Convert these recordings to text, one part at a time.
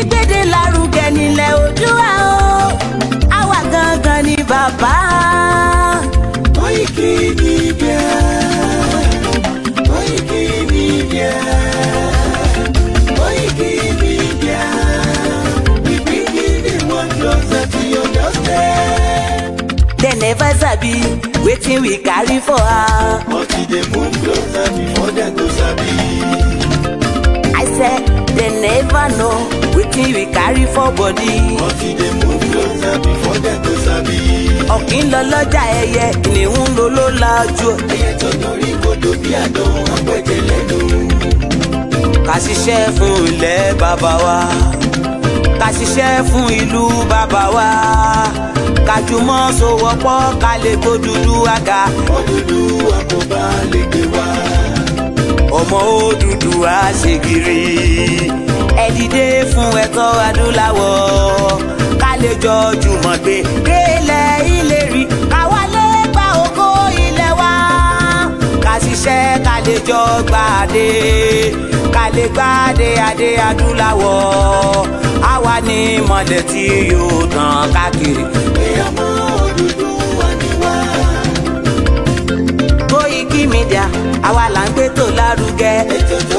ìgbéde lárugẹ nílẹ̀ Oòduà o àwa gangan ni bàbá. Koiki Media. Koiki Media. Koiki Media. We bring the world closer to your doorstep. Dem never sabi wetin we carry for her. But e dey move closer before dem go sabi. I said never know wetin we carry for body. ọtí dey move closer before dem go sabi. ọ̀kìn lọ lọ́jà ẹyẹ ìníhùn ló ló lajú. ẹyẹ tó torí kodò bí àdó ọgbẹ́jẹ lẹ́nu. ká ṣiṣẹ́ fún ilẹ̀ bàbá wa ká ṣiṣẹ́ fún ìlú bàbá wa kájùmọ̀ sowọ́pọ̀ ká lè kó dúdú àga. òdúdú àkóbá lè gbé wá. ọmọ òdúdú àṣegiri ẹ dìde fún ẹ̀kọ́ adúláwọ̀ ká lè jọ jùmọ̀ gbé délẹ̀ ìlérí káwa lè gba ògo ilẹ̀ wa ká ṣiṣẹ́ ká lè jọ gbàdé ká lè gbàdé adé adúláwọ̀ àwa ni mọ̀lẹ̀ tí yóò tàn káàkiri. èèyàn Media àwa là ń gbé tó lárugẹ. ètò tó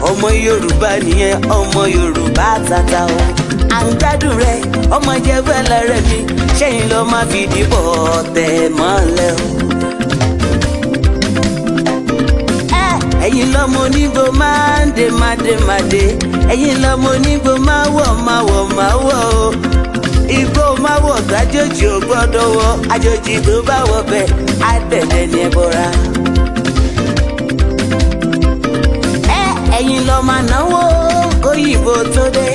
ọmọ yorùbá nìyẹn ọmọ yorùbá tata o à ń gbádùn rẹ ọmọ ìjẹ̀bú ẹlẹ́rẹ̀ mi ṣẹ́yìn ló má fi dìbò tẹ̀ mọ́lẹ̀ o. ẹ̀yin lọ́mọ onígbò máa ń de máa de. máa dé ẹ̀yin lọ́mọ onígbò máa wọ̀ máa wọ̀ máa wọ̀ o igbó máa wọ̀ sájòjì ò gbọ́dọ̀ wọ àjòjì tó bá wọ bẹ́ẹ̀ á tẹ̀lé ní ẹbọra. máa náwó kóyìnbó tó dé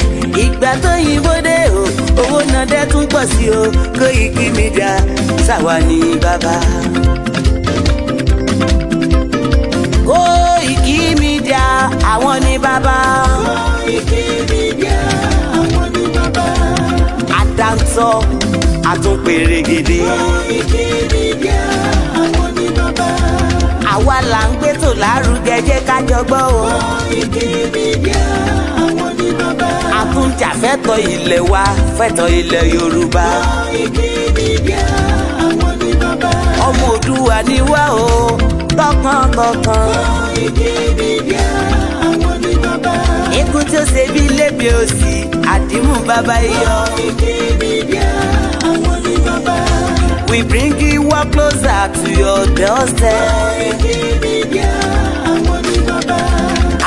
ìgbà tó yìnbó dé o owó náà dẹ́ tún pọ̀ sí o Koiki Media ṣàwa ní bàbá. Koiki Media àwọn ní bàbá. Koiki Media àwọn ní bàbá. àdáńtọ́ àtúnpèrè gidi. Koiki Media àwọn ní bàbá àwa là ń gbé tò lárugẹ jẹ́ ká jọgbọ́ o. a tún jà fẹ́tọ̀ ilẹ̀ wa fẹ́tọ̀ ilẹ̀ Yorùbá. ọmọ Òdùwà ni wá o tọkàntọkàn. ikú tí ó ṣe bí lébi òsì àdìmú bàbá iyọ. We bring you up closer to your doorstep.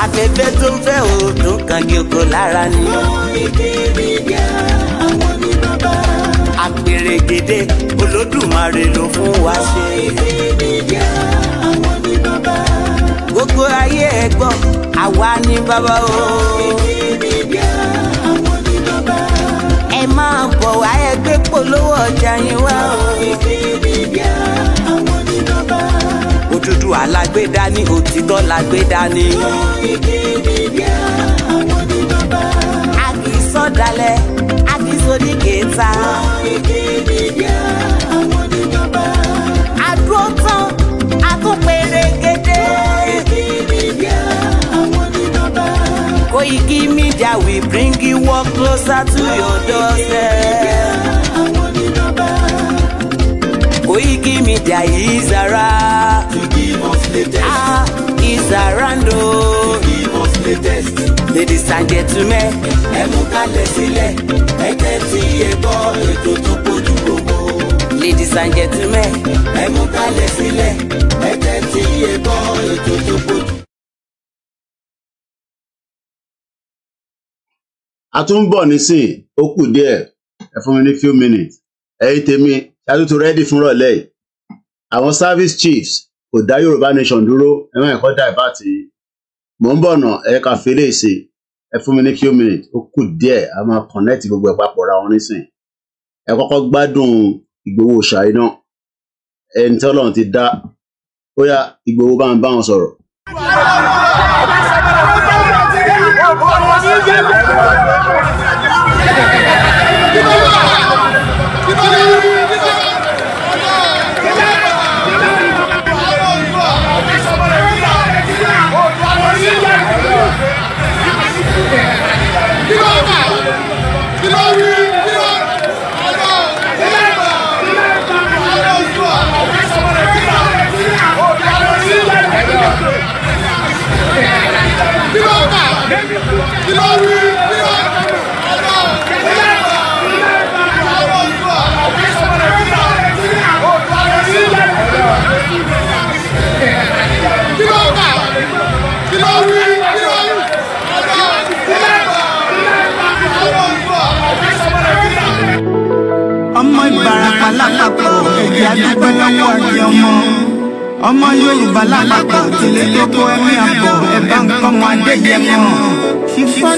Afẹ́fẹ́ tó ń fẹ́ òòtún kangi oko lára ni. Àpèrè gèdè Olódùmarè ló fún wa ṣe. Gbogbo ayé ẹ̀ gbọ́, àwa ni bàbá o. Oh, ẹ máa bọ̀ wá ẹ gbé polówó ọjà yín wá. òdúdú alágbèdá ní òtítọ́ lágbèdá ní. àkìsọ̀dálẹ̀ àkìsọ̀dí kẹta. Koiki Media, we bring you work closer to your doorstep. Koiki oh, Media is around. To give us Ah, is around. To Ladies and gentlemen, ẹ mú kalẹ̀ sílẹ̀, ẹ tẹ́tí ẹ ètò tó kojú gbogbo. Ladies and gentlemen, ẹ mú kalẹ̀ sílẹ̀, ẹ tẹ́tí ẹ ètò tó kojú. a tún ń bọ̀ nísìn ó kù díẹ̀ ẹ fún mi ní few minutes ẹ̀yin tèmi ṣáájú tó rẹ́dì fún rọ̀lẹ́ yìí àwọn service chiefs kò dá yorùbá nation dúró ẹ má ẹ̀kọ́ dá ìbá tì í mò ń bọ̀ nà ẹ kà fi ṣe ẹ fún mi ní few minutes ó kù díẹ̀ a máa connect gbogbo ẹ̀ papọ̀ ra wọn nísìn ẹ kọ́kọ́ gbádùn Ìgbòho ṣáà iná ẹni tí ọlọ́run ti dá ó yá Ìgbòho bá ń bá wọn sọ̀rọ̀. Kí ló wà? Kí ló wà?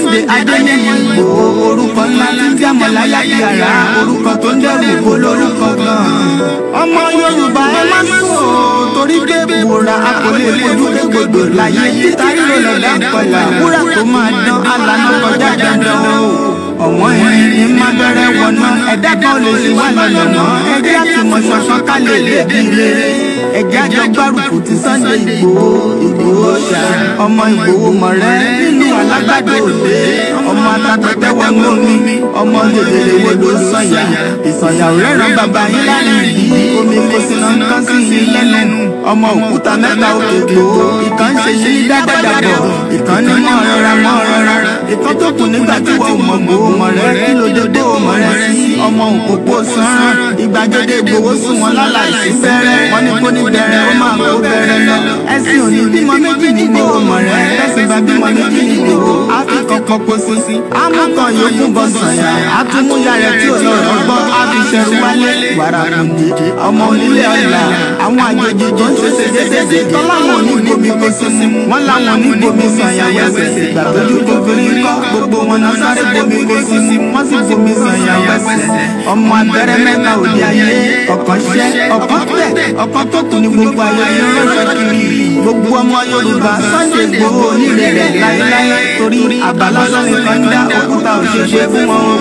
Sunday Adéníyì Ìgbòho orúkọ ńlá títí àmọ̀láyà yàrá orúkọ tó ń dẹrù bo lórúkọ gan. ọmọ Yorùbá ẹ má sọ torí pé wòrà a kò lè fojú gbogbo láyé títa ríro lọ́dà kọlà wúrà tó máa dán alànà kọjá dandan o. ọ̀wọ́n ẹ̀rín má bẹ̀rẹ̀ wọ̀nà ẹ̀dá kan lè ṣe wà lọ́nà ẹgbẹ́ àtìmọ̀ ṣọ̀ṣọ́ ká lè lé bí lé ẹ̀já jọ gbárùkù ti Sunday Ìgbòho Ìgbòho ṣá ọmọ Ìgbòho mọ̀rẹ́ nínú alágbàdo òde ọmọ alágbàdo wọnú omi ọmọ lèlèrè wo ló sọ̀yà ìsọ̀yà òrẹ́ràn bàbá yín lálẹ́ yìí omi kò sí náà ń kán sí yín lẹ́nu ọmọ òkúta mẹ́ta òkè Ìgbòho ìkan ṣe yín dágbàdàgbọ̀ ìkan ní mọ́ rọra mọ́ rọra ìtọ́ tó kù nígbà tí wọ́n mọ̀ mọ́ mọ̀ rẹ kí ló dé bó mọ̀ rẹ sí ọmọ òpópó sanra ìgbàgede gbowó sùn wọn lálà ìsísẹ́rẹ́ wọn ní kó ní bẹ̀rẹ̀ ó máa kó bẹ̀rẹ̀ lọ ẹ̀sìn òní bímọ méjì ní gbowó mọ̀ rẹ ẹ̀sìn bá bímọ méjì ní gbowó áfíì ọmọ kan posi amúkan yòókù bọ sànyà àtúmúyà rẹ tí ò lọrọ gbọ àfiṣẹrù wálé wàrà kùndé ọmọ onílé ọlà àwọn àjèjì tó ń ṣèṣe jẹjẹjẹ tọ́láwọn onígbòmí posi wọn làwọn onígbòmí sànyà wẹsẹsẹ gbàdójú tó fi rí kọ gbogbo wọn náà sáré gbòmí posi wọn sì gbòmí sànyà wẹsẹ ọmọ abẹ́rẹ́ mẹ́ta òde ayé ọ̀kan ṣẹ́ tẹ̀ ọ̀kan tó kù ní gbogbo ayé gbogbo ọmọ Yorùbá lásán ni kọ́ńdà òkúta òṣèṣe fún wọn o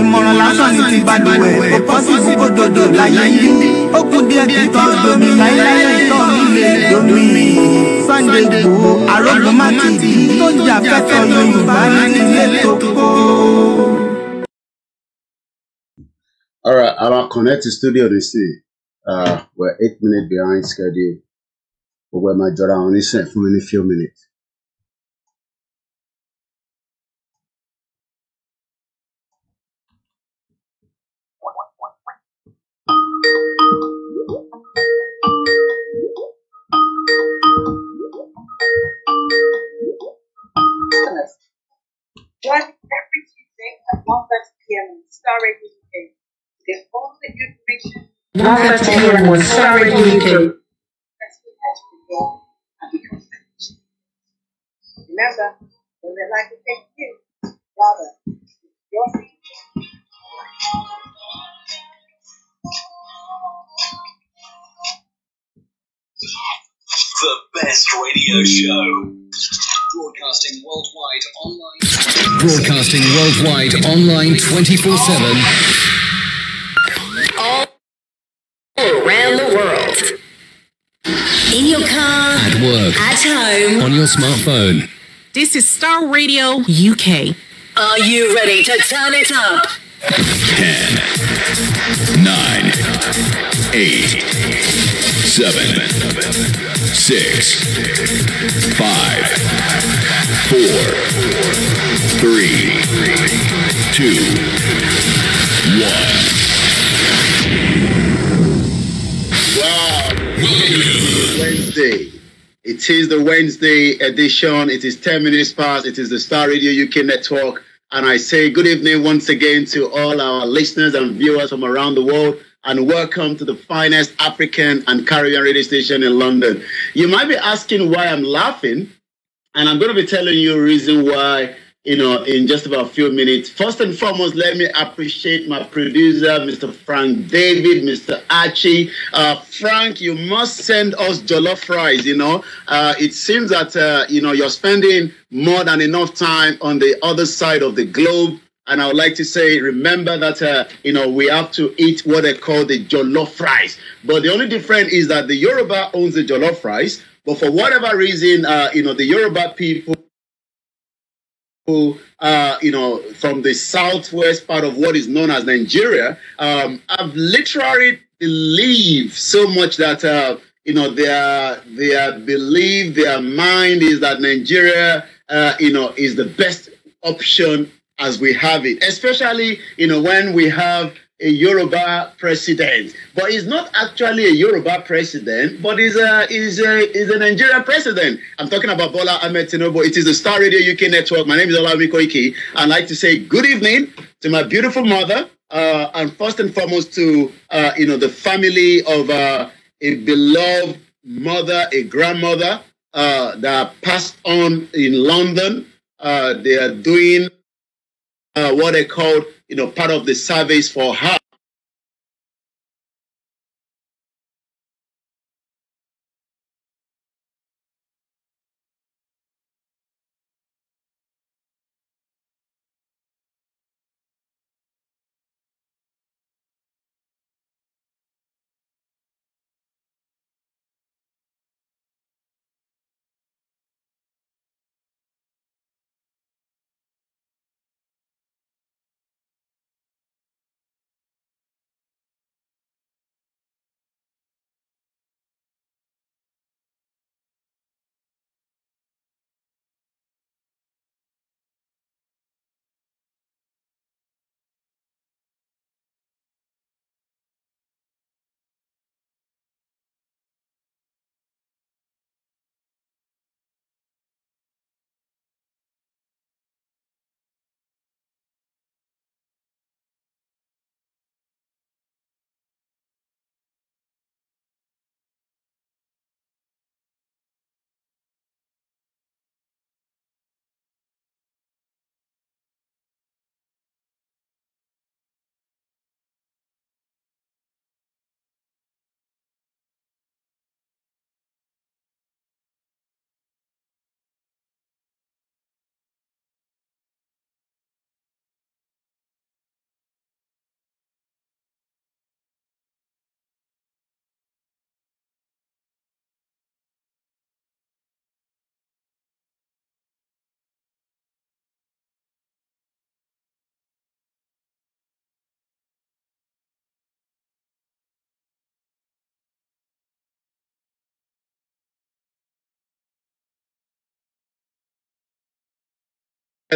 ìmọ̀ràn lásán ni ti balùwẹ̀ ó pọ́sibú òdodo láyé yìí ó kú díẹ̀ títọ́ domi láéláé ìtọ́ líle domi Sunday Igboho arógunmátìdí tó ń jà fẹ́tọ̀ Yorùbá ní ilé tó kó. All right, I'll connect to studio this thing. Uh, we're eight minutes behind schedule. but we're máa jọra àwọn oníṣẹ́ for many few minutes. One every Tuesday at 1.30 p.m. on Star Radio UK to get all the information. 1.30 p.m. on Star Radio UK. Let's be hashtag and become finished. Remember, when they like to take you, rather, your future. Yeah the best radio show. Broadcasting worldwide online. Broadcasting worldwide online 24 7. All around the world. In your car. At work. At home. On your smartphone. This is Star Radio UK. Are you ready to turn it up? 10, 9, 8, seven, six, five, four, three, two, one. Wednesday. It is the Wednesday edition. It is 10 minutes past. It is the Star Radio UK network. And I say good evening once again to all our listeners and viewers from around the world and welcome to the finest African and Caribbean radio station in London. You might be asking why I'm laughing, and I'm going to be telling you a reason why, you know, in just about a few minutes. First and foremost, let me appreciate my producer, Mr. Frank David, Mr. Archie. Uh, Frank, you must send us jollof fries, you know. Uh, it seems that, uh, you know, you're spending more than enough time on the other side of the globe and I would like to say, remember that, uh, you know, we have to eat what they call the jollof rice. But the only difference is that the Yoruba owns the jollof rice. But for whatever reason, uh, you know, the Yoruba people uh, you know, from the southwest part of what is known as Nigeria, um, have literally believed so much that, uh, you know, their, their belief, their mind is that Nigeria, uh, you know, is the best option as we have it, especially you know when we have a Yoruba president, but he's not actually a Yoruba president, but he's a is a he's a Nigerian president. I'm talking about Bola Ahmed Tinubu. It is the Star Radio UK network. My name is Olawumi Koiki. I'd like to say good evening to my beautiful mother, uh, and first and foremost to uh, you know the family of uh, a beloved mother, a grandmother uh, that passed on in London. Uh, they are doing uh, what they called, you know, part of the surveys for her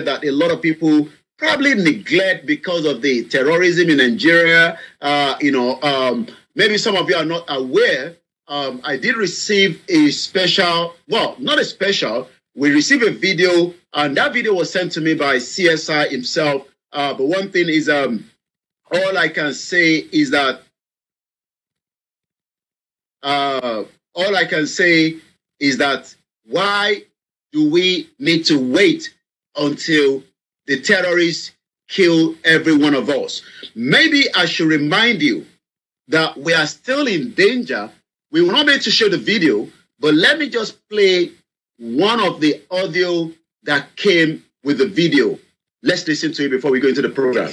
that a lot of people probably neglect because of the terrorism in Nigeria. Uh, you know, um, maybe some of you are not aware. Um, I did receive a special, well, not a special. We received a video, and that video was sent to me by CSI himself. Uh, but one thing is, um, all I can say is that uh, all I can say is that why do we need to wait until the terrorists kill every one of us. Maybe I should remind you that we are still in danger. We will not be able to show the video, but let me just play one of the audio that came with the video. Let's listen to it before we go into the program.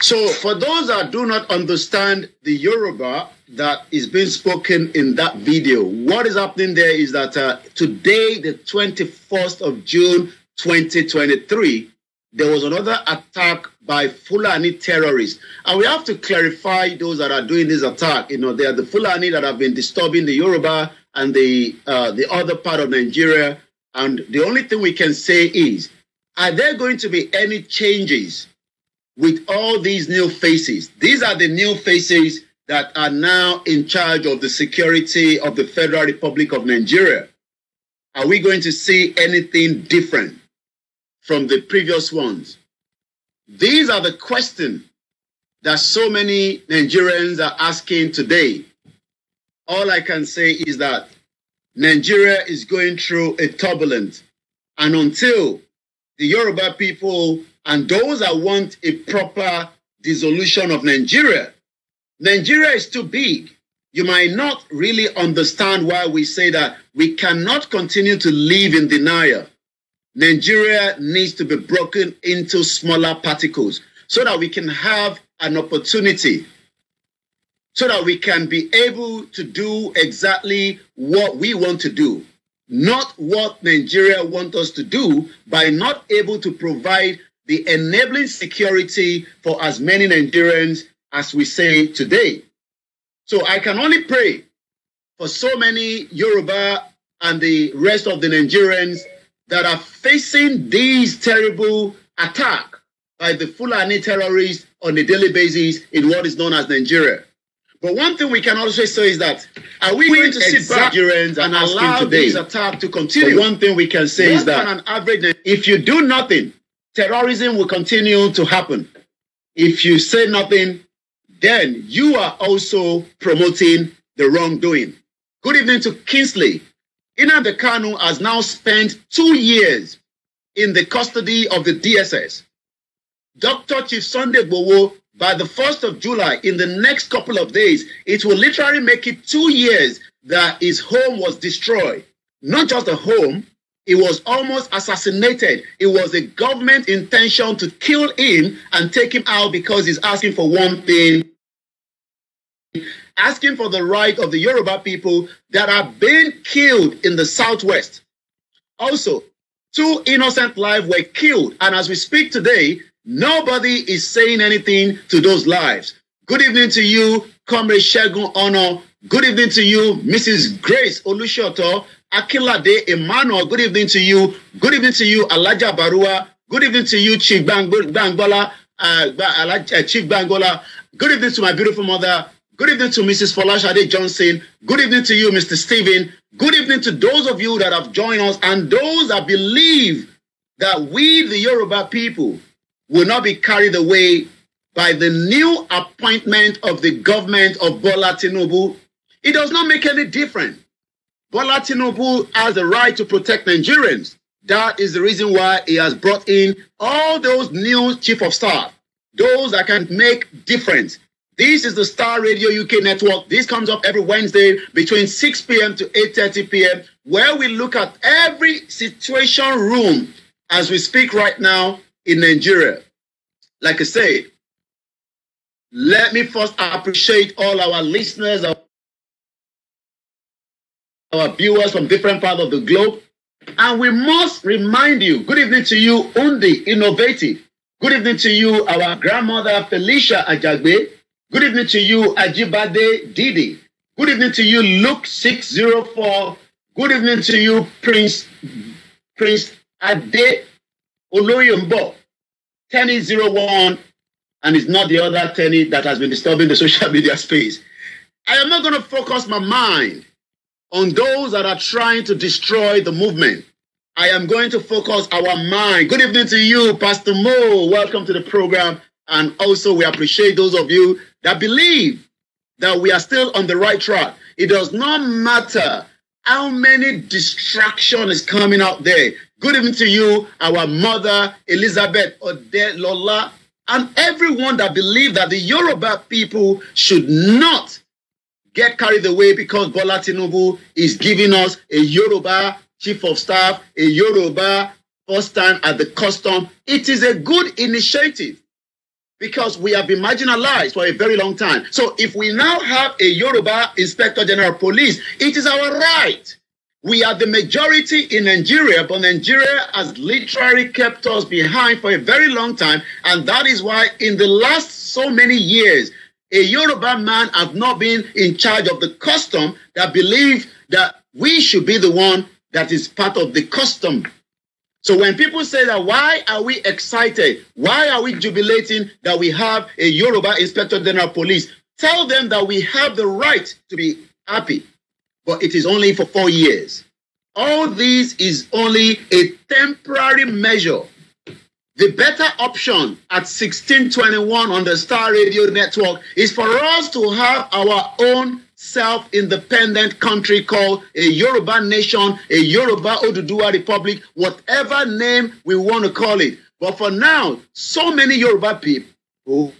So, for those that do not understand the Yoruba that is being spoken in that video, what is happening there is that uh, today, the 21st of June 2023, there was another attack by Fulani terrorists. And we have to clarify those that are doing this attack. You know, they are the Fulani that have been disturbing the Yoruba and the, uh, the other part of Nigeria. And the only thing we can say is, are there going to be any changes with all these new faces. These are the new faces that are now in charge of the security of the Federal Republic of Nigeria. Are we going to see anything different from the previous ones? These are the questions that so many Nigerians are asking today. All I can say is that Nigeria is going through a turbulent, and until the Yoruba people and those that want a proper dissolution of Nigeria. Nigeria is too big. You might not really understand why we say that we cannot continue to live in denial. Nigeria needs to be broken into smaller particles so that we can have an opportunity, so that we can be able to do exactly what we want to do, not what Nigeria wants us to do by not able to provide the enabling security for as many Nigerians as we say today. So I can only pray for so many Yoruba and the rest of the Nigerians that are facing these terrible attack by the Fulani terrorists on a daily basis in what is known as Nigeria. But one thing we can also say is that are we, going to sit back Nigerians and allow today? these attacks to continue? But one thing we can say is that an average, if you do nothing, terrorism will continue to happen. If you say nothing, then you are also promoting the wrongdoing. Good evening to Kingsley. Inamde Kanu has now spent two years in the custody of the DSS. Dr. Chief Sunday Bowo, by the 1st of July, in the next couple of days, it will literally make it two years that his home was destroyed. Not just the home, He was almost assassinated. It was a government intention to kill him and take him out because he's asking for one thing asking for the right of the Yoruba people that are being killed in the southwest. Also, two innocent lives were killed, and as we speak today, nobody is saying anything to those lives. Good evening to you, Comrade Shegun Honor. Good evening to you, Mrs. Grace Olushoto. Akilade Emmanuel, good evening to you. Good evening to you, Alaja Barua. Good evening to you, Chief Bangola. Uh, uh, Chief Bangola. Good evening to my beautiful mother. Good evening to Mrs. Folashade Johnson. Good evening to you, Mr. Stephen. Good evening to those of you that have joined us and those that believe that we, the Yoruba people, will not be carried away by the new appointment of the government of Bola Tinubu. It does not make any difference Bola Tinubu has the right to protect Nigerians. That is the reason why he has brought in all those new chief of staff, those that can make difference. This is the Star Radio UK network. This comes up every Wednesday between 6 p.m. to 8:30 p.m. where we look at every situation room as we speak right now in Nigeria. Like I said, let me first appreciate all our listeners our viewers from different parts of the globe. And we must remind you, good evening to you, Undi Innovative. Good evening to you, our grandmother Felicia Ajagbe. Good evening to you, Ajibade Didi. Good evening to you, Luke 604. Good evening to you, Prince Prince Ade Oloyombo. 1001 and it's not the other tenny that has been disturbing the social media space. I am not going to focus my mind on those that are trying to destroy the movement. I am going to focus our mind. Good evening to you, Pastor Mo. Welcome to the program. And also, we appreciate those of you that believe that we are still on the right track. It does not matter how many distraction is coming out there. Good evening to you, our mother, Elizabeth Ode Lola, and everyone that believe that the Yoruba people should not get carried away because Bola Tinubu is giving us a Yoruba chief of staff, a Yoruba first time at the custom. It is a good initiative because we have been marginalized for a very long time. So if we now have a Yoruba Inspector General Police, it is our right. We are the majority in Nigeria, but Nigeria has literally kept us behind for a very long time. And that is why, in the last so many years, a Yoruba man has not been in charge of the custom that believes that we should be the one that is part of the custom. So when people say that, why are we excited? Why are we jubilating that we have a Yoruba Inspector General Police? Tell them that we have the right to be happy, but it is only for four years. All this is only a temporary measure The better option at 1621 on the Star Radio Network is for us to have our own self independent country called a Yoruba nation, a Yoruba Oduduwa Republic, whatever name we want to call it. But for now, so many Yoruba people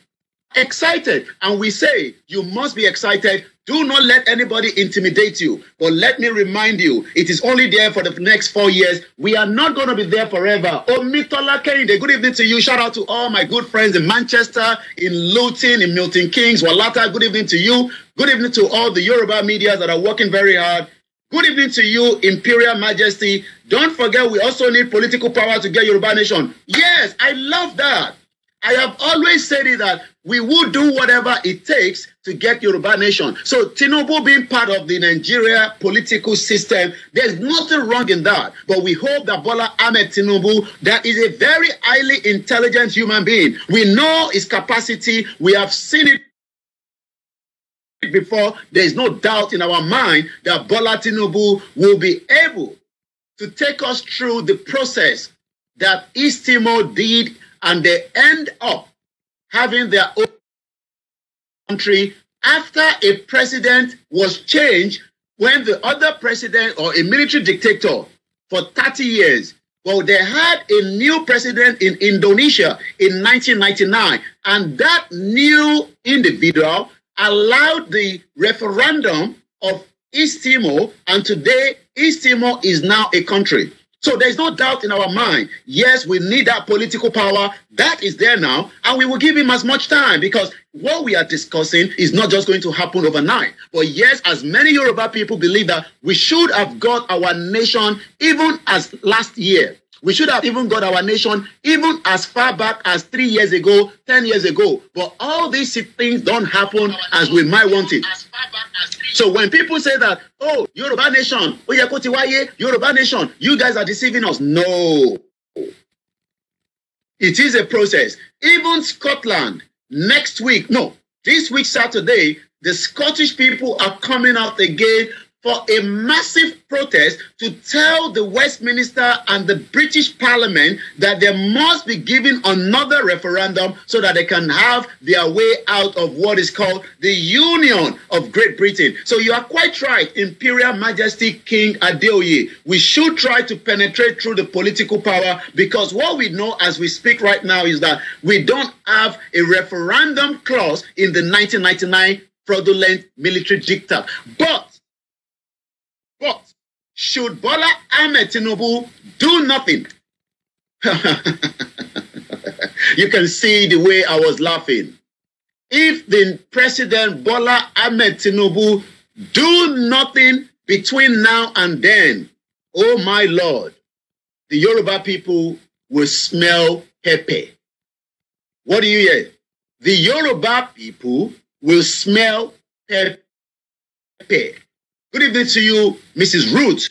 excited. And we say, you must be excited Do not let anybody intimidate you. But let me remind you, it is only there for the next four years. We are not going to be there forever. Omitola Kehinde, good evening to you. Shout out to all my good friends in Manchester, in Luton, in Milton Keynes, Walata. Good evening to you. Good evening to all the Yoruba media that are working very hard. Good evening to you, Imperial Majesty. Don't forget, we also need political power to get Yoruba Nation. Yes, I love that. I have always said it that we will do whatever it takes to get Yoruba nation. So Tinubu being part of the Nigeria political system, there's nothing wrong in that. But we hope that Bola Ahmed Tinubu, that is a very highly intelligent human being. We know his capacity. We have seen it before. There is no doubt in our mind that Bola Tinubu will be able to take us through the process that Istimo did and they end up having their own country after a president was changed when the other president or a military dictator for 30 years. Well, they had a new president in Indonesia in 1999, and that new individual allowed the referendum of East Timor, and today East Timor is now a country. So there's no doubt in our mind, yes, we need that political power. That is there now, and we will give him as much time because what we are discussing is not just going to happen overnight. But yes, as many Yoruba people believe that we should have got our nation even as last year. We should have even got our nation even as far back as three years ago, 10 years ago. But all these things don't happen as we might want it. So when people say that, oh, Yoruba nation, oh, yẹ kó ti wáyé, Yoruba nation, you guys are deceiving us. No. It is a process. Even Scotland, next week, no, this week, Saturday, the Scottish people are coming out again for a massive protest to tell the Westminster and the British Parliament that they must be given another referendum so that they can have their way out of what is called the Union of Great Britain. So you are quite right, Imperial Majesty King Adeoye. We should try to penetrate through the political power because what we know as we speak right now is that we don't have a referendum clause in the 1999 fraudulent military dictator. But But should Bola Ahmed Tinubu do nothing? you can see the way I was laughing. If the President Bola Ahmed Tinubu do nothing between now and then, oh my Lord, the Yoruba people will smell pepe. What do you hear? The Yoruba people will smell pepe. Good evening to you, Mrs. Root.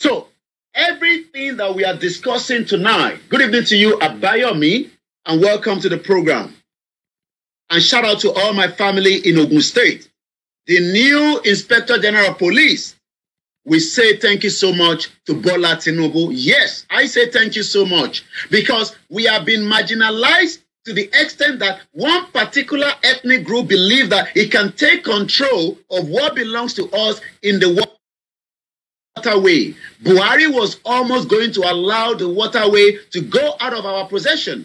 So, everything that we are discussing tonight, good evening to you, Abayomi, and welcome to the program. And shout out to all my family in Ogun State. The new Inspector General of Police, we say thank you so much to Bola Tinubu. Yes, I say thank you so much because we have been marginalized to the extent that one particular ethnic group believes that it can take control of what belongs to us in the waterway. Buhari was almost going to allow the waterway to go out of our possession.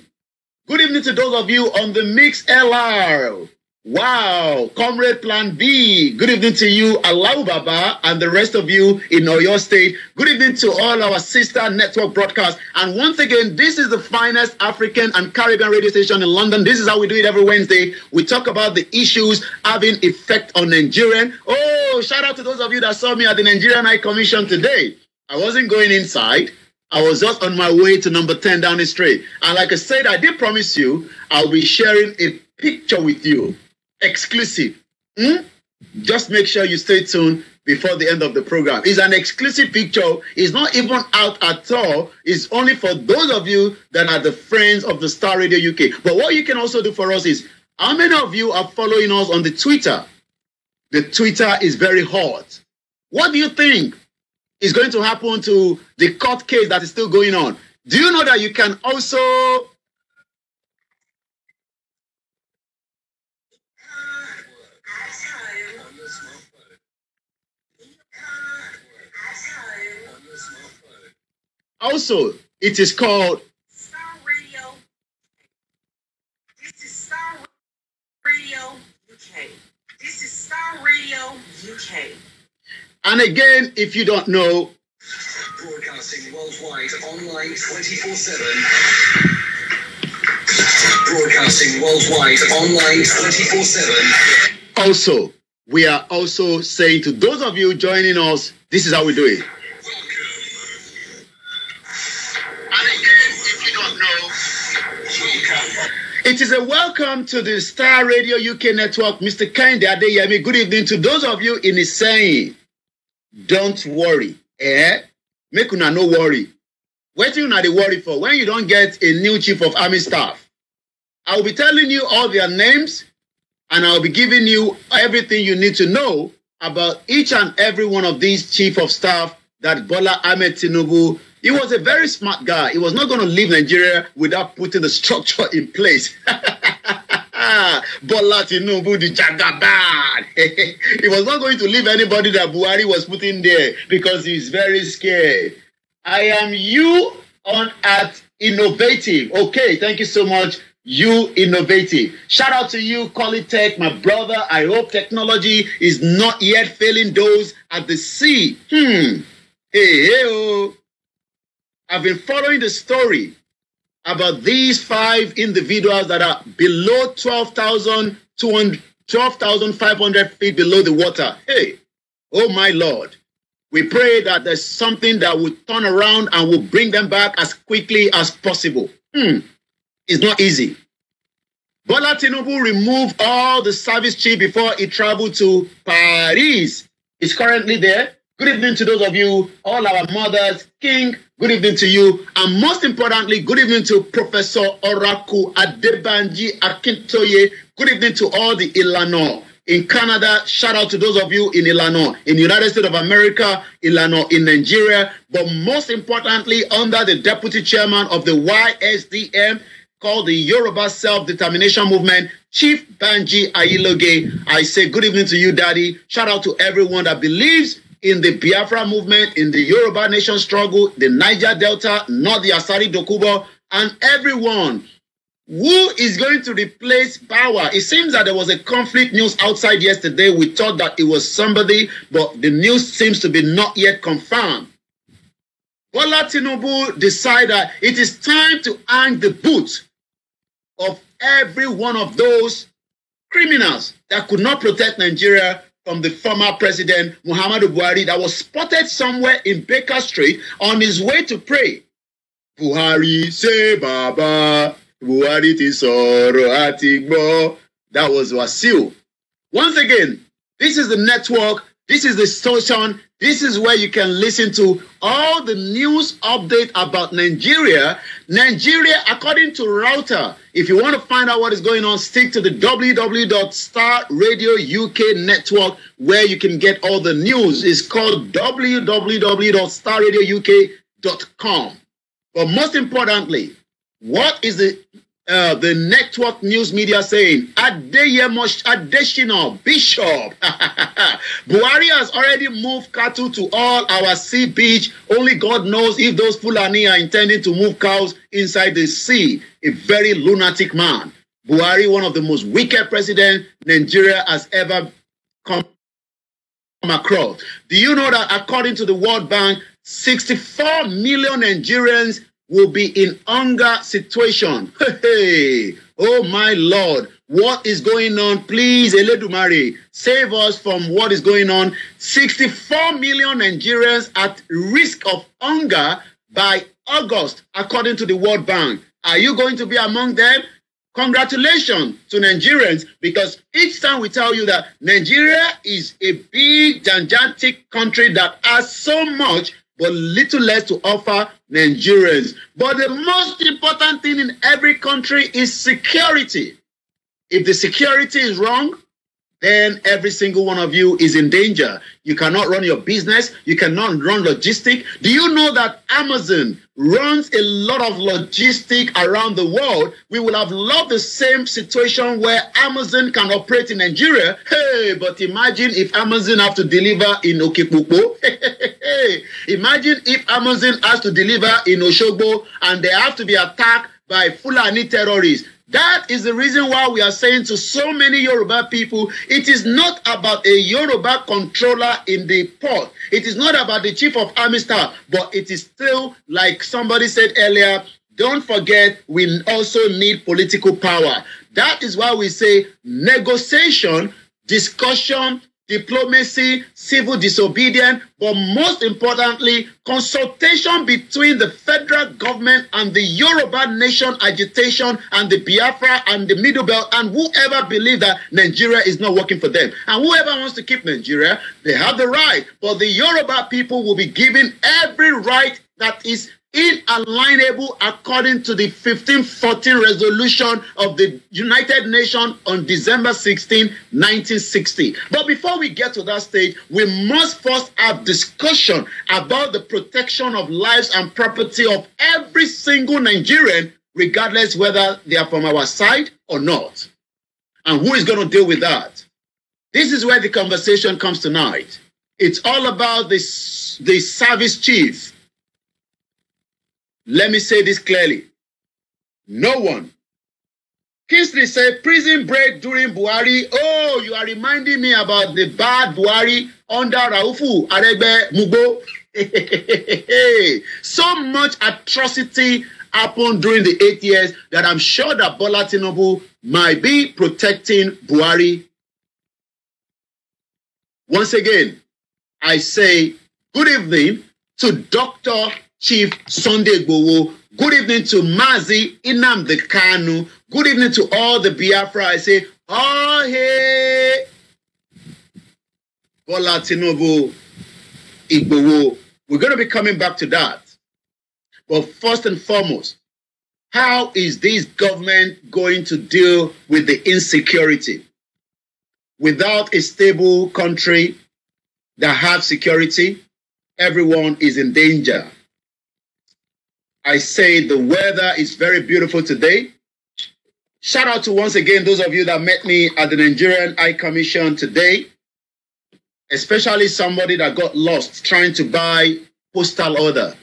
Good evening to those of you on the Mix LR. Wow, Comrade Plan B. Good evening to you, Alau Baba, and the rest of you in Oyo State. Good evening to all our sister network broadcasts. And once again, this is the finest African and Caribbean radio station in London. This is how we do it every Wednesday. We talk about the issues having effect on Nigerian. Oh, shout out to those of you that saw me at the Nigerian High Commission today. I wasn't going inside. I was just on my way to number 10 down the street. And like I said, I did promise you, I'll be sharing a picture with you exclusive. Hmm? Just make sure you stay tuned before the end of the program. It's an exclusive picture. It's not even out at all. It's only for those of you that are the friends of the Star Radio UK. But what you can also do for us is how many of you are following us on the Twitter? The Twitter is very hot. What do you think is going to happen to the court case that is still going on? Do you know that you can also Also, it is called Star Radio. This is Star Radio UK. This is Star Radio UK. And again, if you don't know, broadcasting worldwide online 24 7. Broadcasting worldwide online 24 7. Also, we are also saying to those of you joining us, this is how we do it. is a welcome to the Star Radio UK network, Mr. Kende Adeyemi. Good evening to those of you in the saying. Don't worry, eh? Make una no worry. What you not the worry for when you don't get a new chief of army staff? I will be telling you all their names, and I'll be giving you everything you need to know about each and every one of these chief of staff that Bola Ahmed Tinubu He was a very smart guy. He was not going to leave Nigeria without putting the structure in place. Bola Tinubu the Jagaban. he was not going to leave anybody that Buhari was putting there because he's very scared. I am you on at innovative. Okay, thank you so much. You innovative. Shout out to you, Colitech, my brother. I hope technology is not yet failing those at the sea. Hmm. Hey, hey, oh. I've been following the story about these five individuals that are below 12,500 12, feet below the water. Hey, oh my Lord, we pray that there's something that will turn around and will bring them back as quickly as possible. Hmm, it's not easy. Bola Tinubu removed all the service chief before he traveled to Paris. He's currently there. Good evening to those of you, all our mothers, King. Good evening to you. And most importantly, good evening to Professor Oraku Adebanji Akintoye. Good evening to all the Ilano. In Canada, shout out to those of you in Ilano, in the United States of America, Ilano, in Nigeria. But most importantly, under the deputy chairman of the YSDM, called the Yoruba Self Determination Movement, Chief Banji Ailoge. I say good evening to you, Daddy. Shout out to everyone that believes in the Biafra movement, in the Yoruba nation struggle, the Niger Delta, not the Asari Dokubo, and everyone. Who is going to replace power? It seems that there was a conflict news outside yesterday. We thought that it was somebody, but the news seems to be not yet confirmed. Bola Tinubu decided it is time to hang the boot of every one of those criminals that could not protect Nigeria from the former president Muhammadu Buhari that was spotted somewhere in Baker Street on his way to pray. Buhari say Baba, Buhari ti sọ̀rọ̀ àti That was Wasil. Once again, this is the network, this is the station, This is where you can listen to all the news update about Nigeria. Nigeria, according to Router, if you want to find out what is going on, stick to the www.starradio.uk network where you can get all the news. It's called www.starradiouk.com. But most importantly, what is the uh, the network news media saying Adeyemo Adeshina Bishop Buhari has already moved cattle to all our sea beach. Only God knows if those Fulani are intending to move cows inside the sea. A very lunatic man. Buhari, one of the most wicked president Nigeria has ever come across. Do you know that according to the World Bank, 64 million Nigerians will be in hunger situation. Hey, oh my Lord, what is going on? Please, Eledumare, save us from what is going on. 64 million Nigerians at risk of hunger by August, according to the World Bank. Are you going to be among them? Congratulations to Nigerians because each time we tell you that Nigeria is a big, gigantic country that has so much but little less to offer Nigerians. But the most important thing in every country is security. If the security is wrong, then every single one of you is in danger. You cannot run your business. You cannot run logistic. Do you know that Amazon runs a lot of logistic around the world? We will have loved the same situation where Amazon can operate in Nigeria. Hey, but imagine if Amazon have to deliver in Okipupo. imagine if Amazon has to deliver in Oshogbo and they have to be attacked by Fulani terrorists. That is the reason why we are saying to so many Yoruba people, it is not about a Yoruba controller in the port. It is not about the chief of army staff, but it is still, like somebody said earlier, don't forget we also need political power. That is why we say negotiation, discussion, diplomacy, civil disobedience, but most importantly, consultation between the federal government and the Yoruba nation agitation and the Biafra and the Middle Belt and whoever believes that Nigeria is not working for them. And whoever wants to keep Nigeria, they have the right. But the Yoruba people will be given every right that is inalienable according to the 1514 resolution of the United Nations on December 16, 1960. But before we get to that stage, we must first have discussion about the protection of lives and property of every single Nigerian, regardless whether they are from our side or not. And who is going to deal with that? This is where the conversation comes tonight. It's all about this, the service chief Let me say this clearly. No one. Kingsley said prison break during Buhari. Oh, you are reminding me about the bad Buhari under Raufu Aregbe Mugo. so much atrocity happened during the eight years that I'm sure that Bola Tinubu might be protecting Buhari. Once again, I say good evening to Dr. Chief Sunday Igboho. Good evening to Mazi inam the Kanu. Good evening to all the Biafra. I say, oh, hey. Bola Tinubu We're going to be coming back to that. But first and foremost, how is this government going to deal with the insecurity? Without a stable country that has security, everyone is in danger. I say the weather is very beautiful today. Shout out to once again those of you that met me at the Nigerian High Commission today, especially somebody that got lost trying to buy postal order.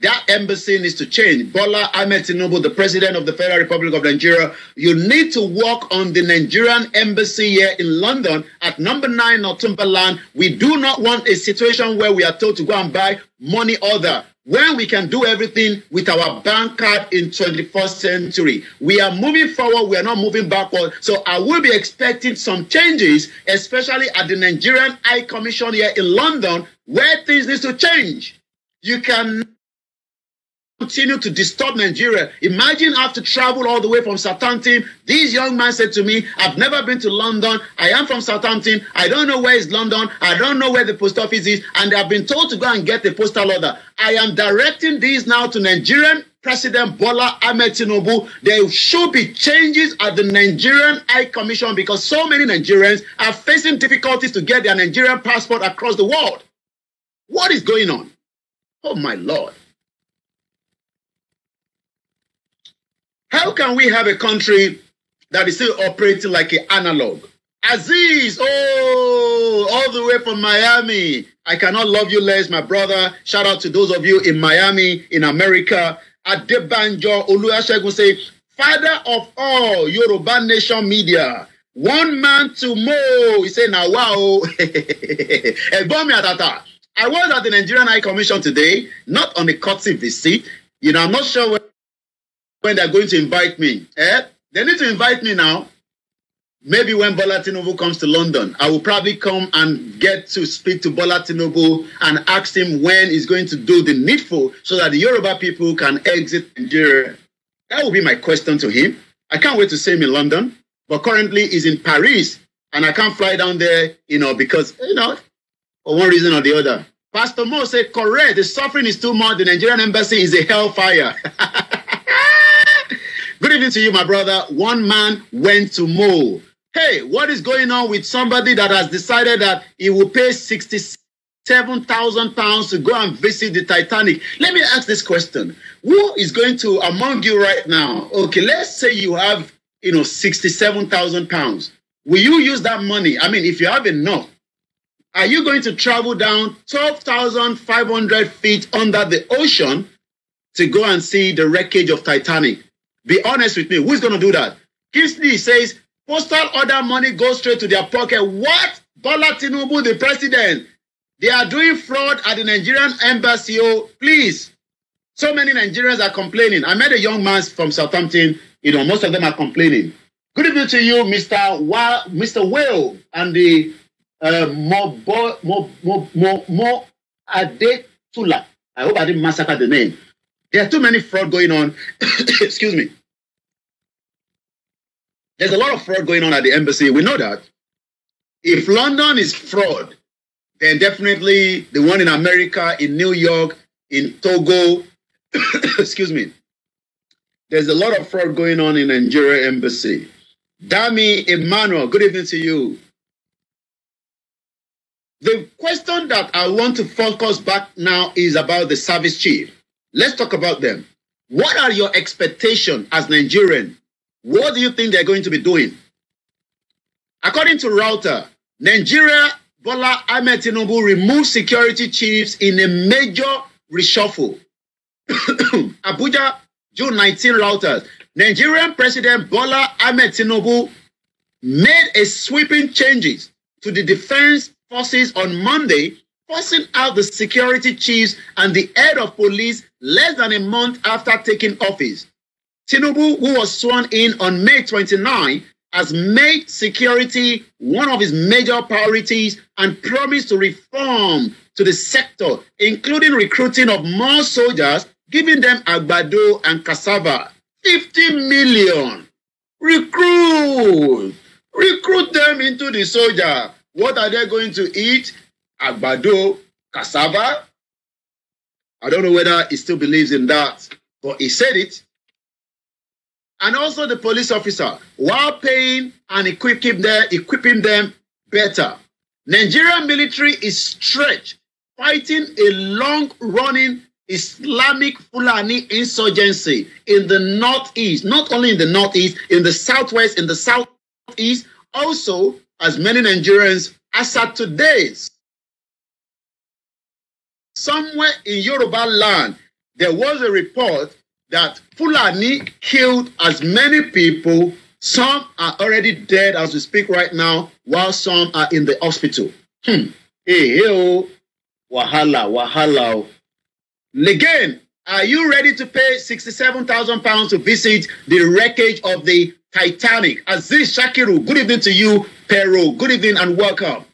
That embassy needs to change. Bola Ahmed Tinubu, the president of the Federal Republic of Nigeria, you need to work on the Nigerian embassy here in London at number nine Northumberland. We do not want a situation where we are told to go and buy money order when we can do everything with our bank card in 21st century. We are moving forward, we are not moving backward. So I will be expecting some changes, especially at the Nigerian High Commission here in London, where things need to change. You can continue to disturb Nigeria. Imagine I have to travel all the way from Southampton. This young man said to me, I've never been to London. I am from Southampton. I don't know where is London. I don't know where the post office is. And I've been told to go and get a postal order. I am directing this now to Nigerian President Bola Ahmed Tinubu, there should be changes at the Nigerian High Commission because so many Nigerians are facing difficulties to get their Nigerian passport across the world. What is going on? Oh my Lord. How can we have a country that is still operating like an analog? Aziz, oh, all the way from Miami. I cannot love you less, my brother. Shout out to those of you in Miami, in America. Adebanjo Oluwasegun say, Father of all Yoruba Nation media, one man to mo. He say, now wow. Ẹ̀gbọ́n mi àtàtà. I was at the Nigerian High Commission today, not on a courtesy visit. You know, I'm not sure whether when they're going to invite me. Eh? They need to invite me now. Maybe when Bola Tinubu comes to London, I will probably come and get to speak to Bola Tinubu and ask him when he's going to do the needful so that the Yoruba people can exit Nigeria. That will be my question to him. I can't wait to see him in London, but currently he's in Paris and I can't fly down there, you know, because, you know, for one reason or the other. Pastor Mo said, correct, the suffering is too much. The Nigerian embassy is a hellfire. Good evening to you, my brother. One man went to Mo. Hey, what is going on with somebody that has decided that he will pay 67,000 pounds to go and visit the Titanic? Let me ask this question. Who is going to, among you right now, okay, let's say you have, you know, 67,000 pounds. Will you use that money? I mean, if you have enough, are you going to travel down 12,500 feet under the ocean to go and see the wreckage of Titanic? Be honest with me. Who's going to do that? Kisney says postal order money goes straight to their pocket. What? Bola Tinubu, the president. They are doing fraud at the Nigerian embassy. Oh, please. So many Nigerians are complaining. I met a young man from Southampton. You know, most of them are complaining. Good evening to you, Mr. Wa- Mr. Will and the uh, Mo, Bo- Mo-, Mo-, Mo-, Mo Adetula. I hope I didn't massacre the name. There are too many fraud going on. Excuse me. There's a lot of fraud going on at the embassy. We know that. If London is fraud, then definitely the one in America, in New York, in Togo, excuse me. There's a lot of fraud going on in Nigeria embassy. Dami Emmanuel, good evening to you. The question that I want to focus back now is about the service chief. Let's talk about them. What are your expectations as Nigerian What do you think they're going to be doing? According to Router, Nigeria Bola Ahmed Tinubu removed security chiefs in a major reshuffle. Abuja, June 19 Reuters. Nigerian President Bola Ahmed Tinubu made a sweeping changes to the defense forces on Monday, forcing out the security chiefs and the head of police less than a month after taking office. Tinubu, who was sworn in on May 29, has made security one of his major priorities and promised to reform to the sector, including recruiting of more soldiers, giving them agbado and cassava. 50 million. Recruit! Recruit them into the soldier. What are they going to eat? Agbado, cassava? I don't know whether he still believes in that, but he said it and also the police officer while paying and equipping them, equipping them better. Nigerian military is stretched fighting a long-running Islamic Fulani insurgency in the northeast, not only in the northeast, in the southwest, in the southeast, also as many Nigerians as at today. Somewhere in Yoruba land, there was a report that Fulani killed as many people. Some are already dead as we speak right now, while some are in the hospital. Hmm. Hey, hey, oh. Wahala, wahala. Oh. Again, are you ready to pay 67,000 pounds to visit the wreckage of the Titanic? Aziz Shakiru, good evening to you, Peru. Good evening and welcome.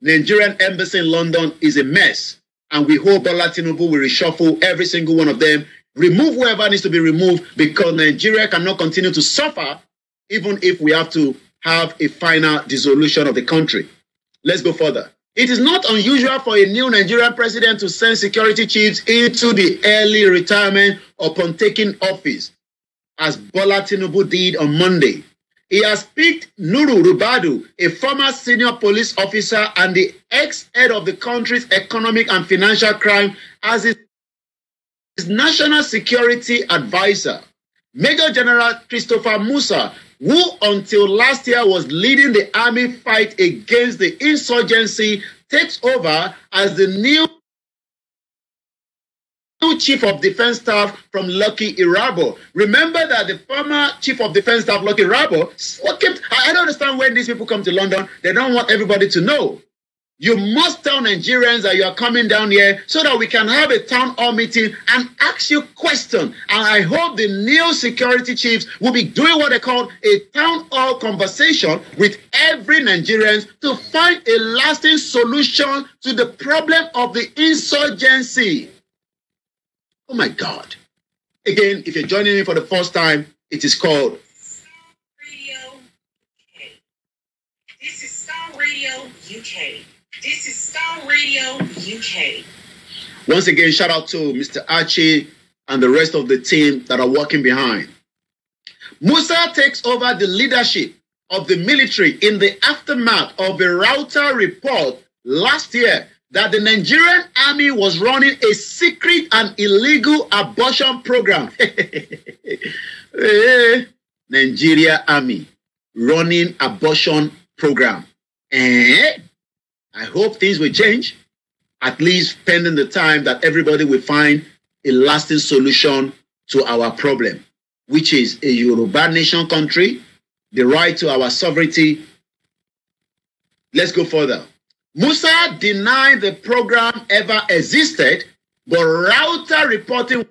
Nigerian embassy in London is a mess, and we hope that Tinubu will reshuffle every single one of them remove whoever needs to be removed because Nigeria cannot continue to suffer even if we have to have a final dissolution of the country. Let's go further. It is not unusual for a new Nigerian president to send security chiefs into the early retirement upon taking office, as Bola Tinubu did on Monday. He has picked Nuru Rubadu, a former senior police officer and the ex-head of the country's economic and financial crime, as his His National Security Advisor, Major General Christopher Musa, who until last year was leading the army fight against the insurgency, takes over as the new new chief of defense staff from Lucky Irabo. Remember that the former chief of defense staff, Lucky Irabo, I don't understand when these people come to London, they don't want everybody to know. You must tell Nigerians that you are coming down here so that we can have a town hall meeting and ask you questions. And I hope the new security chiefs will be doing what they call a town hall conversation with every Nigerian to find a lasting solution to the problem of the insurgency. Oh my God. Again, if you're joining me for the first time, it is called Soul Radio UK. This is Soul Radio UK This is Star Radio UK. Once again, shout out to Mr. Archie and the rest of the team that are working behind. Musa takes over the leadership of the military in the aftermath of a router report last year that the Nigerian army was running a secret and illegal abortion program. Nigeria army running abortion program. Eh? I hope things will change, at least pending the time that everybody will find a lasting solution to our problem, which is a Yoruba nation country, the right to our sovereignty. Let's go further. Musa denied the program ever existed, but router reporting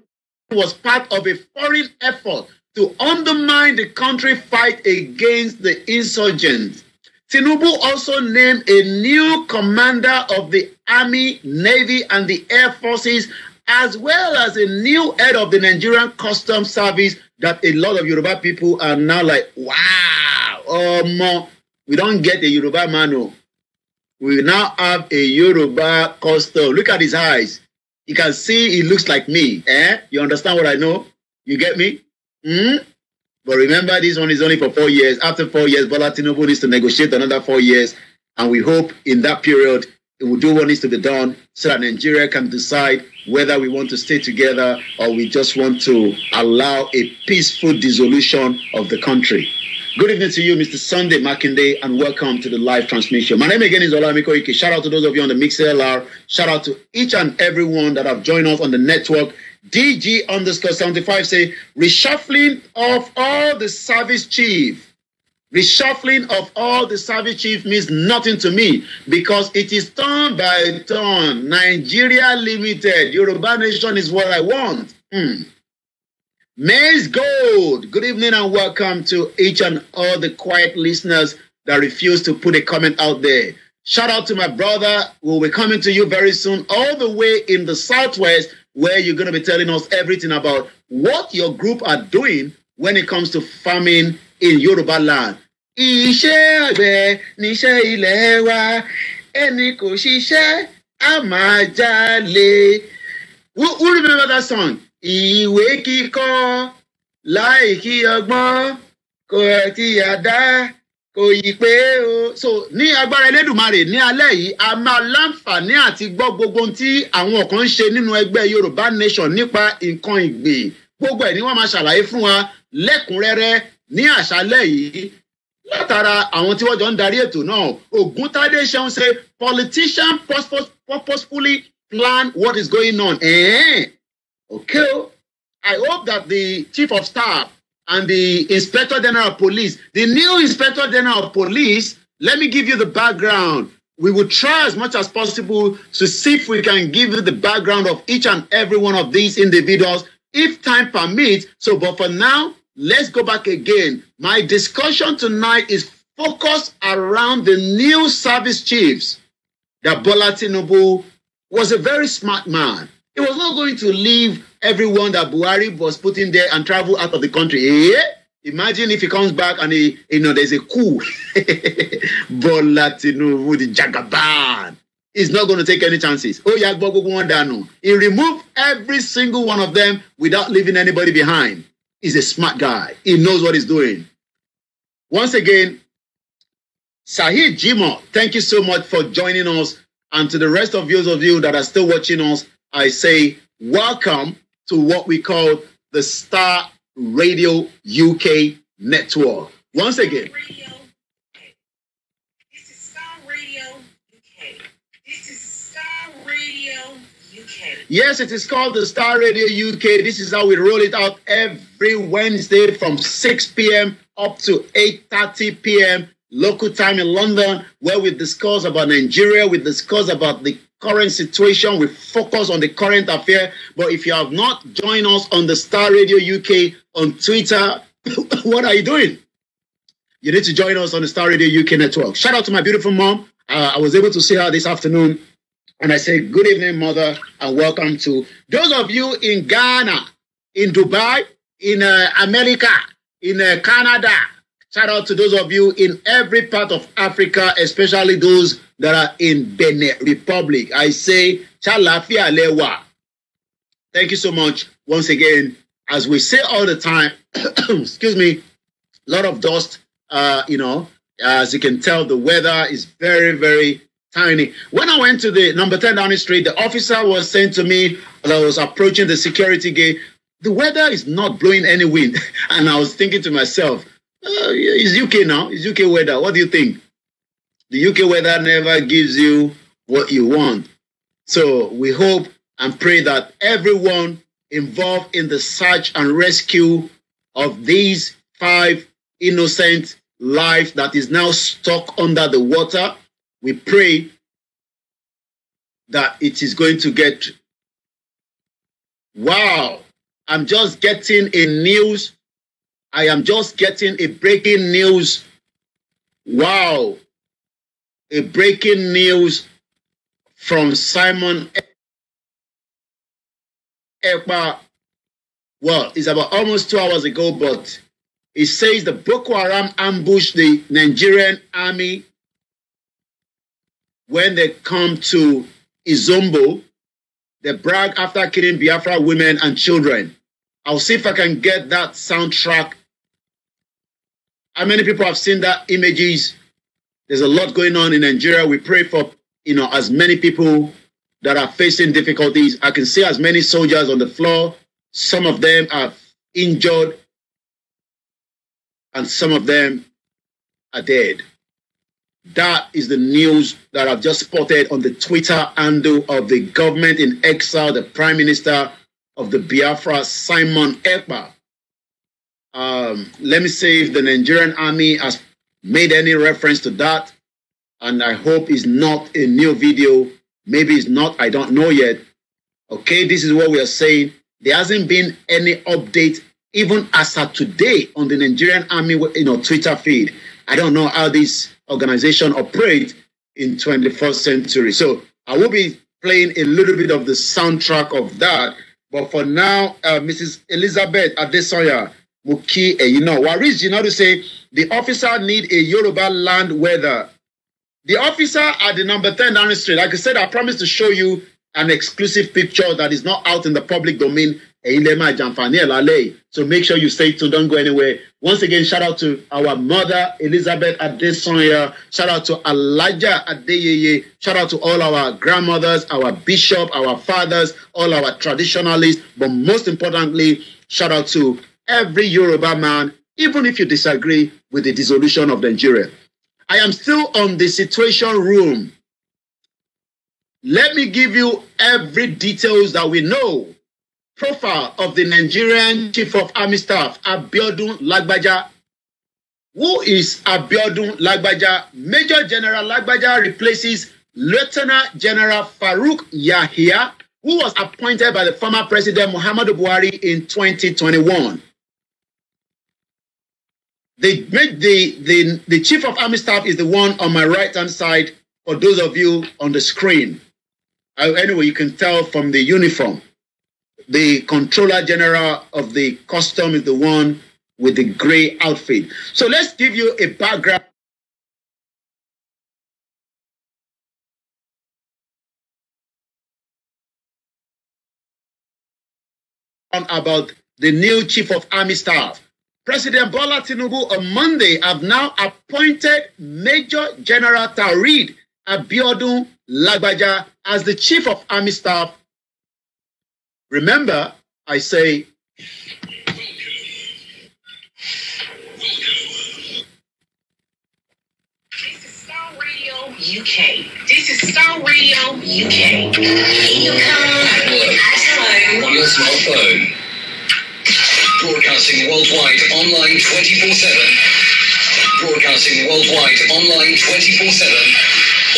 was part of a foreign effort to undermine the country fight against the insurgents Tinubu also named a new commander of the Army, Navy, and the Air Forces, as well as a new head of the Nigerian Customs Service that a lot of Yoruba people are now like, wow, oh um, we don't get a Yoruba man. We now have a Yoruba custom. Look at his eyes. You can see he looks like me. Eh? You understand what I know? You get me? Mm? But remember, this one is only for four years. After four years, Bola Tinubu needs to negotiate another four years. And we hope in that period, it will do what needs to be done so that Nigeria can decide whether we want to stay together or we just want to allow a peaceful dissolution of the country. Good evening to you, Mr. Sunday Makinde, and welcome to the live transmission. My name again is Olamiko Ike. Shout out to those of you on the MixLR. Shout out to each and everyone that have joined us on the network DG underscore 75 say reshuffling of all the service chief. Reshuffling of all the service chief means nothing to me because it is turn by turn. Nigeria Limited, Yoruba Nation is what I want. Mm. Maze Gold, good evening and welcome to each and all the quiet listeners that refuse to put a comment out there. Shout out to my brother. We'll be coming to you very soon, all the way in the Southwest where you're going to be telling us everything about what your group are doing when it comes to farming in Yoruba land. Iṣẹ́ àgbẹ̀ níṣẹ́ ilẹ̀ wa, ẹni kò ṣiṣẹ́, a máa jalè. Who, remember that song? Ìwé kíkọ́ láì kí ọgbọ́n kò ẹ̀ tí a kò pé o so ní agbára Elédùmarè ní alẹ́ yìí a máa láǹfààní àti gbọ́ gbogbo tí àwọn kan ń ṣe nínú ẹgbẹ́ Yorùbá Nation nípa nǹkan ìgbìn gbogbo ẹ̀ ni wọ́n máa ṣàlàyé fún wa lẹ́kùnrẹ́rẹ́ ní àṣálẹ́ yìí látara àwọn tí wọ́n jọ ń darí ètò náà Ògúntádé ṣeun ṣe politician purposefully plan what is going on. Eh? Okay, I hope that the chief of staff and the Inspector General of Police. The new Inspector General of Police, let me give you the background. We will try as much as possible to see if we can give you the background of each and every one of these individuals if time permits. So, but for now, let's go back again. My discussion tonight is focused around the new service chiefs that Bola Tinubu was a very smart man. He was not going to leave everyone that Buhari was putting there and travel out of the country. Eh? Imagine if he comes back and he, you know, there's a coup. Bola Tinubu, the Jagaban. He's not going to take any chances. Oh, yeah, Dano. He removed every single one of them without leaving anybody behind. He's a smart guy. He knows what he's doing. Once again, Sahid Jimo, thank you so much for joining us. And to the rest of those of you that are still watching us, I say welcome to what we call the Star Radio UK network. Once again. This is Star Radio UK. Yes, it is called the Star Radio UK. This is how we roll it out every Wednesday from 6 p.m. up to 8:30 p.m. local time in London, where we discuss about Nigeria, we discuss about the current situation. We focus on the current affair. But if you have not joined us on the Star Radio UK on Twitter, what are you doing? You need to join us on the Star Radio UK network. Shout out to my beautiful mom. Uh, I was able to see her this afternoon. And I say, Good evening, mother, and welcome to those of you in Ghana, in Dubai, in uh, America, in uh, Canada. Shout out to those of you in every part of Africa, especially those that are in Benin Republic. I say, Chalafia Lewa. Thank you so much once again. As we say all the time, excuse me, a lot of dust, uh, you know, as you can tell, the weather is very, very tiny. When I went to the number 10 Downing street, the officer was saying to me as I was approaching the security gate, the weather is not blowing any wind. And I was thinking to myself, uh, it's UK now, it's UK weather. What do you think? the UK weather never gives you what you want. So we hope and pray that everyone involved in the search and rescue of these five innocent lives that is now stuck under the water, we pray that it is going to get. Wow, I'm just getting a news. I am just getting a breaking news. Wow, a breaking news from Simon e- Ekpa. Well, it's about almost two hours ago, but it says the Boko Haram ambushed the Nigerian army when they come to Izombo. They brag after killing Biafra women and children. I'll see if I can get that soundtrack. How many people have seen that images? There's a lot going on in Nigeria. We pray for, you know, as many people that are facing difficulties. I can see as many soldiers on the floor. Some of them are injured and some of them are dead. That is the news that I've just spotted on the Twitter handle of the government in exile, the Prime Minister of the Biafra, Simon Ekpa. Um, let me say if the Nigerian army has made any reference to that. And I hope it's not a new video. Maybe it's not, I don't know yet. Okay, this is what we are saying. There hasn't been any update, even as of today, on the Nigerian Army you know, Twitter feed. I don't know how this organization operates in 21st century. So I will be playing a little bit of the soundtrack of that. But for now, uh, Mrs. Elizabeth Adesoya, mo kí ẹ̀yin náà waris jinadu say the officer need a Yoruba land weather the officer at the number ten Downing Street like I said I promise to show you an exclusive picture that is not out in the public domain ẹ̀yin lè máa jàǹfààní ẹ̀ lálẹ́ so make sure you stay tuned don't go anywhere once again shout out to our mother Elizabeth Adesanya shout out to Alaja Adeyeye shout out to all our grandmothers our bishop our fathers all our traditionalists but most importantly shout out to every Yoruba man, even if you disagree with the dissolution of Nigeria. I am still on the situation room. Let me give you every details that we know. Profile of the Nigerian Chief of Army Staff, Abiodun Lagbaja. Who is Abiodun Lagbaja? Major General Lagbaja replaces Lieutenant General Farouk Yahia, who was appointed by the former President Muhammadu Buhari in 2021. The, the, the, the chief of army staff is the one on my right hand side for those of you on the screen. Uh, anyway, you can tell from the uniform. The controller general of the custom is the one with the gray outfit. So let's give you a background. about the new chief of army staff President Bola Tinubu on Monday have now appointed Major General Tarid Abiodun Lagbaja as the Chief of Army Staff. Remember, I say UK. This is Soul Radio UK. Your car, your smartphone. Your smartphone. Broadcasting worldwide online 24 7. Broadcasting worldwide online 24 7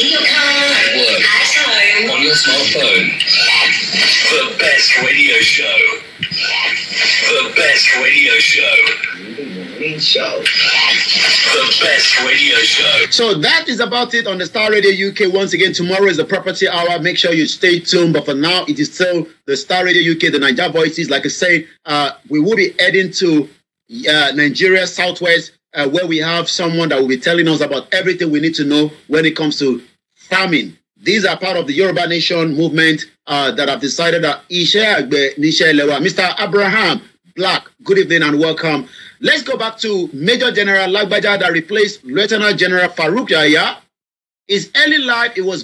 your car at work, at home, on your smartphone. The best radio show. The best radio show. Show. The best radio show. So that is about it on the Star Radio UK. Once again, tomorrow is the property hour. Make sure you stay tuned. But for now, it is still the Star Radio UK, the Niger Voices. Like I said, uh, we will be heading to uh, Nigeria, Southwest, uh, where we have someone that will be telling us about everything we need to know when it comes to farming. These are part of the Yoruba Nation movement uh, that have decided that Ishe Agbe Nishe Lewa. Mr. Abraham Black, good evening and welcome. Let's go back to Major General Lagbaja that replaced Lieutenant General Farouk Yahya. His early life, he was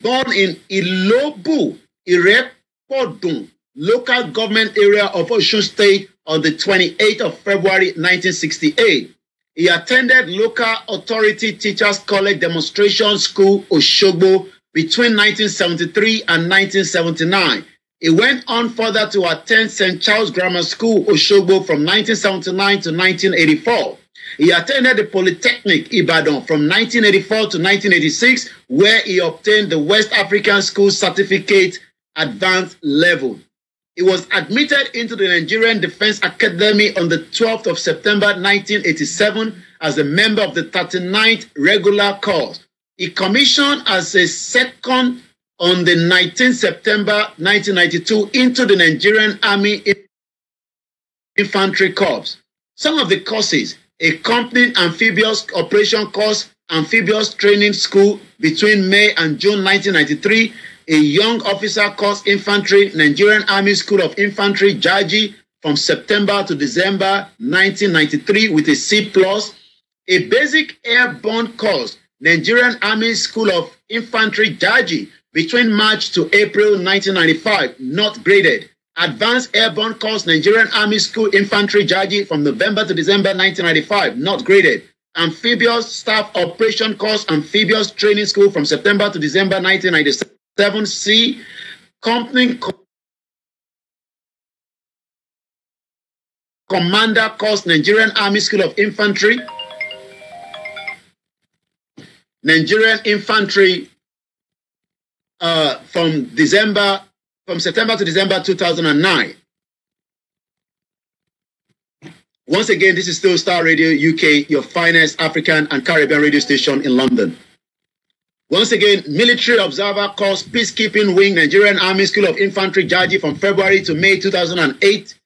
born in Ilobu, Irepodun, local government area of Osun State on the 28th of February 1968. He attended local authority teachers college demonstration school Oshogbo between 1973 and 1979. He went on further to attend St. Charles Grammar School Oshogbo from 1979 to 1984. He attended the Polytechnic Ibadan from 1984 to 1986, where he obtained the West African School Certificate Advanced Level. He was admitted into the Nigerian Defense Academy on the 12th of September 1987 as a member of the 39th Regular Corps. He commissioned as a second on the 19th September 1992 into the Nigerian Army Infantry Corps. Some of the courses, a company amphibious operation course, amphibious training school between May and June 1993, a young officer course infantry, Nigerian Army School of Infantry, Jaji, from September to December 1993 with a C+, a basic airborne course, Nigerian Army School of Infantry, Jaji, between March to April 1995, not graded. Advanced Airborne Course Nigerian Army School Infantry Jaji from November to December 1995, not graded. Amphibious Staff Operation Course Amphibious Training School from September to December 1997. 7C Company Commander Course Nigerian Army School of Infantry, Nigerian Infantry uh, from December from September to December 2009. Once again, this is still Star Radio UK, your finest African and Caribbean radio station in London. Once again, military observer calls peacekeeping wing Nigerian Army School of Infantry Jaji from February to May 2008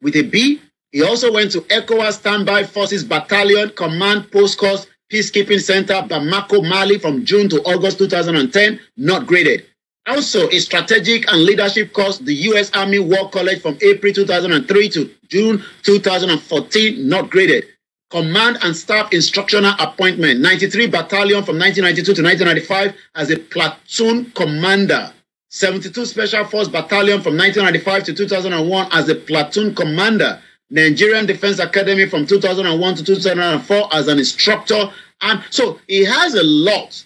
with a B. He also went to ECOWAS Standby Forces Battalion Command Post Course Peacekeeping Center Bamako, Mali from June to August 2010, not graded. Also, a strategic and leadership course, the U.S. Army War College from April 2003 to June 2014, not graded. Command and Staff Instructional Appointment, 93 Battalion from 1992 to 1995 as a platoon commander. 72 Special Force Battalion from 1995 to 2001 as a platoon commander. Nigerian Defense Academy from 2001 to 2004 as an instructor. And so he has a lot.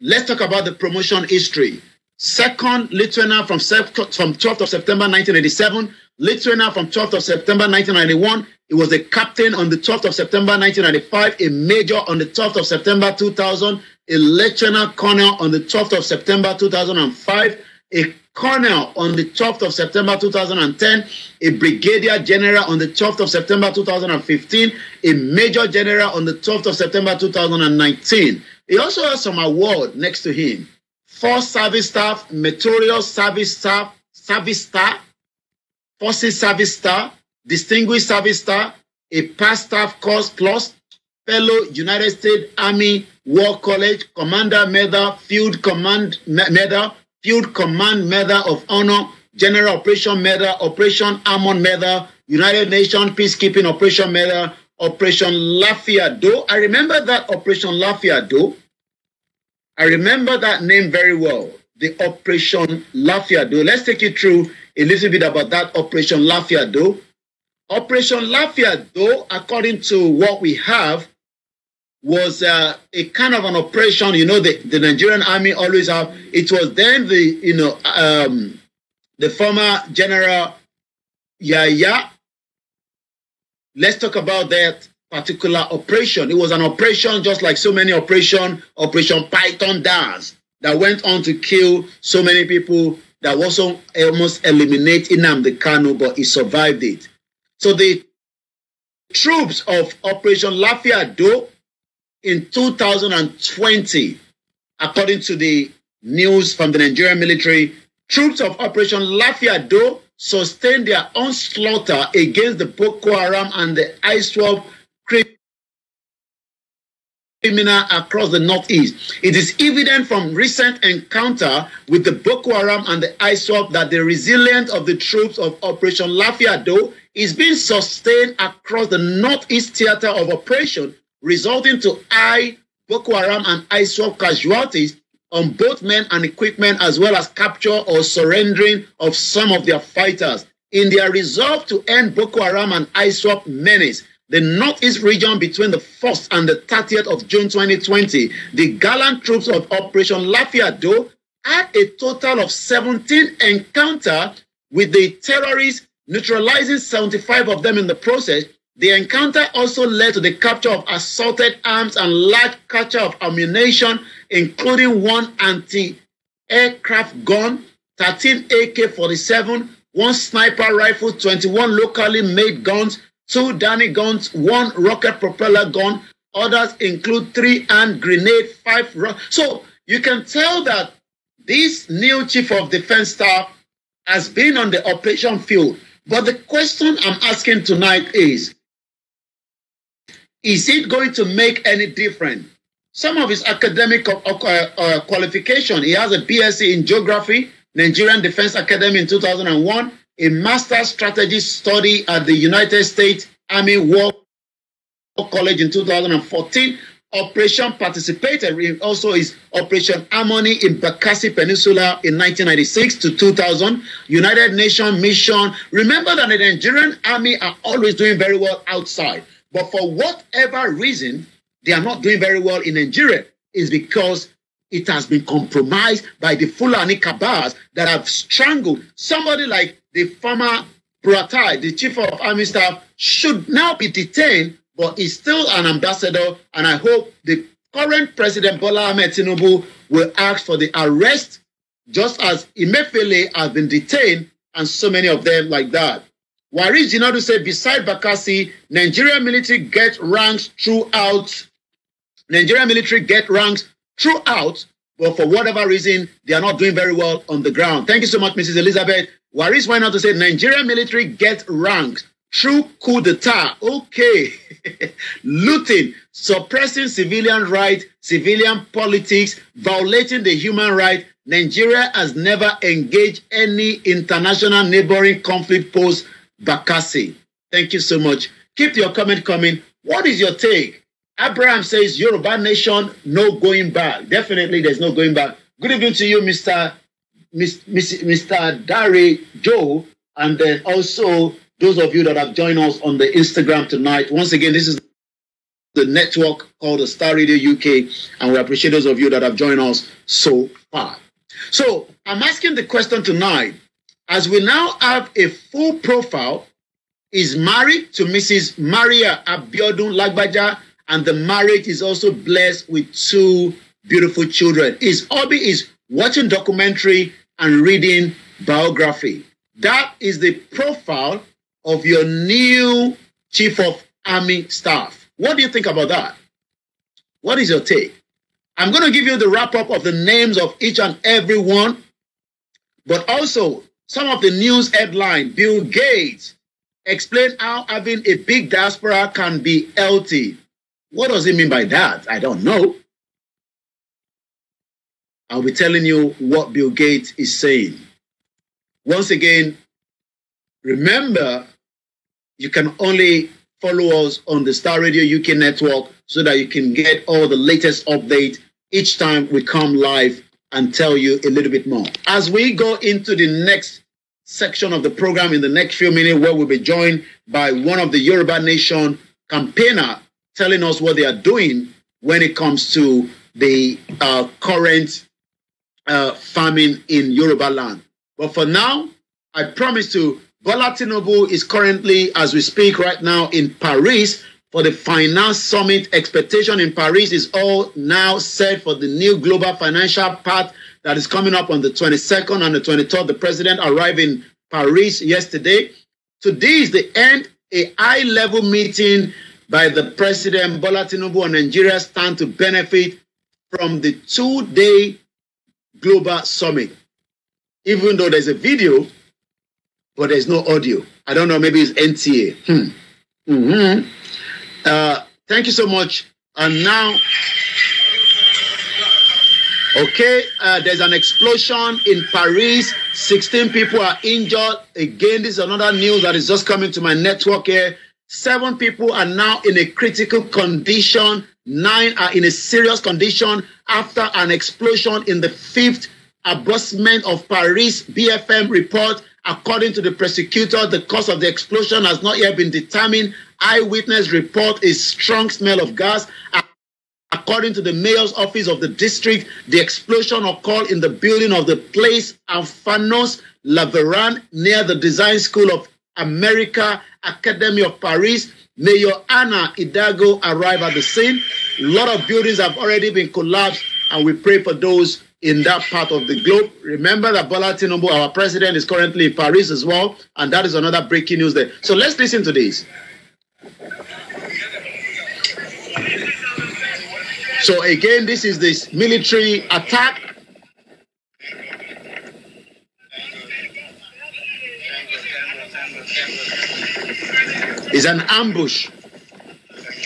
Let's talk about the promotion history. Second lieutenant from, from 12th of September 1987 Lithuania from 12th of September 1991. He was the captain on the 12th of September 1995, a major on the 12th of September 2000, a lieutenant colonel on the 12th of September 2005, a colonel on the 12th of September 2010, a brigadier general on the 12th of September 2015, a major general on the 12th of September 2019. He also has some award next to him. Four service staff, material service staff, service staff, Forces Service Star, Distinguished Service Star, a past staff course plus, fellow United States Army War College Commander Medal, Field Command Medal, Field Command Medal of Honor, General Operation Medal, Operation Ammon Medal, United Nations Peacekeeping Operation Medal, Operation Lafia Do. I remember that Operation Lafia Do. I remember that name very well. The Operation Lafia Do. Let's take you through a little bit about that Operation Lafia, though. Operation Lafia, though, according to what we have, was uh, a kind of an operation. You know, the, the Nigerian army always have. It was then the you know um, the former general Yaya. Let's talk about that particular operation. It was an operation just like so many operation, Operation Python Dance that went on to kill so many people that was almost eliminating him, the Kanu, but he survived it. So the troops of Operation Lafia Do in 2020, according to the news from the Nigerian military, troops of Operation Lafia Do sustained their onslaught against the Boko Haram and the ISWAP criminal across the northeast. It is evident from recent encounter with the Boko Haram and the ISWAP that the resilience of the troops of Operation Lafiado is being sustained across the northeast theater of operation, resulting to high Boko Haram and ISWAP casualties on both men and equipment, as well as capture or surrendering of some of their fighters. In their resolve to end Boko Haram and ISWAP menace, the Northeast region between the 1st and the 30th of June 2020, the gallant troops of Operation Lafiado had a total of 17 encounters with the terrorists, neutralizing 75 of them in the process. The encounter also led to the capture of assaulted arms and large capture of ammunition, including one anti-aircraft gun, 13 AK-47, one sniper rifle, 21 locally made guns, two Danny guns, one rocket propeller gun. Others include three hand grenade, five. Ro- so you can tell that this new chief of defense staff has been on the operation field. But the question I'm asking tonight is Is it going to make any difference? Some of his academic uh, uh, uh, qualification, he has a BSc in geography, Nigerian Defense Academy in 2001, a master strategy study at the United States Army War College in 2014. Operation participated in also is Operation Harmony in Bakassi Peninsula in 1996 to 2000. United Nations mission. Remember that the Nigerian army are always doing very well outside, but for whatever reason, they are not doing very well in Nigeria is because it has been compromised by the Fulani cabals that have strangled somebody like the former Buratai, the chief of army staff, should now be detained, but is still an ambassador. And I hope the current president Bola Ahmed Tinubu will ask for the arrest, just as Imefele has been detained and so many of them like that. Waris Jinadu said, beside Bakassi, Nigerian military get ranks throughout. Nigerian military get ranks throughout, but for whatever reason, they are not doing very well on the ground. Thank you so much, Mrs. Elizabeth. Waris went on to say Nigerian military gets ranked through coup d'etat. Okay. Looting, suppressing civilian rights, civilian politics, violating the human right. Nigeria has never engaged any international neighboring conflict post Bakassi. Thank you so much. Keep your comment coming. What is your take Abraham says, Yoruba nation, no going back. Definitely, there's no going back. Good evening to you, Mr. Miss, Miss, Mr. Dari Joe, and then also those of you that have joined us on the Instagram tonight. Once again, this is the network called the Star Radio UK, and we appreciate those of you that have joined us so far. So, I'm asking the question tonight as we now have a full profile, is married to Mrs. Maria Abiodun Lagbaja and the marriage is also blessed with two beautiful children. His hobby is watching documentary and reading biography. That is the profile of your new chief of army staff. What do you think about that? What is your take? I'm going to give you the wrap up of the names of each and every one, but also some of the news headline Bill Gates explained how having a big diaspora can be healthy. What does he mean by that? I don't know. I'll be telling you what Bill Gates is saying. Once again, remember you can only follow us on the Star Radio UK network so that you can get all the latest update each time we come live and tell you a little bit more. As we go into the next section of the program in the next few minutes, where we'll be joined by one of the Yoruba Nation campaigner telling us what they are doing when it comes to the uh, current uh, famine in Yoruba land. But for now, I promise to Bola Tinubu is currently, as we speak right now, in Paris for the finance summit. Expectation in Paris is all now set for the new global financial path that is coming up on the 22nd and the 23rd. The president arrived in Paris yesterday. Today is the end, a high level meeting by the President Bola Tinubu and Nigeria stand to benefit from the two-day global summit. Even though there's a video, but there's no audio. I don't know, maybe it's NTA. Hmm. Mm-hmm. Uh, thank you so much. And now, okay, uh, there's an explosion in Paris. 16 people are injured. Again, this is another news that is just coming to my network here. Seven people are now in a critical condition. Nine are in a serious condition after an explosion in the fifth abusement of Paris BFM report. According to the prosecutor, the cause of the explosion has not yet been determined. Eyewitness report is strong smell of gas. According to the mayor's office of the district, the explosion occurred in the building of the Place Alfanos Laveran near the design school of America, Academy of Paris. May your Anna Hidalgo arrive at the scene. A lot of buildings have already been collapsed, and we pray for those in that part of the globe. Remember that Bola Tinubu, our president, is currently in Paris as well, and that is another breaking news there. So let's listen to this. So again, this is this military attack Is an ambush.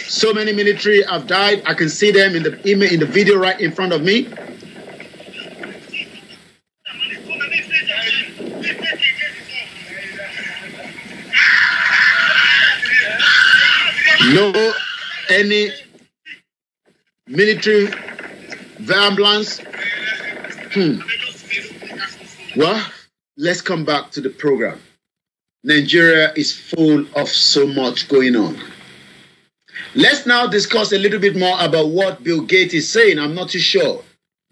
So many military have died. I can see them in the email, in the video right in front of me. No any military ambulance. Hmm. Well, let's come back to the program. Nigeria is full of so much going on. Let's now discuss a little bit more about what Bill Gates is saying. I'm not too sure.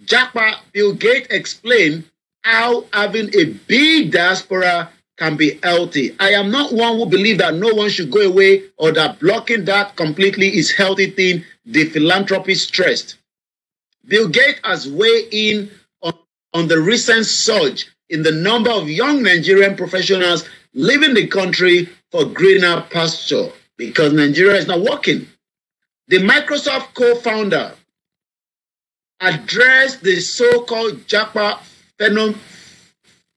Jackpa Bill Gates explained how having a big diaspora can be healthy. I am not one who believes that no one should go away or that blocking that completely is healthy thing, the philanthropist stressed. Bill Gates has weighed in on, on the recent surge in the number of young Nigerian professionals leaving the country for greener pasture because Nigeria is not working. The Microsoft co founder addressed the so called JAPA phenom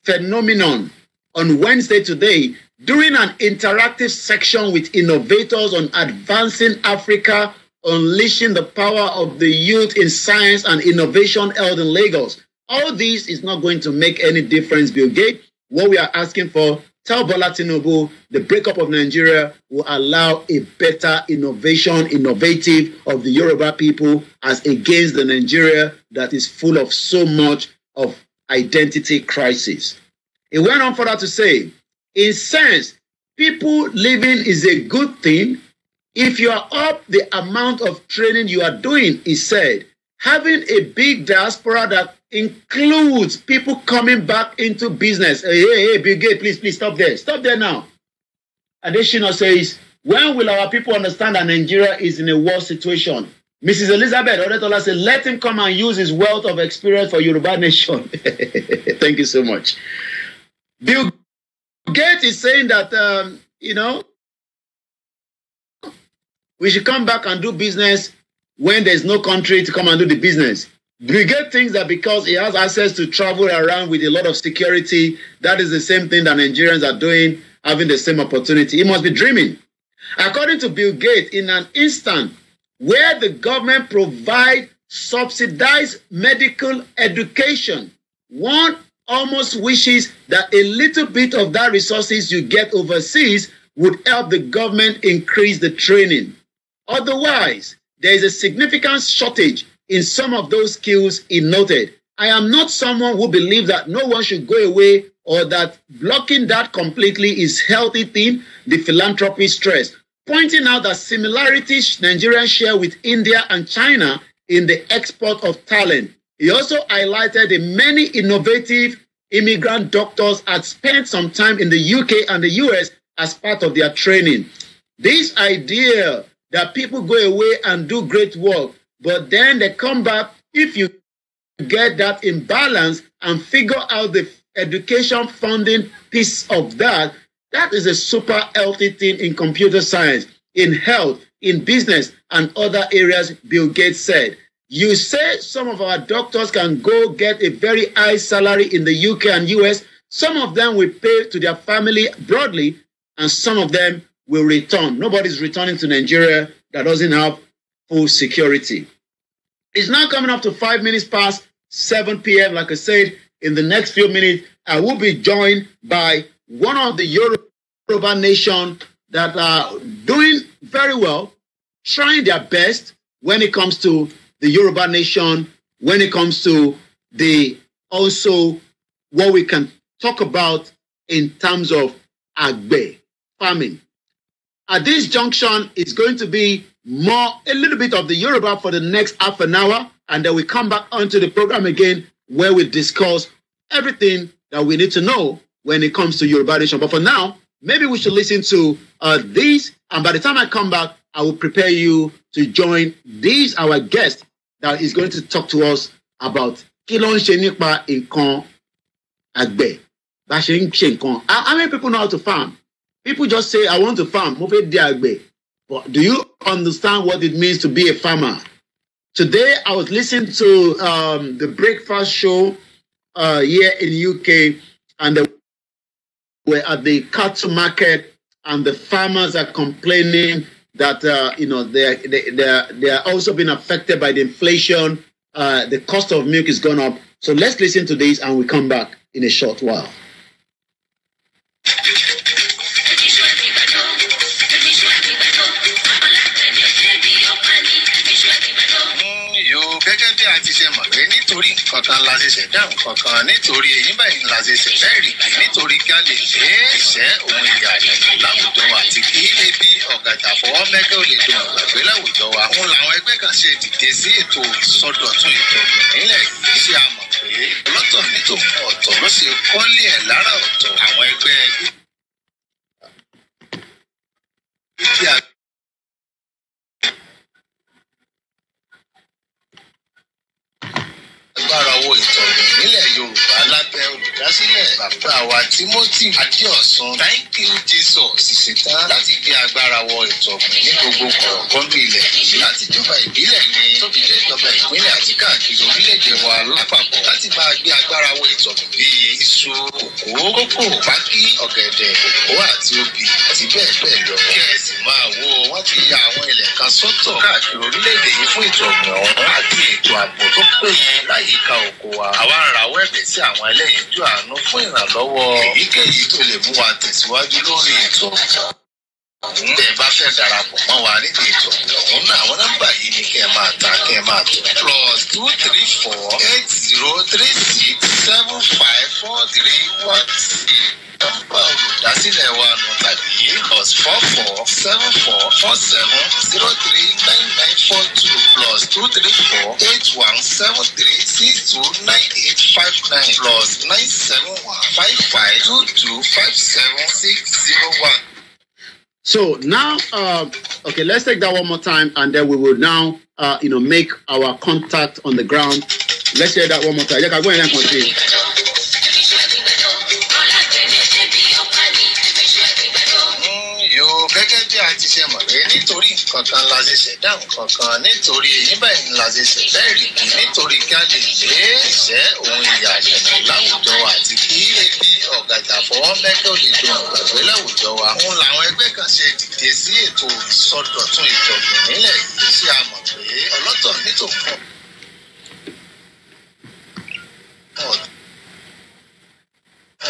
phenomenon on Wednesday today during an interactive section with innovators on advancing Africa, unleashing the power of the youth in science and innovation held in Lagos. All this is not going to make any difference, Bill Gates. What we are asking for Tell Bola Tinubu the breakup of Nigeria will allow a better innovation, innovative of the Yoruba people as against the Nigeria that is full of so much of identity crisis. He went on further to say, in sense, people living is a good thing if you are up the amount of training you are doing, he said. Having a big diaspora that includes people coming back into business. Hey, hey, Bill Gates, please, please stop there. Stop there now. Adeshina says, when will our people understand that Nigeria is in a worse situation? Mrs. Elizabeth Odetola said, let him come and use his wealth of experience for Yoruba nation. Thank you so much. Bill Gates is saying that, um, you know, we should come back and do business when there's no country to come and do the business. Brigade thinks that because he has access to travel around with a lot of security, that is the same thing that Nigerians are doing, having the same opportunity. He must be dreaming. According to Bill Gates, in an instant where the government provides subsidized medical education, one almost wishes that a little bit of that resources you get overseas would help the government increase the training. Otherwise, there is a significant shortage in some of those skills he noted. I am not someone who believes that no one should go away or that blocking that completely is healthy thing, the philanthropy stress, pointing out that similarities Nigerians share with India and China in the export of talent. He also highlighted the many innovative immigrant doctors had spent some time in the UK and the US as part of their training. This idea that people go away and do great work But then they come back if you get that imbalance and figure out the education funding piece of that. That is a super healthy thing in computer science, in health, in business, and other areas, Bill Gates said. You say some of our doctors can go get a very high salary in the UK and US. Some of them will pay to their family broadly, and some of them will return. Nobody's returning to Nigeria that doesn't have full security. It's now coming up to five minutes past 7 p.m. Like I said, in the next few minutes, I will be joined by one of the Yoruba nation that are doing very well, trying their best when it comes to the Yoruba nation, when it comes to the also what we can talk about in terms of agbe farming. At this junction, it's going to be more, a little bit of the Yoruba for the next half an hour, and then we come back onto the program again where we discuss everything that we need to know when it comes to Yoruba Nation. But for now, maybe we should listen to uh, these, and by the time I come back, I will prepare you to join these, our guest that is going to talk to us about kí ló ń ṣe nípa nǹkan àgbẹ̀ bá ṣe How many people know how to farm? People just say, I want to farm, mo fẹ́ di àgbẹ̀. Do you understand what it means to be a farmer? Today, I was listening to um, the breakfast show uh, here in UK, and they were at the cattle market, and the farmers are complaining that uh, you know they they they are, they are also being affected by the inflation. Uh, the cost of milk is gone up. So let's listen to this, and we come back in a short while. nítorí nǹkan kan la ṣe ṣẹ̀dá nǹkan kan nítorí èyí báyìí la ṣe ṣẹ̀dá èrìgì nítorí kí a lè lé ẹ̀ṣẹ̀ òun ìyá láwùjọ wa àti kí ilé bí ọ̀gàjà fọwọ́ mẹ́kẹ́ ò lè dùn àgbàgbé láwùjọ wa. òun làwọn ẹgbẹ́ kan ṣe dìde sí ètò ìsọdọ̀tun ètò ìpínlẹ̀ iṣẹ́ àmọ̀ pé lọ́tọ̀ nítòun ọ̀tọ̀ ló ṣe kọ́lé about ìyàwó ìtọ̀rọ̀ nílẹ̀ Yorùbá lábẹ́ olùdásílẹ̀ bàbá wa Timothy Adéọ̀sùn thank you Jesus ṣetán láti gbé agbára wọ ìtọ̀gbìn ní gbogbo kọ̀ọ̀kọ́ndù ilẹ̀ yìí láti jọba ìbílẹ̀ ní tóbi jẹ́ ìjọba ìpínlẹ̀ àti káàkiri orílẹ̀-èdè wa lápapọ̀ láti máa gbé agbára wọ ìtọ̀gbìn bíi iṣu kòkó kókò pákí ọ̀gẹ̀dẹ̀ kòkó àti obì àti bẹ́ẹ̀ bẹ́ẹ̀ lọ. kí máa wo wọ́n ti ya àwọn ilẹ̀ kan sọ́tọ̀ káàkiri orílẹ̀-èdè yìí fún ìtọ̀gbìn oko wa. àwa ń rawọ́ sí àwọn ẹlẹ́yinjú àánú fún ìrànlọ́wọ́ èyíkéyìí tó lè mú wa tẹ̀síwájú lórí ètò ọ̀hún tẹ̀ bá fẹ́ darapọ̀ mọ́ wa nídìí ètò ọ̀hún náà àwọn nọ́mbà yìí ni kẹ́ máa ta kẹ́ máa tó. plus two three four eight zero three six seven five four three one six nọ́mbà olùdásílẹ̀ wa nù tàbí plus four four seven four four seven zero three nine nine four two plus two three four eight one seven three six two nine eight five nine plus nine seven one five five two two five seven six zero one. So now, uh, okay, let's take that one more time, and then we will now, uh, you know, make our contact on the ground. Let's hear that one more time. Yeah, go ahead and continue. nítorí nǹkan kan la ṣe ṣẹ̀dá nǹkan kan nítorí èyí báyìí la ṣe ṣẹ̀dá èrìgì nítorí ká lè lè ṣẹ́ ohun ìyà àjẹ̀mọ̀ láwùjọ àti kí ebi ọ̀gàjà fọwọ́ mẹ́tọ́ lè do àgbàgbé láwùjọ wa. òun làwọn ẹgbẹ́ kan ṣe dìde sí ètò ìsọdọ̀tun ìjọ̀gbìn nílẹ̀ yìí sí a mọ̀ pé ọlọ́tọ̀ nítòkùn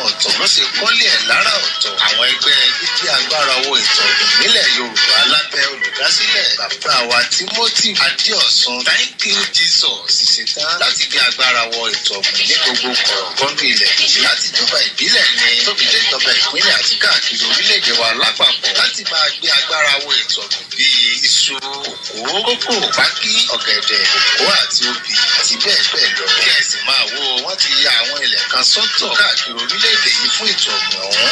ọ̀tọ̀ ló ṣe kọ́lé ẹ̀ lára ọ̀tọ̀ àwọn ẹgbẹ́ gbígbé agbára owó ìtọ̀gbìn nílẹ̀ Yorùbá lábẹ́ olùdásílẹ̀ bàbá wa Timothy Adéọ̀sùn thank you Jesus ṣetán láti gbé agbára wọ ìtọ̀gbìn ní gbogbo kọ̀ọ̀kọ́ndù ilẹ̀ yìí láti jọba ìbílẹ̀ ni tóbi dé ìjọba ìpínlẹ̀ àti káàkiri orílẹ̀-èdè wa lápapọ̀ láti máa gbé agbára wọ ìtọ̀gbìn bíi iṣu kòkó kókò pákí ọ̀gẹ̀dẹ̀ kòkó àti obì àti bẹ́ẹ̀ bẹ́ẹ̀ lọ kí ẹ sì máa wo wọ́n ti ya àwọn ilẹ̀ kan sọ́tọ̀ káàkiri orílẹ̀ orílẹ̀-èdè yìí fún ètò ọ̀gbìn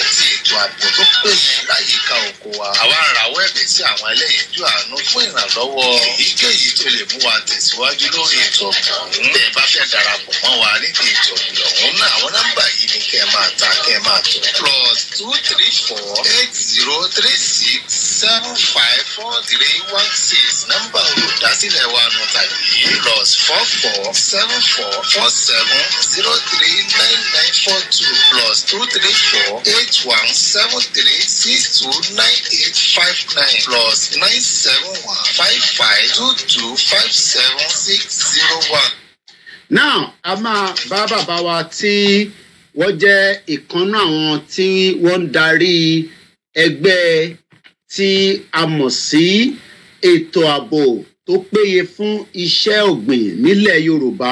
àti ètò ààbò tó péye láyìíká oko wa. àwa ràwọ́ ẹ̀bẹ̀ sí àwọn ẹlẹ́yinjú àánú fún ìrànlọ́wọ́ èyíkéyìí tó lè mú wa tẹ̀síwájú lórí ètò ọ̀gbìn ọ̀hún. bá fẹ́ darapọ̀ mọ́ wa nídìí ètò ọ̀gbìn ọ̀hún náà àwọn nọ́mbà yìí ni kẹ́ máa ta kẹ́ máa tó. plus two three four eight zero three six seven five four three one six nọ́mbà olùdásílẹ̀ wa nù tàbí plus four four seven four four seven zero three nine nine four two plus two three four eight one seven three six two nine eight five nine plus nine seven one five five two two five seven six zero one. now a máa bá bàbá wa tí wọ́n jẹ́ ìkànnú àwọn tí wọ́n ń darí ẹgbẹ́ tí a mọ̀ sí ètò ààbò tó péye fún iṣẹ́ ọ̀gbìn nílẹ̀ Yorùbá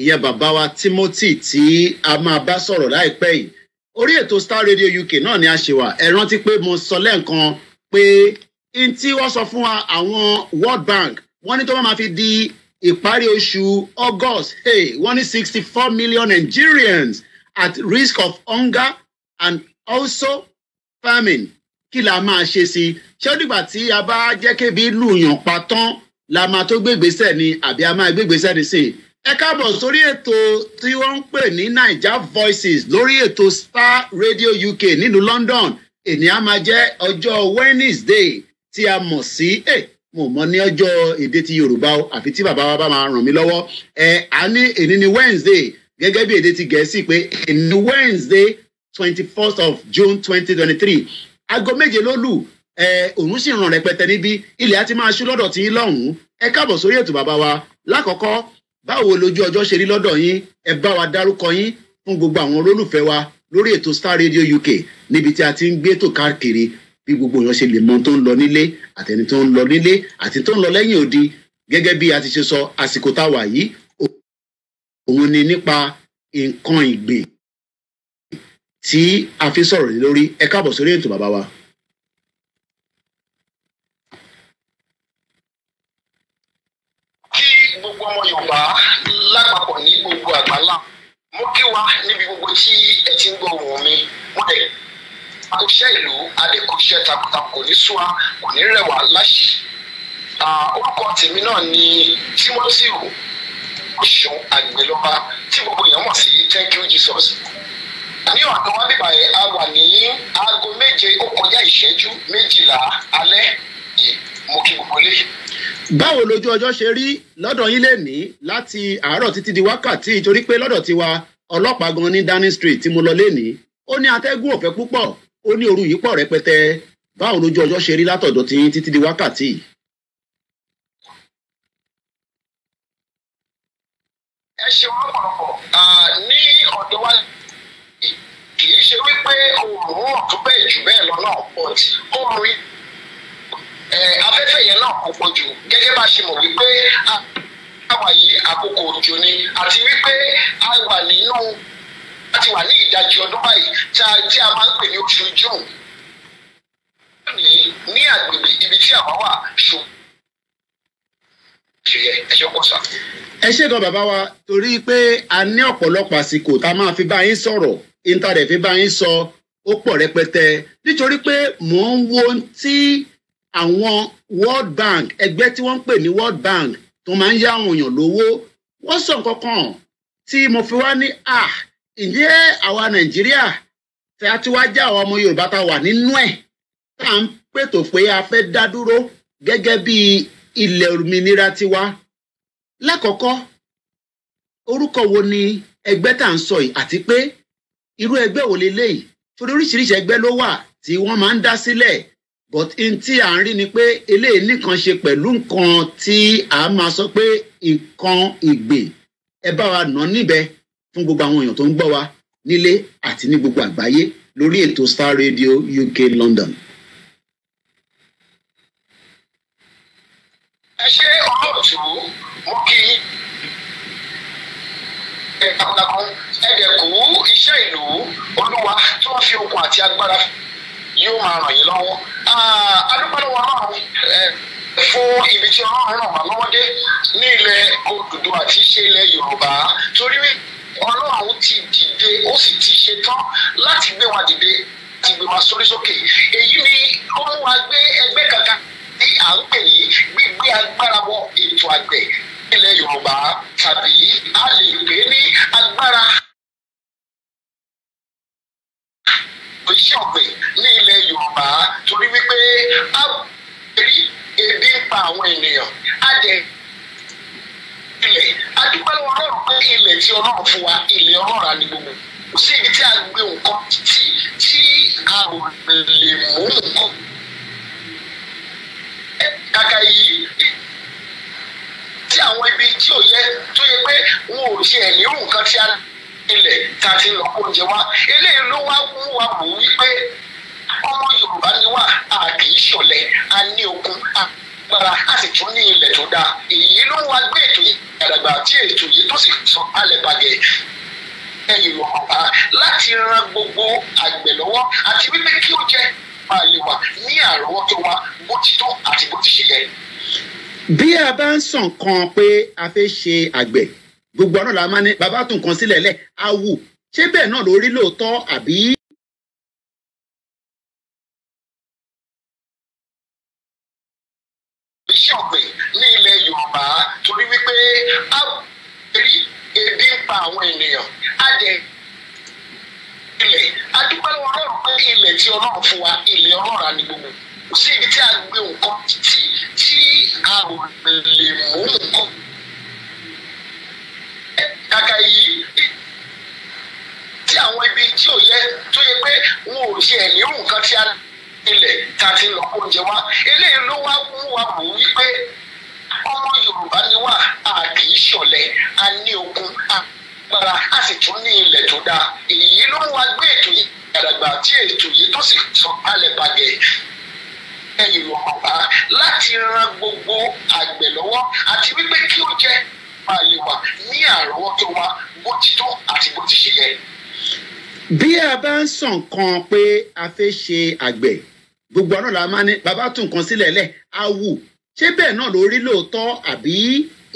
ìyẹn bàbá wa Timothy tí a máa bá sọ̀rọ̀ láìpẹ́ yìí orí ètò Star Radio UK náà ni a ṣe wà ẹ rántí pé mo sọ lẹ́ẹ̀kan pé n tí wọ́n sọ fún wa àwọn World Bank wọ́n ní tó máa fi di ìparí oṣù August hey, wọ́n ní sixty four million Nigerians at risk of hunger and also famine kí la máa ṣe sí i ṣé ó dìgbà tí a bá jẹ́ kébi lùyàn pa tán la máa tó gbégbèsè ni àbí a máa gbégbèsè ni sí i. ẹ káàbọ̀ sórí ètò tí wọ́n ń pè ní naija voices lórí ètò star radio uk nílùú london èní a máa jẹ́ ọjọ́ wednesday tí a mọ̀ sí ẹ̀ eh, mo mọ̀ ní ọjọ́ èdè ti yorùbá o àfi tí bàbá wa bá máa ràn mí lọ́wọ́ ẹ a ní èní ni wednesday gẹ́gẹ́ bí èdè ti gẹ̀ẹ́sì pé èní wednesday twenty first of june twenty twenty three aago méje ló lù òun sì ràn rẹpẹtẹ níbí ilẹ̀ á ti máa ṣú lọ́dọ̀ tí yín lọ́hùn-ún ẹ káàbọ̀ sórí ètò bàbá wa lákọ̀ọ́kọ́ báwo lójú ọjọ́ ṣe rí lọ́dọ̀ yín ẹ bá wa dárúkọ yín fún gbogbo àwọn olólùfẹ́ wa lórí ètò Star Radio UK níbi tí a ti ń gbé ètò káàkiri bí gbogbo èèyàn ṣe lè mọ tó ń lọ nílé àtẹni tó ń lọ nílé àti tó ń lọ lẹ́yìn odi gẹ́gẹ́ bí a ti ṣe sọ àsìkò tá a wà yìí òun ni nípa nǹkan ìgbìn tí a fi sọ̀rọ̀ lé lórí ẹ káàbọ̀ sórí ètò bàbá wa. kí gbogbo ọmọ Yorùbá lápapọ̀ ní gbogbo àgbáńlá mo kí wa níbi gbogbo tí ẹ ti ń gbọ́ ohùn mi wọ́n dẹ̀ akọ́ṣẹ́ ìlú adẹ́kọ́ṣẹ́ takuntakun kò ní súwa kò ní rẹwà láṣì orúkọ tèmi náà ni Timothy Ọ̀ṣun Àgbélọ́ba tí gbogbo èèyàn mọ̀ sí thank you Jesus ní ọ̀nà wọn bíbá yẹn a wà ní aago méje ó kọjá ìṣẹ́jú méjìlá alẹ́ yìí mo kí gbogbo lé. báwo lójú ọjọ́ ṣe rí lọ́dọ̀ yín lẹ́nìí láti àárọ̀ títí di wákàtí torí pé lọ́dọ̀ tiwa ọlọ́pàá gan ní Downing Street tí mo lọ lẹ́nìí ó ní atẹ́gùn ọ̀fẹ́ púpọ̀ ó ní òru yìí pọ̀ rẹpẹtẹ báwo lójú ọjọ́ ṣe rí látọ̀dọ̀ tiyín títí di wákàtí ẹ ṣeun lọ́pọ̀lọpọ̀ ní ọ̀dọ̀ wa kì í ṣe wípé òmùmọ̀ tó bẹ́ẹ̀ jù bẹ́ẹ̀ lọ náà pọ̀ tí ó mú afẹ́fẹ́ yẹn náà kò pọ̀ jù gẹ́gẹ́ bá ṣe mọ̀ wípé àwa yìí àkókò òjò ni àti wípé a wà nínú a ti wà ní ìdajì ọdún báyìí tí a máa ń pè ní oṣù June ní agbègbè ibi tí àwa wà ṣùgbọ́n ẹ ṣe gan bàbá wa torí pé a ní ọ̀pọ̀lọpọ̀ àsìkò tá a máa fi bá yín sọ̀rọ̀ intanet fi bá yín sọ ó pọ̀ rẹpẹtẹ nítorí pé mò ń wo tí àwọn World Bank ẹgbẹ́ tí wọ́n ń pè ní World Bank tó máa ń yá àwọn èèyàn lówó wọ́n sọ nǹkan kan tí mo fi wá ní à ǹjẹ́ àwa Nàìjíríà tí a ti wá já àwọn ọmọ Yorùbá ta wà nínú ẹ̀ tá à ń pètò pé a fẹ́ dá dúró gẹ́gẹ́ bí ilẹ̀ òmìnira tiwa lákọ̀ọ́kọ́ orúkọ wo ni ẹgbẹ́ tá à ń sọ yìí àti pé irú ẹgbẹ́ wo leléyìí torí oríṣiríṣi ẹgbẹ́ ló wà tí wọ́n máa ń dá sílẹ̀ but n tí à ń rí ni pé eléyìí nìkan ṣe pẹ̀lú nǹkan tí a máa sọ pé nǹkan ìgbè ẹ bá wa nà níbẹ̀ fún gbogbo àwọn èèyàn tó ń gbọ́ wa nílé àti ní gbogbo àgbáyé lórí ètò Star Radio UK London. ẹ ṣe olóòtú mú kí ẹ takuntakun ẹ̀dẹ̀kú iṣẹ́ ìlú olúwa tí wọ́n fi okun àti agbára yóò máa ràn yín lọ́wọ́ adúpẹ́lọ́wọ́ náà fún ibi tí ọlọ́run ràn wá lọ́wọ́ dé ní ilẹ̀ Odùduwà àti ṣe ilẹ̀ Yorùbá torí ọlọ́run ti dìde ó sì ti ṣetán láti gbé wa dìde àti gbé wa sórí sókè èyí ni ó mú wa gbé ẹgbẹ́ kankan tí à ń pè ní gbígbé agbára wọ ètò àgbẹ̀ ilẹ̀ Yorùbá tàbí a lè pè é ní agbára iṣẹ́ ọ̀gbìn ní ilẹ̀ Yorùbá torí wípé a rí ebi ń pa àwọn ènìyàn a jẹ ilẹ̀ adúgbò ọlọ́run pé ilẹ̀ tí ọlọ́run fún wa ilẹ̀ ọlọ́run á ní gbogbo kò sí ibi tí a gbé nǹkan tí tí a ò lè mú nǹkan. kàkà yìí tí àwọn ibi tí ò yẹ tó yẹ pé wọn ò tiẹ̀ lérò nǹkan tí a ní ilẹ̀ tá a fi ń lọ oúnjẹ wa eléyìí ló wá mú wa mọ̀ wípé ọmọ Yorùbá ni wá a kì í ṣọ̀lẹ a ní okun a gbára a sì tún ní ilẹ̀ tó dáa èyí ló wá gbé ètò yìí àdàgbà tí ètò yìí tó sì sọ alẹ́ bàgẹ́ ẹ̀yìn Yorùbá láti ran gbogbo àgbẹ̀ lọ́wọ́ àti wípé kí ó jẹ́ máa lè wà ní àrọ́wọ́tó wa bó ti tó àti bó ti ṣe yẹ. bí a bá ń sàn kan pé a fẹ́ ṣe àgbẹ̀ gbogbo ọ̀rọ̀ la máa ní bàbá tún kan sílẹ̀ lẹ̀ awù ṣé bẹ́ẹ̀ náà lórí lóòótọ́ àbí sì tún ní ilẹ̀ tó dáa èyí ló ń wá gbé ètò yìí gbàdàgbà tí ètò yìí tó sì sàn kalẹ̀ bàgẹ́ ẹ̀yìn ọ̀pá láti ran gbogbo àgbẹ̀ lọ́wọ́ àti wípé kí ó jẹ́ máa lè wà ní àrọ́wọ́tó wa bó ti tó àti bó ti ṣe yẹ. bí a bá ń sàn kan pé a fẹ́ ṣe àgbẹ̀ gbogbo ọ̀nà la máa ní bàbá tún nǹkan sílẹ̀ lẹ̀ á wù ṣé bẹ́ẹ̀ náà ló lóòótọ́ àbí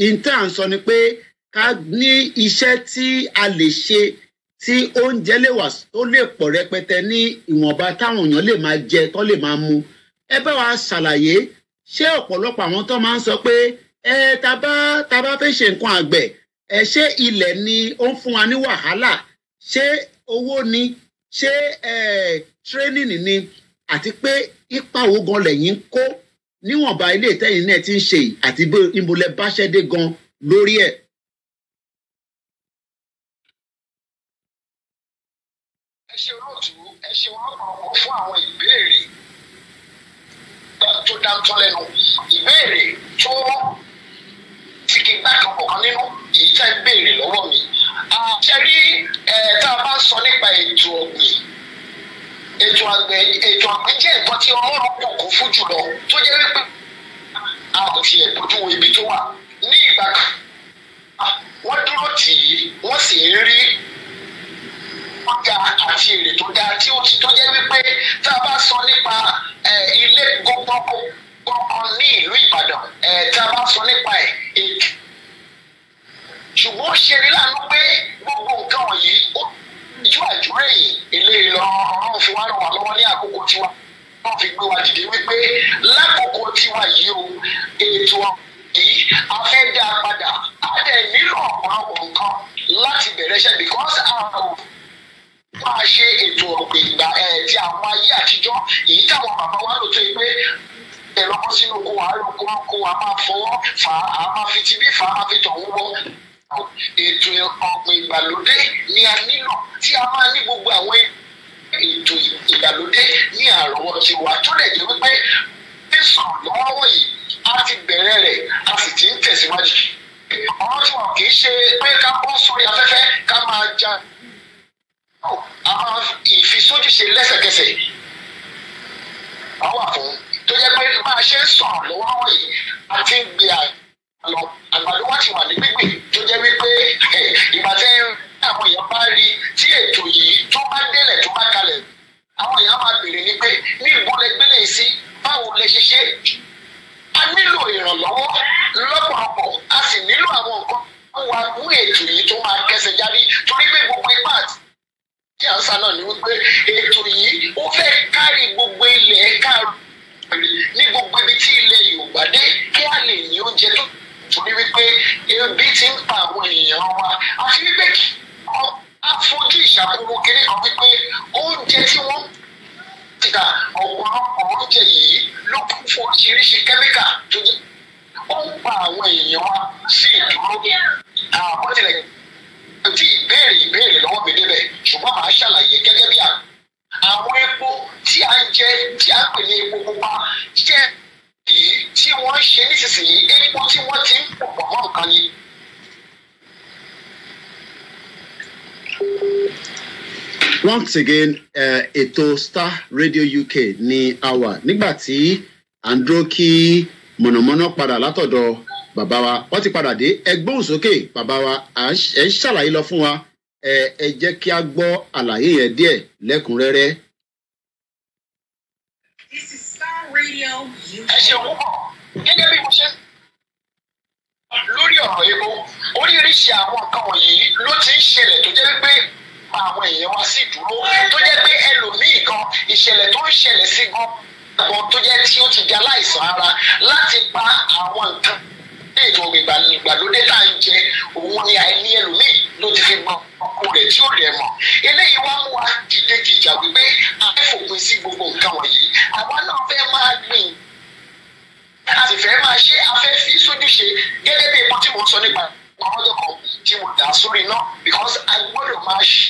ìntà sọ ni pé ká ní iṣẹ́ tí a lè ṣe tí oúnjẹ lè wà tó lè pọ̀ rẹpẹtẹ ní ìwọ̀nba táwọn èèyàn lè máa jẹ tó lè máa mu ẹ bá wa ṣàlàyé ṣé ọ̀pọ̀lọpọ̀ àwọn tó máa ń sọ pé ẹ ta bá fẹ́ ṣe nǹkan àgbẹ̀ ẹ ṣé ilẹ̀ ni ó ń fún wa ní wàhálà ṣé owó ni ṣé ẹ ni àti pé ipa wo gan lẹ́yìn ń kó níwọ̀nba ilé ìtẹ́yìn náà ti ń ṣe àti ibo lẹ bá ṣẹ́ dé gan lórí ẹ̀. ṣe olóòtú ẹ ṣe olóòpọ̀lọpọ̀ fún àwọn ìbéèrè tó dáńtọ́ lẹ́nu ìbéèrè tó ti kí gbá kan kọ̀ọ̀kan nínú èyí tá ẹ béèrè lọ́wọ́ mi. ṣe rí tá a bá sọ nípa ètò ọ̀gbìn ètò àgbẹ̀ ètò àgbẹ̀ jẹ́ nǹkan tí ọlọ́run kò kún fún jùlọ tó jẹ́ wípé a kò tiẹ̀ bójú ibi tó wà ní ìgbà kan wọ́n dúró tì í wọ́n sì ń rí tó àti èrè tó ga tí ó ti tó jẹ́ wípé tá a bá sọ nípa ilé gbọ́ngàn ní ìlú Ìbàdàn tá a bá sọ nípa ẹ̀ èké ṣùgbọ́n ṣe rí lánàá pé gbogbo nǹkan wọ̀nyí ó ju àjúrè yìí ilé ìlọ ọ̀run fi wá ràn wá lọ́wọ́ ní àkókò tiwa wọ́n fi gbé wa dìde wípé lákòókò tiwa yìí o ètò ọ̀hún yìí a fẹ́ dá a padà a dẹ̀ nílò ọ̀pọ̀lọpọ̀ nǹkan láti bẹ̀rẹ̀ iṣẹ́ because àwọn máa ṣe ètò ọ̀gbìn ìgbà ẹ̀ ti àwọn ayé àtijọ́ èyí táwọn bàbá wa lò tó yẹ pé ẹ̀lọ́kọ́ sínú kó wa kó wa kó wa máa fọwọ́ fà á máa fi tibí fà á máa fi tọ̀hún bọ́ ètò ọ̀gbìn ìgbàlódé ni a nílò tí a máa ní gbogbo àwọn ètò ìgbàlódé ní àrọ́wọ́tì wa tó lè jẹ́ wípé sísàn lọ́wọ́ yìí a ti bẹ̀rẹ̀ rẹ̀ a sì ti ń tẹ̀síwájú ọ̀rọ̀ tí wọn kì í ṣe pé ká kó sórí afẹ́fẹ́ ká máa ja a máa ìfisójú ṣe lẹ́sẹ̀kẹsẹ̀ àwọn àfọ̀n tó jẹ́ pé bá a ṣe ń sọ̀rọ̀ lọ́wọ́ wọ̀nyí àti gbé àlọ́ àgbàdo wá ti wà ní gbígbì tó jẹ́ wípé ìgbà tí àwọn èèyàn bá rí tí ètò yìí tó bá délẹ̀ tó bá kalẹ̀ àwọn èèyàn máa béèrè ni pé ní ìbúlẹ̀gbẹ́lẹ̀ sí báwo lẹ ṣe ṣe a nílò ìrànlọ́wọ́ lọ́pọ̀lọpọ̀ a sì nílò àwọn nǹkan wa mú ètò yìí tó máa kẹsẹ̀ jáde torí pé gbogbo ipá àti tí à ń sá náà ni wípé ètò yìí ó fẹ́ kárí gbogbo ilẹ̀ ẹ̀ka ní gbogbo ibi tí ilẹ̀ Yorùbá dé kí á lè ní oúnjẹ tó torí wípé ebi ti ń pa àwọn èèyàn wa àti wípé afojú ìṣàkóso kéré kan wípé oúnjẹ tí wọ́n tìta ọ̀pọ̀lọpọ̀ oúnjẹ yìí ló kún fún oríṣiríṣi kẹ́míkà tó jẹ́ ó ń pa àwọn èèyàn wa sí ìdúró àwọn tilẹ̀ tí ìbéèrè ìbéèrè lọ́wọ́ mi débẹ̀ ṣùgbọ́n màá ṣàlàyé gẹ́gẹ́ bí àwọn epo tí a ń jẹ tí a pè ní epo pupa jẹ́ èyí tí wọ́n ń ṣe nísinsìnyí epo tí wọ́n ti ń pọ̀ mọ́ nǹkan ni. Once again uh, Star Radio UK ní awa nígbà tí à ń dúró kí mọ̀nàmọ́ná padà látọ̀dọ̀ bàbá wa wọ́n ti padà dé ẹgbọ́n sókè bàbá wa ẹ̀ ń ṣàlàyé lọ fún wa ẹ jẹ́ kí a gbọ́ àlàyé yẹn díẹ̀ lẹ́kùnrẹ́rẹ́. ẹ ṣe òwúkọ gẹ́gẹ́ bí mo ṣe lórí ọ̀rọ̀ epo oríṣiríṣi àwọn nǹkan wọ̀nyí ló ti ń ṣẹlẹ̀ tó jẹ́ pé àwọn èèyàn wá sí ìdúró tó jẹ́ pé ẹlòmíì gan ìṣẹ̀lẹ̀ tó ń ṣẹlẹ̀ sí gan tó jẹ́ tí ó ti di aláìsàn ara láti pa àwọn nǹkan ètò ìgbàlódé tá à ń jẹ òun ni àìní ẹlòmíì ló ti fi mọ ọkọ rẹ̀ tí ó rẹ̀ mọ̀ eléyìí wá mú wa dìde dìjà wípé a sí gbogbo nǹkan wọ̀nyí àwa náà fẹ́ máa gbìn a sì fẹ́ máa ṣe afẹ́ fi sójúṣe gẹ́gẹ́ bí epo tí mo sọ nípa ọjọ́ kan tí mo dà sórí náà because I gbọ́dọ̀ máa ṣe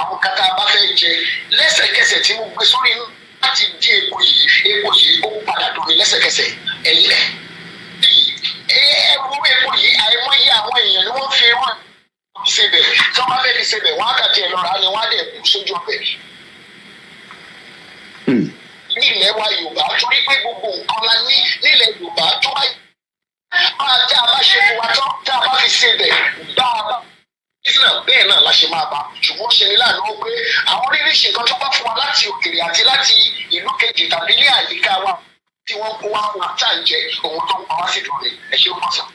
àwọn kata bá fẹ́ jẹ lẹ́sẹ̀kẹsẹ̀ tí mo gbé sórí náà láti dín epo yìí epo yìí ó padà dùn mí lẹ́sẹ̀kẹsẹ̀ ẹ̀yìn rẹ̀. èèyàn ni wọ́n fi ewu ẹ̀ ṣe bẹ̀ tí wọ́n bá fẹ́ fi ṣe bẹ̀ wọ́n á kà tiẹ̀ lọ́ra ni wọ́n á dẹ̀ kú sójú ọbẹ̀. Hmm. ní ilẹ̀ wa Yorùbá torí pé gbogbo nǹkan la ní nílẹ̀ Yorùbá tó bá máa tá a bá ṣe fún wa tán tá a bá fi ṣe bẹ̀ bá a bá ìsìnà bẹ́ẹ̀ náà la ṣe máa bá ṣùgbọ́n ṣe ni láàánú pé àwọn oríṣi nǹkan tó bá fún wa láti òkèèrè àti láti ìlú kejì tàbí ní àyíká wa tí wọ́n kó wá fún wa tá à ń jẹ òun tó ń pa wá sí ìdúró rẹ̀ ẹ ṣe ó pọ̀ sàn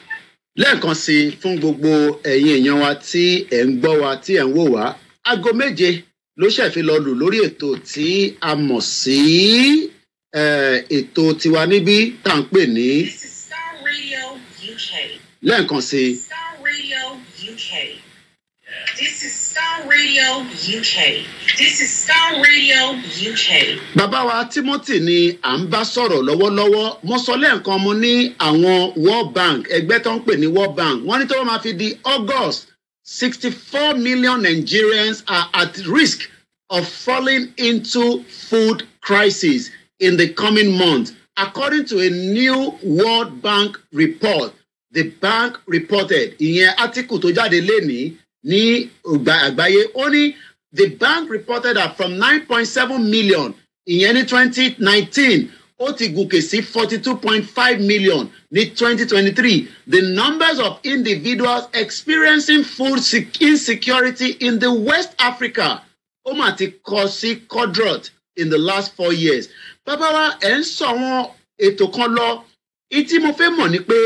lẹ́ẹ̀kan sí i fún gbogbo ẹ̀yin èèyàn wa tí ẹ̀ ń gbọ́ wa tí ẹ̀ ń wò wá aago méje ló ṣẹ̀fi lọ lù lórí ètò tí a mọ̀ sí ètò tiwa níbí tá à ń pè ní. lẹ́ẹ̀kan sí i. This is Star Radio UK. This is Star Radio UK. Bàbá wa Timothy ni à ń bá sọ̀rọ̀ lọ́wọ́lọ́wọ́. Mo sọ lẹ́ẹ̀kan ní àwọn World Bank ẹgbẹ́ tó ń pè ní World Bank. Wọ́n ní tó wọ́n máa fi di August sixty four million Nigerians are at risk of falling into food crisis in the coming months. According to a new World Bank report, the bank reported ìyẹn article tó jáde lénìí ní àgbáyé ó ní the bank reported that from nine point seven million ìyẹn ní twenty nineteen ó ti gòkè sí forty two point five million ní twenty twenty three the numbers of individuals experiencing food insecurity in the west africa ó mà ti kọ sí quadrat in the last four years Babawa wa ẹ̀ ń sọ wọn ètò kan lọ ìtí mo fẹ́ mọ̀ ni pé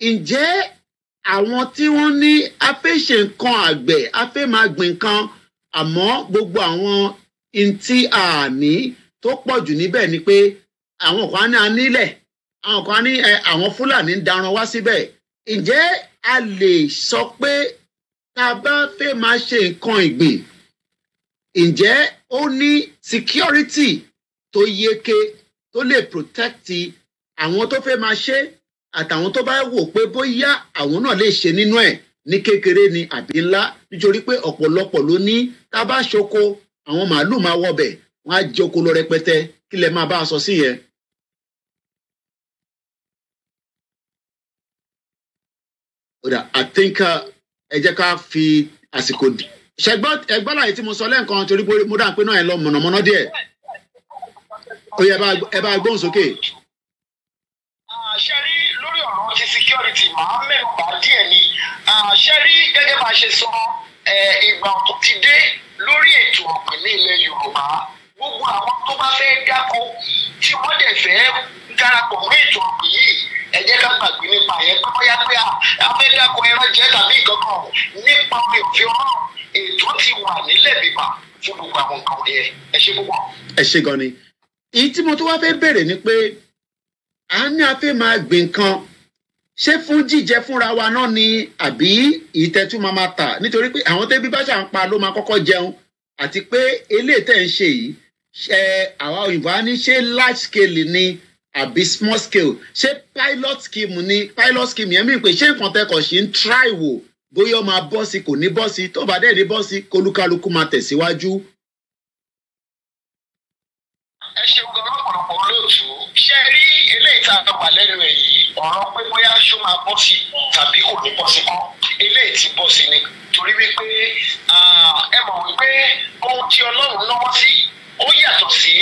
ǹjẹ́ àwọn tí wọ́n ní a fẹ́ ṣe nǹkan àgbẹ̀ a fẹ́ máa gbìn nǹkan àmọ́ gbogbo àwọn ntí àní tó pọ̀ jù níbẹ̀ ni pé àwọn kan ní anílẹ̀ àwọn kan ní àwọn fúlàní ń daran wá síbẹ̀ ǹjẹ́ a lè sọ pé tá a bá fẹ́ máa ṣe nǹkan ìgbìn ǹjẹ́ ó ní security tó yeke tó lè protect àwọn tó fẹ́ máa ṣe é àtàwọn tó bá wò pé bóyá àwọn náà lè ṣe nínú ẹ̀ ní kékeré ni àbí ńlá nítorí pé ọ̀pọ̀lọpọ̀ ló ní tá a bá ṣoko àwọn màálù máa wọbẹ̀ wọ́n á jókòó lọ rẹpẹtẹ kí lẹ máa bá a sọ sí yẹn. I think uh, ẹ jẹ́ ká fi àsìkò dì. ṣẹgbọ́n láyé tí mo sọ lẹ́ǹkan torí pé mo dáa pé náà ẹ lọ mọ̀nàmọ́ná díẹ̀. ó yẹ ẹ bá gbóhùn sókè. Ah, ṣe rí ti security màá mẹ́nu bá díẹ̀ ni ṣe rí gẹ́gẹ́ bá a ṣe sọ ìgbà ọ̀tún ti dé lórí ètò ọ̀gbìn ní ilẹ̀ Yorùbá gbogbo àwọn tó bá fẹ́ dáko tí wọ́n dẹ̀ fẹ́ darapọ̀ mọ́ ètò ọ̀gbìn yìí ẹ ká gbàgbé nípa yẹn pé bóyá pé a dáko ẹran jẹ tàbí ìkankan nípa omi òfin ọlọ́run ètò ti wà nílẹ̀ bíbà fún gbogbo àwọn nǹkan yẹn ẹ ṣe púpọ̀. ẹ ṣe gan ni èyí tí wá fẹ́ bẹ̀rẹ̀ ni pé a ní a fẹ́ máa gbìn kan ṣé fún jíjẹ fúnra wa náà ni àbí ìtẹ́tù máa máa tà nítorí pé àwọn tẹ́bí bá ṣà pa ló máa kọ́kọ́ jẹun àti pé eléyìí tẹ̀ ń ṣe yìí ṣe àwa òyìnbó á ní ṣe large scale ni àbí small scale ṣé pilot scheme ni pilot scheme yẹn mìíràn pé ṣé nǹkan tẹkọ̀ sí ń try wò bóyá ó máa bọ́ sí kò ní bọ́ sí tó bá dẹ̀ ní bọ́ sí kólúkálukú máa tẹ̀síwájú. ẹ ṣeun gan lọ́pọ̀lọpọ̀ olóòtú ṣé ẹ tá a wà lẹ́nu ẹ̀ yìí ọ̀rọ̀ pé bóyá ṣó máa bọ́ sí tàbí kò ní bọ́ sí kọ́ eléyìí ti bọ́ sí ni torí wípé ẹ mọ̀ wípé ohun tí ọlọ́run náwó sí ó yàtọ̀ sí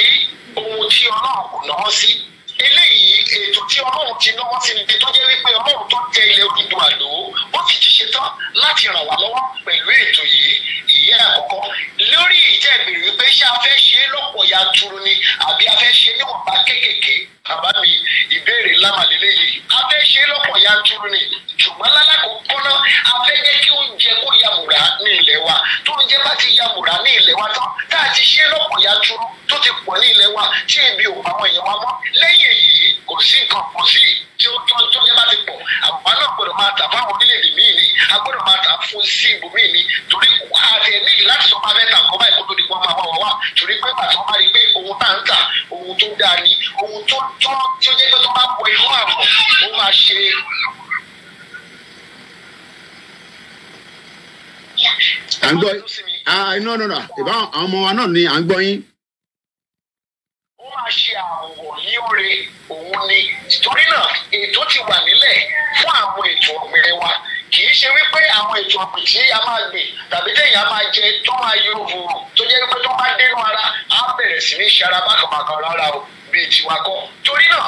ohun tí ọlọ́run kò náwó sí eléyìí ètò tí ọlọ́run ti lọ́wọ́ sí ni tó jẹ́ wípé ọlọ́run tó tẹ ilẹ̀ Odùduwà lò ó sì ti ṣetán láti ràn wá lọ́wọ́ pẹ̀lú ètò yìí ìyẹn àkọ́kọ́ lórí ìjẹ́ ìbèrè wípé ṣé a fẹ́ ṣe é lọ́pọ̀ yanturu ni àbí a fẹ́ ṣe é níwọ̀nba kéékèèké bàbá mi ìbéèrè lámàlélẹ́ yìí a fẹ́ ṣe é lọ́pọ̀ yanturu ni ṣùgbọ́n lálákòókò náà a fẹ́ jẹ́ kí oúnjẹ kó yamùrá ní ilẹ̀ wa tó oúnjẹ bá ti yamùrá ní ilẹ̀ wa tán tá a ti ṣe é lọ́pọ̀ yanturu tó ti pọ̀ ní ilẹ̀ wa tí ebi ò pa àwọn èèyàn wa mọ́ lẹ́yìn lẹ́yìn èyí kò sí nǹkan kò sí tí ó tán tó yẹ bá ti pọ̀ àwa náà gbọ́dọ̀ máa tà fáwọn orílẹ̀-èdè míì ni a gbọ́dọ̀ máa tà fún sí ibòmíì ni torí àti ẹ̀mí láti sọ máa mẹ́ta nǹkan báyìí kó tó di pọ́n máa wá wá torí pé bàtà wọn bá rí i pé ohun tá ń tà ohun tó dáa ni ohun tó tọ́ tí ó yẹ pé tó máa wọ inú àrùn ó máa ṣe. à ń gbọ́ yín ah no no no ìbá àwọn ọmọ wa náà ni à ń gbọ́ yín máa ṣe àwọ̀ ní oore òun ni torí náà ètò ti wà nílẹ̀ fún àwọn ètò ọ̀gbìn wa kì í ṣe wípé àwọn ètò ọ̀gbìn tí a máa gbìn tàbí téèyàn a máa jẹ tó máa yọ òòrùn tó jẹ́ pé tó bá dénú ara á bẹ̀rẹ̀ sí ní ṣe ara bákan bákan rárá o bíi tiwa kọ́ torí náà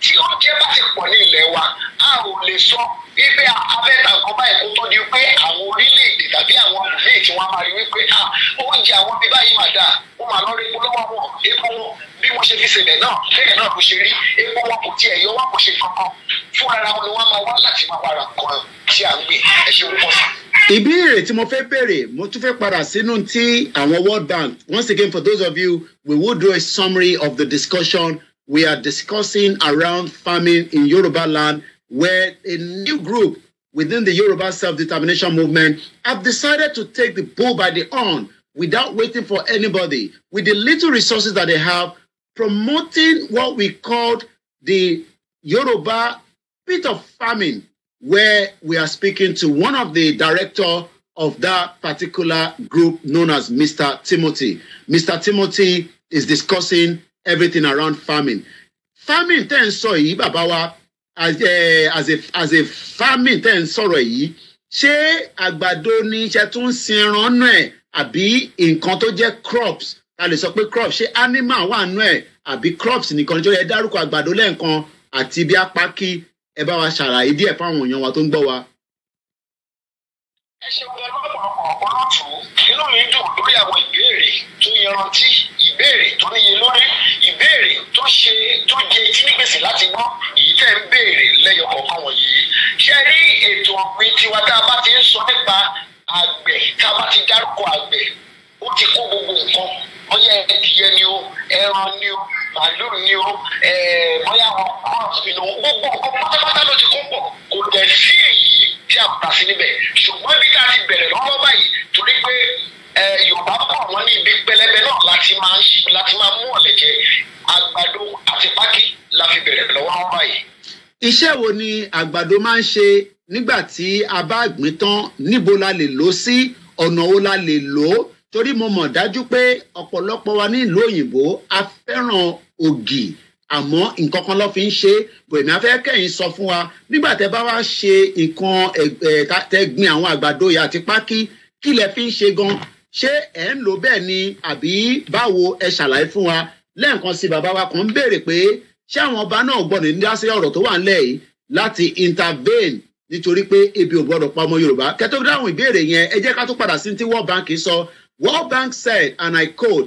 tí oúnjẹ bá ti pọ̀ ní ilẹ̀ wa a ò lè sọ wípé abẹ́ta nǹkan báyìí kó tọ́ pé àwọn orílẹ̀-èdè tàbí àwọn ìlú tí wọ́n máa rí wípé à oúnjẹ àwọn bíbá yìí máa dà ó máa lọ rí epo lọ́wọ́ wọn epo wọn bí wọ́n ṣe fi ṣẹlẹ̀ náà lẹ́yìn náà kò ṣe rí epo wọn kò tiẹ̀ yọ wọn kò ṣe kankan fúnra wọn ni wọ́n máa wá láti máa wá ra nǹkan tí à ń gbé ẹ ṣe púpọ̀ sí. ìbéèrè tí mo fẹ́ béèrè mo tún fẹ́ padà sínú ti àwọn World Bank once again for those of you we will do a summary of the discussion we are discussing around farming in Yoruba land, where a new group within the Yoruba self determination movement have decided to take the bull by the horn without waiting for anybody, with the little resources that they have, promoting what we called the Yoruba bit of farming, where we are speaking to one of the director of that particular group known as Mr. Timothy. Mr. Timothy is discussing everything around farming farming tẹ́ ń sọ yìí bàbá wa as, as a as a farming tẹ́ ń sọ̀rọ̀ yìí ṣé àgbàdo ni iṣẹ́ tún ń sin ẹran nù ẹ̀ àbí nǹkan tó jẹ́ crops ta lè sọ pé crops ṣé animal wà nù ẹ̀ àbí crops nìkan ni tó yẹ dárúkọ àgbàdo lẹ́ẹ̀kan àti bí apákí ẹ bá wa ṣàlàyé díẹ̀ fáwọn èèyàn wa tó ń gbọ́ wa. ẹ ṣeun ẹ lọ́pọ̀lọpọ̀ olótùú inú mi dùn lórí àwọn ìbéèrè tó yanrantí ìbéèrè tó níye lórí ìbéèrè tó ṣe tó jẹ etí ní gbèsè láti gbọ́ èyí tẹ́ ń béèrè lẹ́yọ kọ̀ọ̀kan wọ̀nyí ṣe rí ètò ọ̀gbìn tiwa tá a bá ti ń sọ nípa àgbẹ̀ tá a bá ti dárúkọ àgbẹ̀ ó ti kó gbogbo nǹkan bóyá ẹdìyẹ ni o ẹran ni o màálù ni o bóyá àwọn ọ̀sìn ni o gbogbo nǹkan pátápátá ló ti kó pọ̀ kò dẹ̀ sí èyí tí a kò sí níbẹ̀ ṣùgbọ́n ibi tá a ti bẹ̀rẹ̀ lọ́wọ́ báyìí torí pé yorùbá bọ̀ wọ́n ní ibi pẹlẹbẹ náà láti máa láti máa mú ọ̀lẹ̀ jẹ àgbàdo àti pákí la fi bẹ̀rẹ̀ lọ́wọ́ wọn báyìí. iṣẹ́ wo ni àgbàdo máa ń ṣe nígbà tí a bá gbìn tán níbo la lè lò sí ọ̀nà wo la lè lò ó torí mo mọ̀ dájú pé ọ̀pọ̀lọpọ̀ wa ní ìlú òyìnbó a fẹ́ràn ògì àmọ́ nǹkan kan ló fi ń ṣe bòmí afẹ́ kẹ́yìn sọ fún wa nígbà tẹ́ bá wá ṣe nǹkan tẹ́ gbin àwọn àgbàdo yìí àti pákí kí lẹ fi ń ṣe gan ṣé ẹ̀ ń lò bẹ́ẹ̀ ni àbí báwo ẹ ṣàlàyé fún wa lẹ́ẹ̀kan sí bàbá wa kan ń béèrè pé ṣé àwọn ọba náà gbọ́dọ̀ ní dá sí ọ̀rọ̀ tó wà ńlẹ̀ yìí láti intervene nítorí pé ebi ò gbọ́dọ̀ pa ọmọ Yorùbá kẹtó dáhùn ìbéèrè yẹn ẹ jẹ́ ká tún padà sí ti World Bank sọ World Bank said and I quote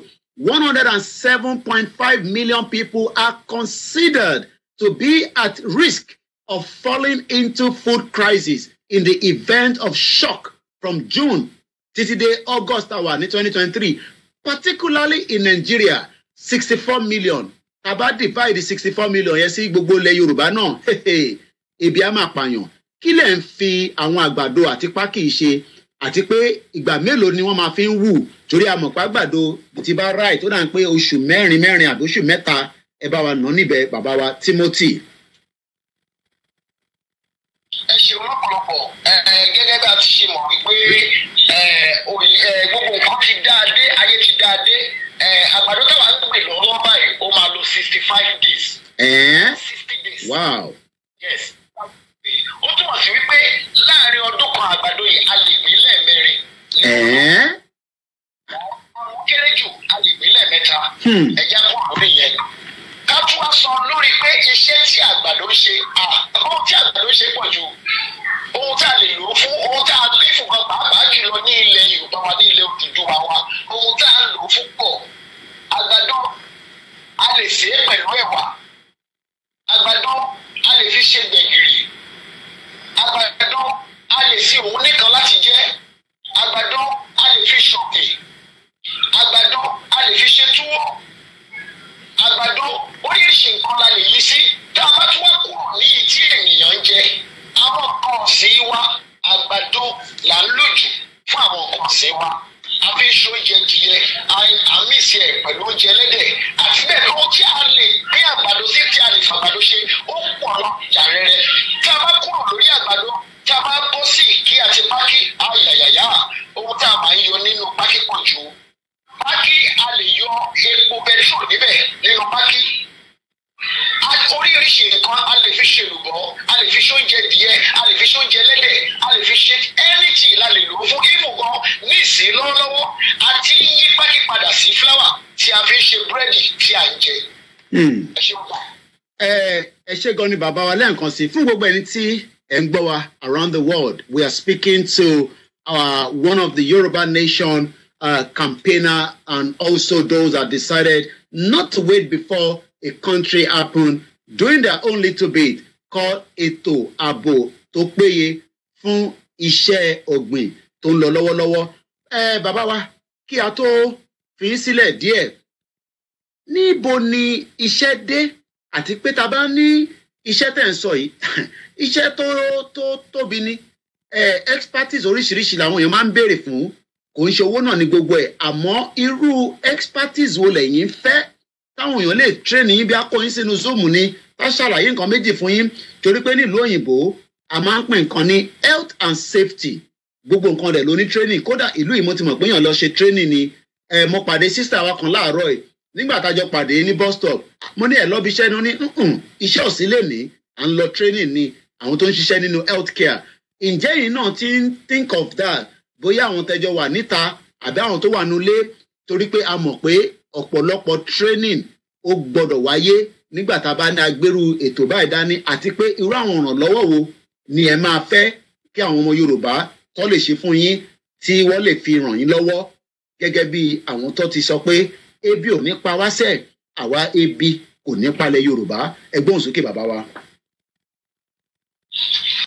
one hundred and seven point five million people are considered to be at risk of falling into food crisis in the event of shock from June títí dé august àwà ní twenty twenty three particularly in nigeria sixty four million tàbá divide sixty four million yẹn sí gbogbo ilẹ̀ yorùbá náà ebi á máa pààyàn kí lẹ̀ ń fi àwọn àgbàdo àti pákì ṣe àti pé ìgbà mélòó ni wọ́n máa fi ń wù torí àmọ̀pá àgbàdo ti bá ráì tó dáa pé oṣù mẹ́rin mẹ́rin àbí oṣù mẹ́ta ẹ bá wa nà níbẹ̀ bàbá wa timothy. ẹ ṣeun lọ́pọ̀lọpọ̀ gẹ́gẹ́ bá a ti ṣe mọ̀ wípé Eh, eh, gbogbo nǹkan ti dáa dé ayé ti dáa dé eh, àgbàdo táwa ń gbìn lọ́wọ́ báyìí ó máa lo sixty five days. sixty days. wow. yes ó túmọ̀ sí wípé láàrin ọdún kan àgbàdo yìí a lè gbìn lẹ́ẹ̀mẹrin. ó kéré jù a lè gbìn lẹ́ẹ̀mẹta hmm. ẹ̀já kó àárín yẹn ká tún wá sọ lórí pé iṣẹ́ tí àgbàdo ṣe àkókò tí àgbàdo ṣe pọ̀ jù ohun tá a lè lò fún ohun tá a lè fún gan pàápàá jùlọ ní ilẹ̀ Yorùbá wa ní ilẹ̀ Odùduwà wa ohun tá a lò fún pọ̀ àgbàdo a lè sè é pẹ̀lú ẹ̀wà àgbàdo a lè fi ṣe gbẹ̀gìrì àgbàdo a lè fi òun nìkan láti jẹ àgbàdo a lè fi ṣọ̀kì àgbàdo a lè fi ṣe túwó àgbàdo oríṣi nǹkan la lè yí sí tá a bá tún wá kúrò ní ìtí ènìyàn jẹ àwọn nǹkan ọ̀sìn wa àgbàdo là ń lò jù fún àwọn nǹkan ọ̀sìn wa a fi ṣe oúnjẹ dìyẹ àmísì ẹ pẹ̀lú oúnjẹ ẹlẹ́dẹ̀ àti bẹ́ẹ̀ lọ́wọ́ tí a lè gbé àgbàdo sí tí a lè fàgbàdo ṣe ó pọ̀ lọ jàrẹ́rẹ́ tí a bá kúrò lórí àgbàdo tí a bá bọ́ sí ìkí àti pákí ayàyàyà ohun tá a máa ń yọ nínú pákí pọ̀ jù pákí a lè yọ epo bẹtiró níbẹ̀ nínú pákí oríṣiríṣi nǹkan a lè fi ṣèlùbọ́ a lè fi ṣóúnjẹ díẹ̀ a lè fi ṣóúnjẹ lẹ́dẹ̀ a lè fi ṣe ẹnìtì la lò fún ìmùgọ̀ ní ìsìn lọ́wọ́lọ́wọ́ àti yí pákípadà sí fúláwà tí a fi ṣe búrẹ́dì tí a ń jẹ. Hmm. ẹ ṣé gan ni bàbá wa lẹ́ẹ̀kan sí fún gbogbo ẹni tí ẹ ń gbọ́ wa around the world we are speaking to our, one of the Yoruba nation uh, campaigner and also those that decided not to wait before a country happen doing their own little bit kọ́ ètò ààbò tó péye fún iṣẹ́ ọ̀gbìn tó ń lọ lọ́wọ́lọ́wọ́. ẹ bàbá wa kí a tó fi í sílẹ̀ díẹ̀ níbo ni iṣẹ́ dé àti pé ta bá ní iṣẹ́ tẹ̀ ń sọ yìí iṣẹ́ tó tó tóbi ni expertise oríṣiríṣi làwọn èèyàn máa ń béèrè fún kò ń ṣe owó náà ní gbogbo ẹ̀ àmọ́ irú expertise wo lẹ̀yin fẹ́ táwọn èèyàn lè tírẹ́nì yín bí akóyin sínú zoom ni tá ṣàlàyé nǹkan méjì fún yín torí pé nílùú òyìnbó a máa ń pè nǹkan ní health and safety gbogbo nǹkan rẹ̀ ló ní tírẹ́nì kódà ìlú yìí mo ti mọ̀ pé èèyàn lọ ṣe tírẹ́nì ni ẹ mo pàdé sísá wa kan láàárọ̀ ẹ̀ nígbà tájọ pàdé ní bus stop mo ní ẹ̀ lọ́bi iṣẹ́ ni ó ní iṣẹ́ òsì lè ní à ń lọ tírẹ́nì ni àwọn tó ń ṣiṣẹ́ nínú health care ǹjẹ́ yìí náà ti ń think of that bóyá àwọn tẹjọ wà níta àbí àwọn tó wà nulẹ̀ torí pé a mọ̀ pé ọ̀pọ̀lọpọ̀ training ó gbọ́dọ̀ wáyé nígbà tá a bá ní agbérú ètò báyìí dání àti pé irú àwọn ìrànlọ́wọ́ wo ni ẹ máa fẹ́ kí àwọn ọmọ Yorùbá tó lè ṣe fún yín tí wọ́n lè fi ràn yín lọ́wọ́ gẹ́gẹ́ bí àwọn tó ti sọ pé ebi ò ní pa wá sẹ́ẹ̀ àwa ebi kò ní palẹ̀ Yorùbá ẹgbọ́n sókè bàbá wa.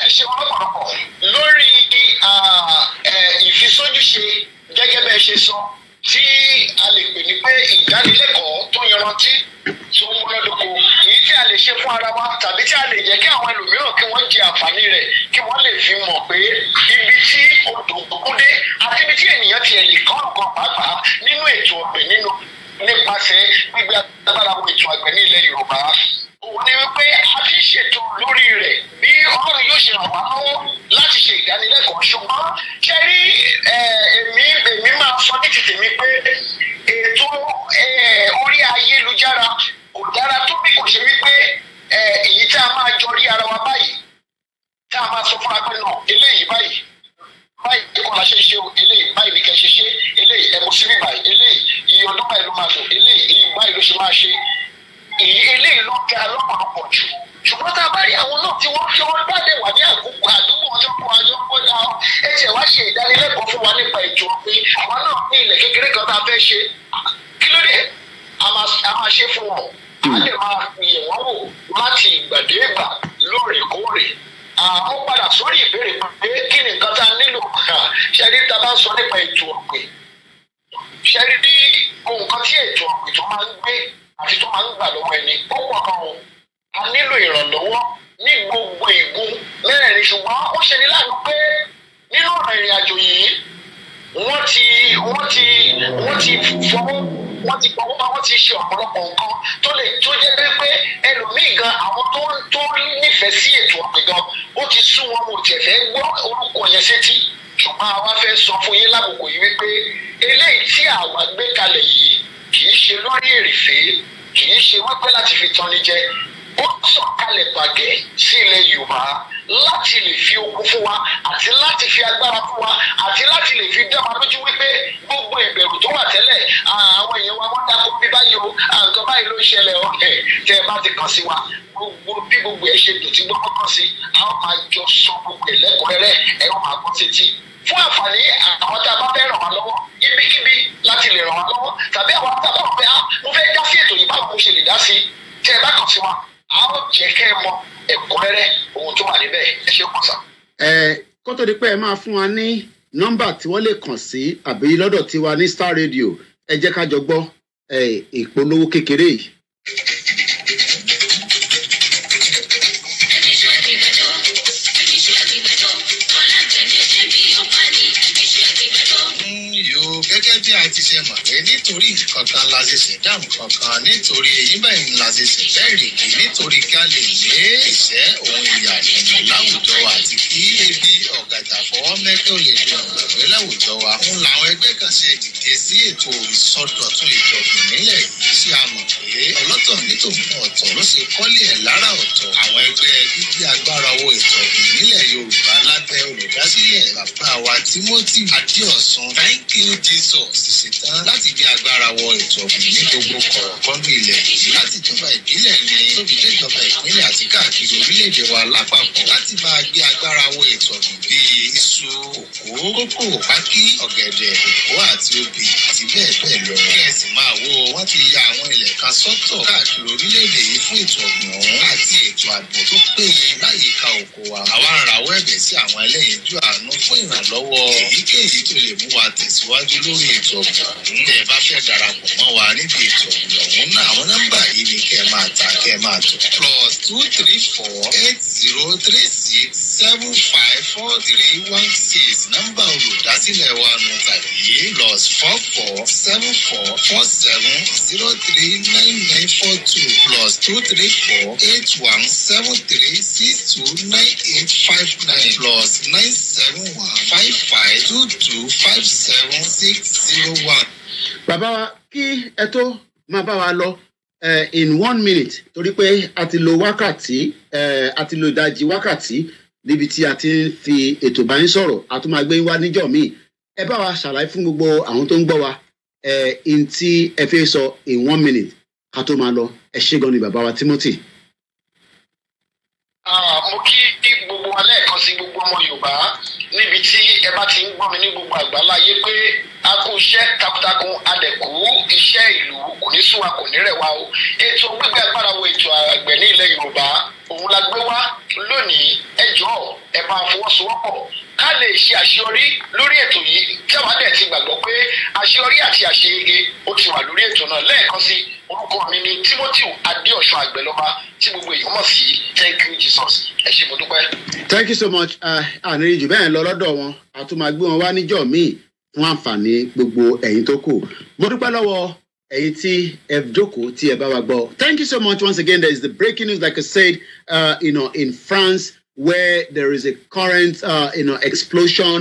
ẹ ṣeun lọ́pọ̀lọpọ̀ lórí ìfisójúṣe gẹ́gẹ́ bẹ́ẹ̀ ṣe sọ tí a lè pè ní pé ìdánilẹ́kọ̀ọ́ tó yanrantí tó ń múná dóko èyí tí a lè ṣe fún ara wa tàbí tí a lè jẹ́ kí àwọn ẹlòmíràn kí wọ́n jẹ àǹfààní rẹ̀ kí wọ́n lè fi mọ̀ pé ibi tí odò gbogbo dé àti ibi tí ènìyàn ti ẹ̀yìn kan kan pàápàá nínú ètò ọ̀gbìn nínú nípasẹ̀ gbígbé agbára ètò àgbẹ̀ ní ilẹ̀ Yorùbá òun ni wípé a ti ṣètò lórí rẹ̀ bí ọlọ́run yóò ṣe ràn wá lọ́wọ́ láti ṣe ìdánilẹ́kọ̀ọ́ ṣùgbọ́n ṣe rí èmi èmi máa sọ ní ti tèmi pé ètò orí ayélujára kò dára tó bí kò ṣe wípé èyí tá a máa jọ rí ara wa báyìí tá a máa sọ fún apẹ́ náà eléyìí báyìí báyìí kọ́ la ṣe ṣe o eléyìí báyìí ní kẹ́ ṣe ṣe eléyìí ẹ̀mú síbí báyìí eléyìí iye ọdún báyìí ló máa lò eléyìí iye báyìí ló ṣe máa ṣe èyí eléyìí ló ga lọ́pọ̀lọpọ̀ jù ṣùgbọ́n tá a bá rí àwọn náà tí wọ́n fi wọ́n gbálẹ̀ wà ní àkókò àdúgbò ọjọ́ kan ọjọ́ kan ya ẹ jẹ́ wá ṣe ìdánilẹ́kọ̀ọ́ fún wa nípa ìjọ pé àwa náà ní ilẹ̀ kékeré kan tá a fẹ́ ṣe kí ló dé a máa ṣe fún wọn a lè máa yẹ̀ wọ́n wò láti ìgbàdégbà lóòrèkóòrè àmọ́ padà sórí ìbéèrè pé kí ni nǹkan tá a nílò ṣẹ́rí tá a bá sọ nípa ètò ọ̀pẹ ṣẹ́rí bí nǹkan tí ètò ọ̀pẹ tó máa ń gbé àti tó máa ń gbà lọ́wọ́ ẹni ó pọ̀ o a nílò ìrànlọ́wọ́ ní gbogbo ìgun mẹ́rẹ̀ẹ̀rin ṣùgbọ́n ó ṣe ní láàánú pé nínú ọ̀rọ̀ ìrìn àjò yìí wọ́n ti wọ́n ti wọ́n ti fọwọ́ wọ́n ti fọwọ́ bá wọ́n ti ṣe ọ̀pọ̀lọpọ̀ nǹkan tó lè tó jẹ́ pé ẹlòmíì gan àwọn tó tó nífẹ̀ẹ́ sí ètò ọ̀pẹ̀ gan ó ti sún wọn mo tẹ̀ gbọ́ orúkọ yẹn sétí ṣùgbọ́n àwa fẹ́ sọ fún yín lákòókò yìí wípé eléyìí tí àwa gbé kalẹ̀ yìí kì í ṣe lórí èrìfé kì í ṣe wípé láti fi tan ni jẹ sọ̀kalẹ̀ gbàgẹ́ sí ilẹ̀ yorùbá láti lè fi okun fún wa àti láti fi agbára fún wa àti láti lè fi dá wa lójú wípé gbogbo ìbẹ̀rù tó wà tẹ́lẹ̀ àwọn èèyàn wa wọ́n dákú bí báyìí o nǹkan báyìí ló ń ṣẹlẹ̀ ọ̀hẹ̀ tẹ́ ẹ bá ti kàn sí wa gbogbo bí gbogbo ẹ ṣe dòtí gbọ́kàn sí àwọn máa jọ sọ gbogbo ẹ̀ lẹ́kọ̀ọ́ rẹ̀ ẹ̀ wọ́n máa gbọ́ sétí fún àǹfààní àwọn tá a bá fẹ́ ràn wá lọ́wọ́ ibikíbi láti lè ràn wá lọ́wọ́ tàbí àwọn tá a bá fẹ́ ah, mo fẹ́ dá sí ètò yìí báwo mo ṣe lè dá sí tí ẹ bá kàn sí wa a ó jẹ́ kẹ́ ẹ mọ ẹ̀kúnrẹ́rẹ́ ohun tó wà níbẹ̀ ẹ ṣe kàn ẹ kó tó di pé ẹ máa fún wa ní nọ́mbà tí wọ́n lè kàn sí àbí lọ́dọ̀ tiwa ní Star Radio ẹ jẹ́ ká jọ gbọ́ ìpolówó kékeré yìí. bídíà ti ṣe mọ̀ pé nítorí nǹkan la ṣe ṣẹ̀dá nǹkan kan nítorí èyí bẹ́ẹ̀ la ṣe ṣẹ̀dá èrèké nítorí ká lè lé ìṣẹ́ òun ìyà ìrìnà láwùjọ àti kí ebi ọ̀gàdà fọwọ́ mẹ́kẹ́ ò lè di ọ̀gbọ̀gbẹ́ láwùjọ wa. ń làwọn ẹgbẹ́ kan ṣe dìde sí ètò ìsọdọ̀tun ìjọ̀gbìn nílẹ̀ yìí sí àmọ̀ pé ọlọ́tọ̀ nítòmú ọ̀tọ̀ ló ṣe kọ́lé ẹ̀ lára ọ̀tọ̀ àwọn ẹgbẹ́ bíbí agbára owó ìtọ̀gbìn nílẹ̀ Yorùbá lábẹ́ olùdásílẹ̀ bàbá wa Timothy Adéọ̀sùn thank you Jesus láti di agbára wọ ètò ọ̀gbìn ní gbogbo kọ̀ọ̀kọ́nú ilẹ̀ láti jọba ìbílẹ̀ ní tóbi dé ìpínlẹ̀ àti káàkiri orílẹ̀-èdè wa lápapọ̀ láti máa gbé agbára wọ ètò ọ̀gbìn bíi iṣu òkú kókò pákí ọ̀gẹ̀dẹ̀ òkú àti obì àti bẹ́ẹ̀ bẹ́ẹ̀ lọ. kẹ́sì máa wo wọ́n ti ya àwọn ilẹ̀ kan sọ́tọ̀ káàkiri orílẹ̀-èdè yìí fún ètò ọ̀gbìn gómìnà tẹ́ ẹ bá fẹ́ darapọ̀ mọ́ wa níbi ètò ọ̀hún náà àwọn nọ́mbà yìí ni kẹ́ ẹ máa ta kẹ́ ẹ máa tọ̀. plus two three four eight zero three six seven five four three one six nọ́mbà olùdásílẹ̀ wa nù tàbí plus four four seven four four seven zero three nine nine four two plus two three four eight one seven three six two nine eight five nine plus nine seven one five five two two five seven six six zero one. bàbá wa kí ẹ tó máa bá wa lọ eh, in one minute torí pé a ti lo wákàtí uh, a ti lo ìdajì wákàtí níbi tí a ti ń fi ètò bá yín sọ̀rọ̀ a tún máa gbé wá níjọ́ míì ẹ bá wa ṣàlàyé fún gbogbo àwọn tó ń gbọ́ wa eh, n tí ẹ fi sọ in one minute ká tó máa lọ ẹ ṣé gan ni bàbá wa Timothy. Ah, mo kí gbogbo alẹ́ kan sí gbogbo ọmọ Yorùbá níbi tí ẹ bá ti ń gbọ́ mi ní gbogbo àgbáláyé pé a kú iṣẹ́ takuntakun adẹ̀kú iṣẹ́ ìlú kò ní sún wa kò ní rẹ̀ wa o ètò gbígbẹ́ agbára wo ètò àgbẹ̀ ní ilẹ̀ Yorùbá òun la gbé wá lónìí ẹ ẹ bá fọwọ́sowọ́pọ̀ ká lè ṣe àṣeyọrí lórí ètò yìí tí àwọn ti gbàgbọ́ pé àṣeyọrí àti àṣeyege ó ti wà lórí ètò náà lẹ́ẹ̀kan sí i orúkọ mi ni timothy adeosun àgbẹ̀lọ́ba tí gbogbo èèyàn mọ̀ sí thank you jesus ẹ ṣé mo dúpẹ́. thank you so much àníríyìn ah, jù bẹ́ẹ̀ lọ lọ́dọ̀ wọn a tún máa gbé wọn wá níjọ́ míì fún àǹfààní gbogbo ẹ̀yin tó kù mo dúpẹ́ lọ́wọ́ ẹ̀yin tí ẹ jókòó tí ẹ bá wa gbọ́ thank you so much once again there is the breaking news like i said uh, you know, in france where there is a current uh, you know, explosion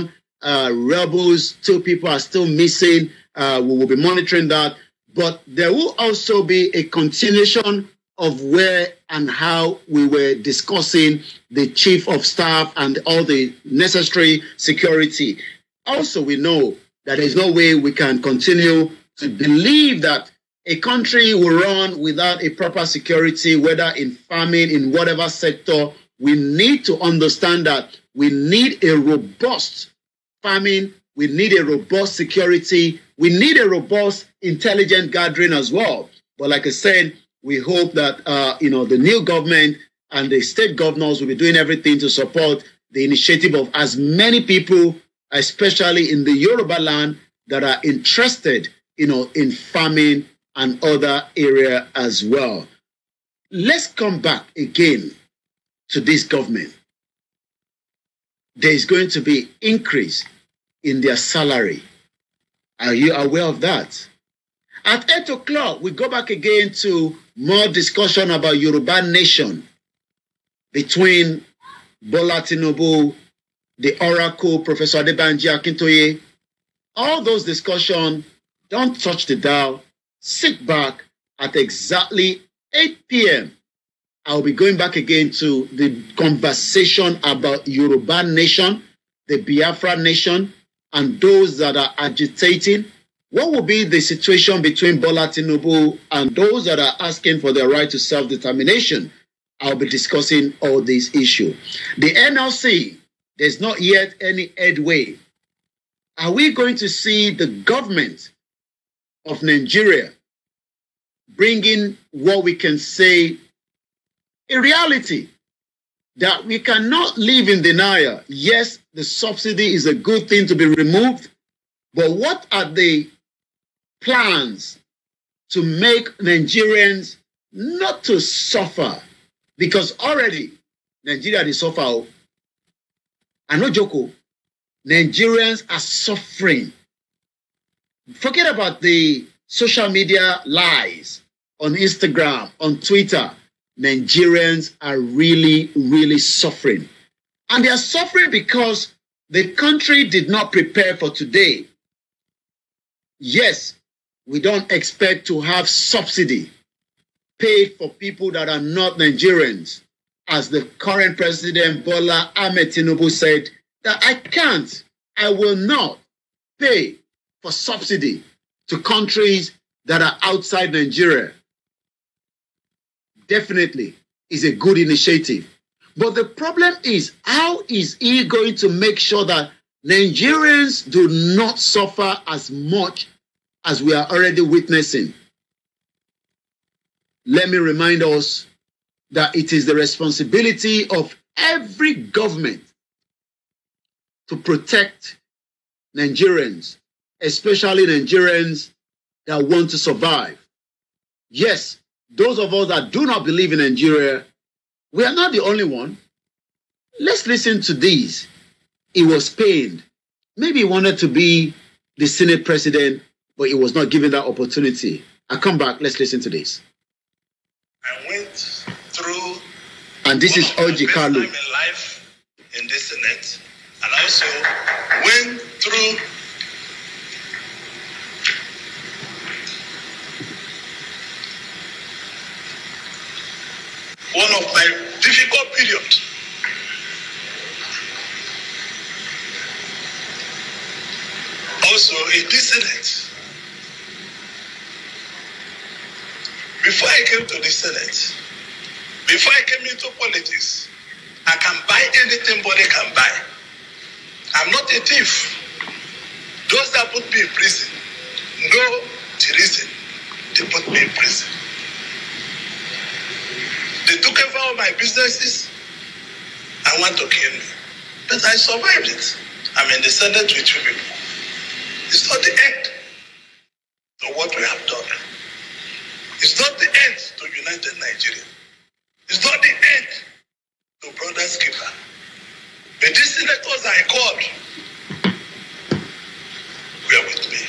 uh, rebels two people are still missing uh, we will be monitoring that but there will also be a continuation of where and how we were discussing the chief of staff and all the necessary security. Also, we know that there's no way we can continue to believe that a country will run without a proper security, whether in farming, in whatever sector. We need to understand that we need a robust farming, we need a robust security, we need a robust intelligent gathering as well. But like I said, we hope that uh, you know the new government and the state governors will be doing everything to support the initiative of as many people, especially in the Yoruba land, that are interested, you know, in farming and other area as well. Let's come back again to this government. There is going to be increase in their salary. Are you aware of that? At 8 o'clock, we go back again to more discussion about Yoruba nation between Bola Tinubu, the oracle, Professor Adebanji Akintoye. All those discussions don't touch the dial. Sit back at exactly 8 p.m. I'll be going back again to the conversation about Yoruba nation, the Biafra nation, and those that are agitating What will be the situation between Bola Tinubu and those that are asking for their right to self determination? I'll be discussing all these issues. The NLC, there's not yet any headway. Are we going to see the government of Nigeria bringing what we can say a reality that we cannot live in denial? Yes, the subsidy is a good thing to be removed, but what are the plans to make Nigerians not to suffer because already Nigeria dey suffer. I know, Joko, Nigerians are suffering. Forget about the social media lies on Instagram, on Twitter. Nigerians are really, really suffering. And they are suffering because the country did not prepare for today. Yes, we don't expect to have subsidy paid for people that are not Nigerians. As the current president Bola Ahmed Tinubu said, that I can't, I will not pay for subsidy to countries that are outside Nigeria. Definitely is a good initiative. But the problem is, how is he going to make sure that Nigerians do not suffer as much as we are already witnessing. Let me remind us that it is the responsibility of every government to protect Nigerians, especially Nigerians that want to survive. Yes, those of us that do not believe in Nigeria, we are not the only one. Let's listen to these. He was pained. Maybe he wanted to be the Senate president but he was not given that opportunity. I come back, let's listen to this. I went through and this is Oji Carlo in life in this Senate and also went through one of my difficult periods. Also in this Senate. Before I came to the Senate, before I came into politics, I can buy anything body can buy. I'm not a thief. Those that put me in prison know the reason they put me in prison. They took over all my businesses and want to kill me. But I survived it. I'm in the Senate with you people. It's not the end of what we have done. It's not the end to United Nigeria. It's not the end to Brothers Keeper. But these electors I called were with me.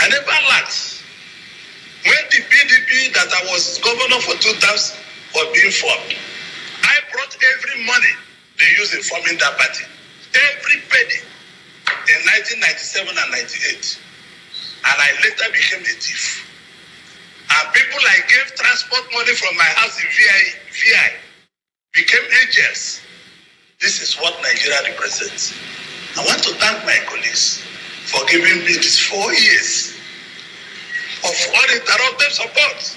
I never lacked. When the PDP that I was governor for two terms was being formed, I brought every money they used in forming that party. Every penny in 1997 and 98. And I later became a thief. And people I gave transport money from my house in VI, VI became angels. This is what Nigeria represents. I want to thank my colleagues for giving me these four years of uninterrupted support.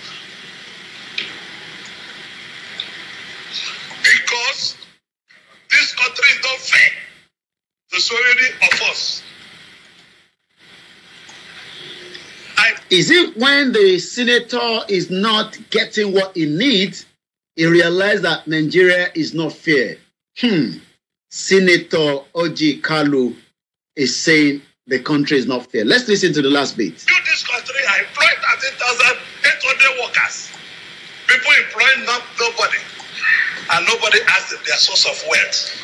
Because this country is not fair to so many of us. I, is it when the senator is not getting what he needs, he realizes that Nigeria is not fair? Hmm. Senator Oji Kalu is saying the country is not fair. Let's listen to the last bit. In this country, I employed 13,800 workers. People employing not nobody. And nobody asked their source of wealth.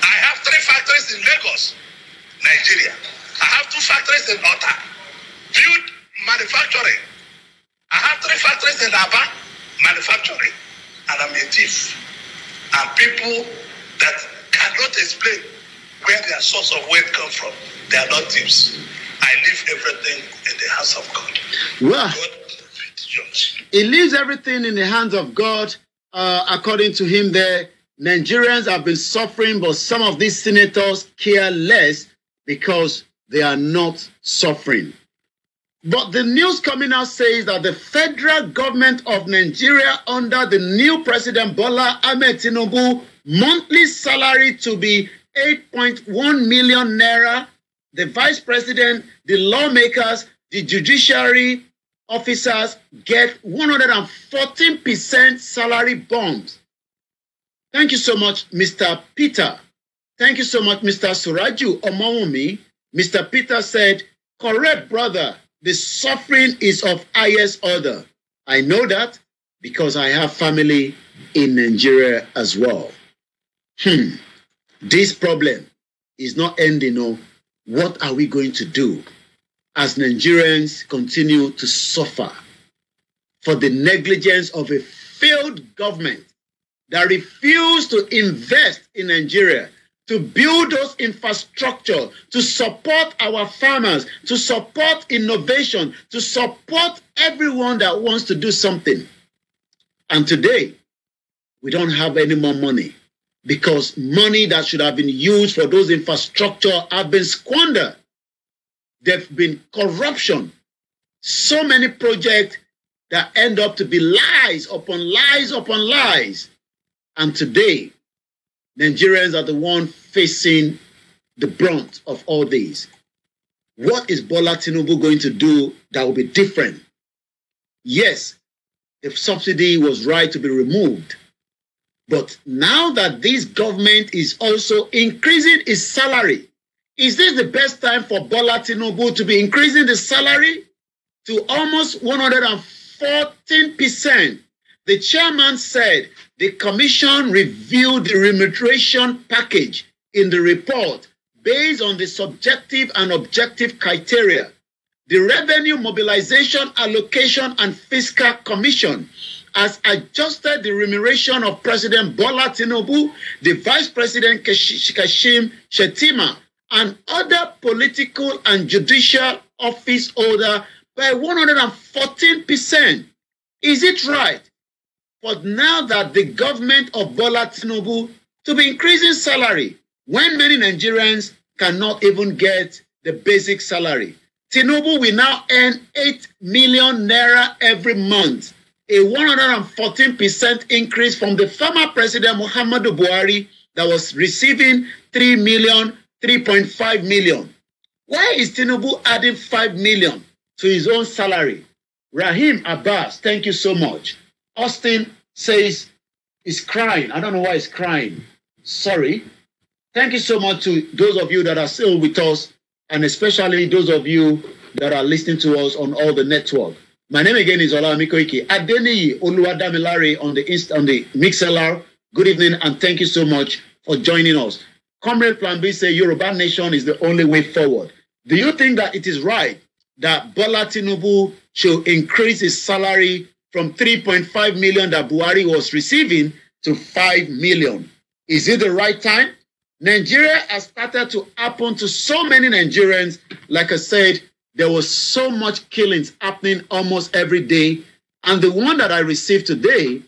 I have three factories in Lagos, Nigeria. I have two factories in Otta. Field manufacturing. I have three factories in Aba manufacturing, and I'm a thief. And people that cannot explain where their source of wealth come from, they are not thieves. I leave everything in the hands of God. Well, God, he leaves everything in the hands of God, uh, according to him the Nigerians have been suffering, but some of these senators care less because they are not suffering. But the news coming out says that the federal government of Nigeria, under the new president Bola Ahmed Tinubu, monthly salary to be 8.1 million naira. The vice president, the lawmakers, the judiciary officers get 114% salary bumps. Thank you so much, Mr. Peter. Thank you so much, Mr. Suraju Omawumi. Mr. Peter said, correct, brother the suffering is of highest order. I know that because I have family in Nigeria as well. Hmm. This problem is not ending. No. What are we going to do as Nigerians continue to suffer for the negligence of a failed government that refused to invest in Nigeria to build those infrastructure, to support our farmers, to support innovation, to support everyone that wants to do something. And today, we don't have any more money because money that should have been used for those infrastructure have been squandered. There've been corruption. So many projects that end up to be lies upon lies upon lies. And today, Nigerians are the one facing the brunt of all these. What is Bola Tinubu going to do that will be different? Yes, the subsidy was right to be removed. But now that this government is also increasing its salary, is this the best time for Bola Tinubu to be increasing the salary to almost 114%? The chairman said The Commission reviewed the remuneration package in the report based on the subjective and objective criteria. The Revenue Mobilization Allocation and Fiscal Commission has adjusted the remuneration of President Bola Tinubu, the Vice President Kashim Shetima, and other political and judicial office holder by 114%. Is it right But now that the government of Bola Tinubu to be increasing salary when many Nigerians cannot even get the basic salary. Tinubu will now earn 8 million naira every month, a 114% increase from the former president Muhammadu Buhari that was receiving 3 million, 3.5 million. Why is Tinubu adding 5 million to his own salary? Rahim Abbas, thank you so much. Austin says he's crying. I don't know why he's crying. Sorry. Thank you so much to those of you that are still with us, and especially those of you that are listening to us on all the network. My name again is Olamiko Ike. Adeniyi Oluwadamilare on the Inst- on the MixLR. Good evening, and thank you so much for joining us. Comrade Plan B say Yoruba nation is the only way forward. Do you think that it is right that Bola Tinubu should increase his salary from 3.5 million that Buhari was receiving to 5 million. Is it the right time? Nigeria has started to happen to so many Nigerians. Like I said, there was so much killings happening almost every day. And the one that I received today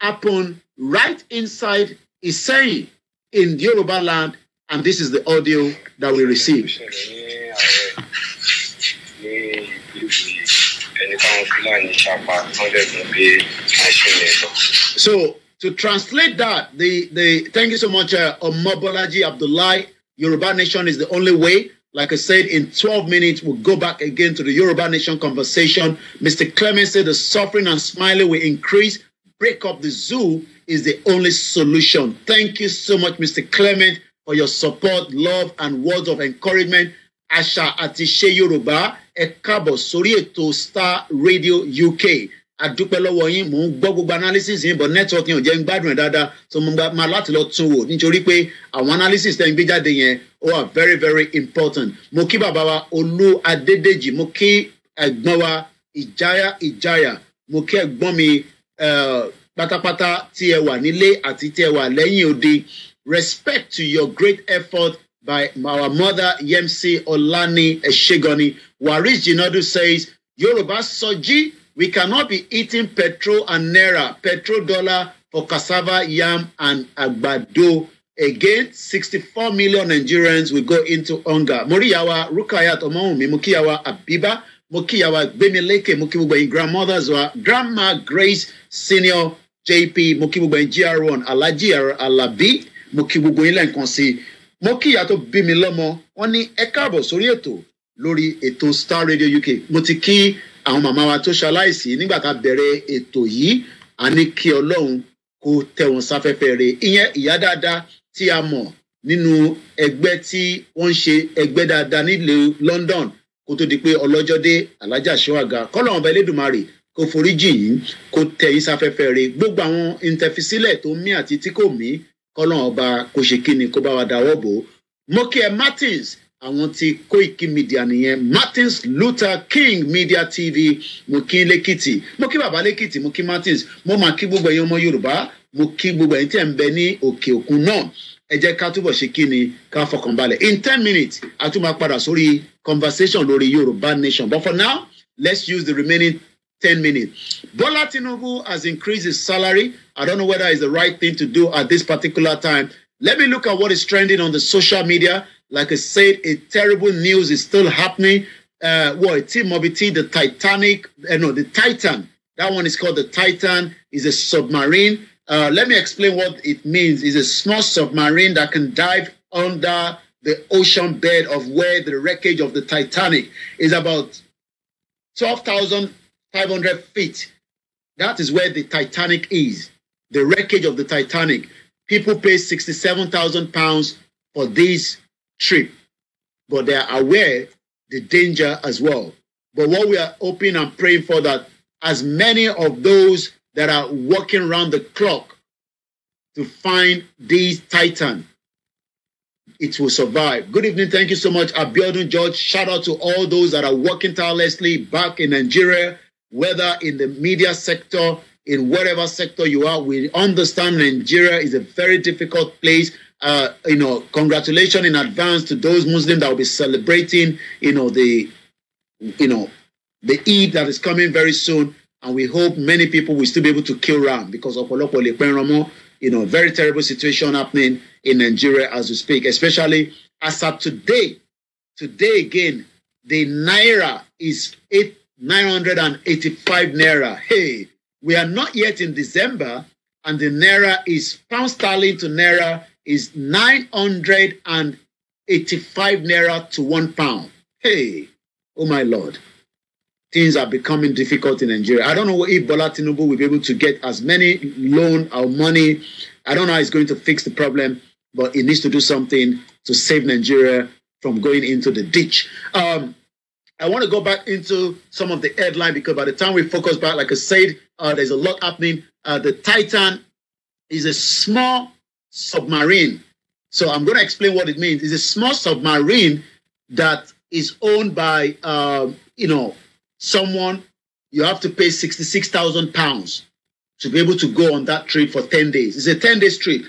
happened right inside Isai in Yoruba land. And this is the audio that we received so to translate that the the thank you so much uh, omobolaji abdullahi yoruba nation is the only way like I said, in 12 minutes, we'll go back again to the Yoruba Nation conversation. Mr. Clement said the suffering and smiling will increase. Break up the zoo is the only solution. Thank you so much, Mr. Clement, for your support, love, and words of encouragement àṣà àti ṣe yorùbá ẹ káàbọ̀ sórí ètò Star Radio UK àdúpẹ́ lọ́wọ́ yín mò ń gbọ́ gbogbo analysis yín but network yẹn ò jẹ́ ń gbádùn ẹ̀ dáadáa so mo máa láti lọ tún wò nítorí pé àwọn analysis tẹ́ ń gbé jáde yẹn ó wà very very important mo kí bàbá wa olú adédèjì mo kí ẹ̀gbọ́n wa ìjáyà ìjáyà mo kí ẹ̀gbọ́n mi eh, pátápátá tí ẹ wà nílé àti tí ẹ wà lẹ́yìn odi respect to your great effort by our mother Yemsi Olani Eshegoni. Waris Jinadu says, Yoruba Soji, we cannot be eating petrol and naira, petrol dollar for cassava, yam, and agbado. Again, 64 million Nigerians will go into hunger. Moriyawa Rukayat Omohunmi Mukiyawa Abiba Mukiyawa Gbemileke Mukibugbayin grandmothers wa Grandma Grace Senior JP Mukibugbayin GR1 Alaji Alabi Mukibugbayin lẹ́ǹkan sí i mo kí ìyá tó bí mi lọ́mọ wọ́n ní ẹ káàbọ̀ sórí ètò lórí ètò Star Radio UK mo ti kí àwọn màmá wa tó ṣaláìsí nígbà tá a bẹ̀rẹ̀ ètò yìí a ní kí Ọlọ́run kó tẹ́ wọn sáfẹ́fẹ́ rẹ̀ ìyẹn ìyá dáadáa tí a mọ̀ nínú ẹgbẹ́ tí wọ́n ń ṣe ẹgbẹ́ dáadáa nílùú London kó tó di pé ọlọ́jọ́ dé alájà ṣọ́àga kọ́lọ́run ọba Elédùmarè kó foríjì yín kó tẹ́ yín sáfẹ́fẹ́ rẹ̀ gbogbo àwọn ìtẹ̀fisílẹ̀ tó mí àti tí kò mí kọ́lọ́n ọba kò ṣe kí ni kó bá wa dáwọ́ bò ó mọ́kíẹ́ Martins àwọn ti Koiki Media nìyẹn Martins Luther King Media TV mo kí lẹ́kìtì mo kí bàbá lẹ́kìtì mo Martins mo máa kí gbogbo ẹ̀yin ọmọ Yorùbá mo kí gbogbo ẹ̀yin tí ẹ̀ ń bẹ ní òkè òkun náà ẹ jẹ́ ká túbọ̀ ṣe kí ni ká fọkàn balẹ̀ in ten minutes a tún máa padà sórí conversation lórí Yorùbá nation but for now let's use the remaining 10 minutes. Bola Tinubu has increased his salary. I don't know whether it's the right thing to do at this particular time. Let me look at what is trending on the social media. Like I said, a terrible news is still happening. Uh, what, Team Mobity, the Titanic, uh, no, the Titan. That one is called the Titan. is a submarine. Uh, let me explain what it means. It's a small submarine that can dive under the ocean bed of where the wreckage of the Titanic is about 12,000 500 feet. That is where the Titanic is, the wreckage of the Titanic. People pay 67,000 pounds for this trip, but they are aware the danger as well. But what we are hoping and praying for that as many of those that are working around the clock to find this titan, it will survive. Good evening. Thank you so much, Abiodun George. Shout out to all those that are working tirelessly back in Nigeria whether in the media sector, in whatever sector you are. We understand Nigeria is a very difficult place. Uh, you know, congratulations in advance to those Muslims that will be celebrating, you know, the, you know, the Eid that is coming very soon. And we hope many people will still be able to kill ram because of Olopole Penramo, you know, very terrible situation happening in Nigeria as we speak, especially as of today. Today again, the Naira is eight 985 naira. Hey, we are not yet in December, and the naira is pound sterling to naira is 985 naira to one pound. Hey, oh my lord. Things are becoming difficult in Nigeria. I don't know if Bola Tinubu will be able to get as many loan or money. I don't know how it's going to fix the problem, but it needs to do something to save Nigeria from going into the ditch. Um, I want to go back into some of the headline because by the time we focus back, like I said, uh, there's a lot happening. Uh, the Titan is a small submarine. So I'm going to explain what it means. It's a small submarine that is owned by, um, you know, someone. You have to pay sixty-six thousand pounds to be able to go on that trip for ten days. It's a ten-day trip.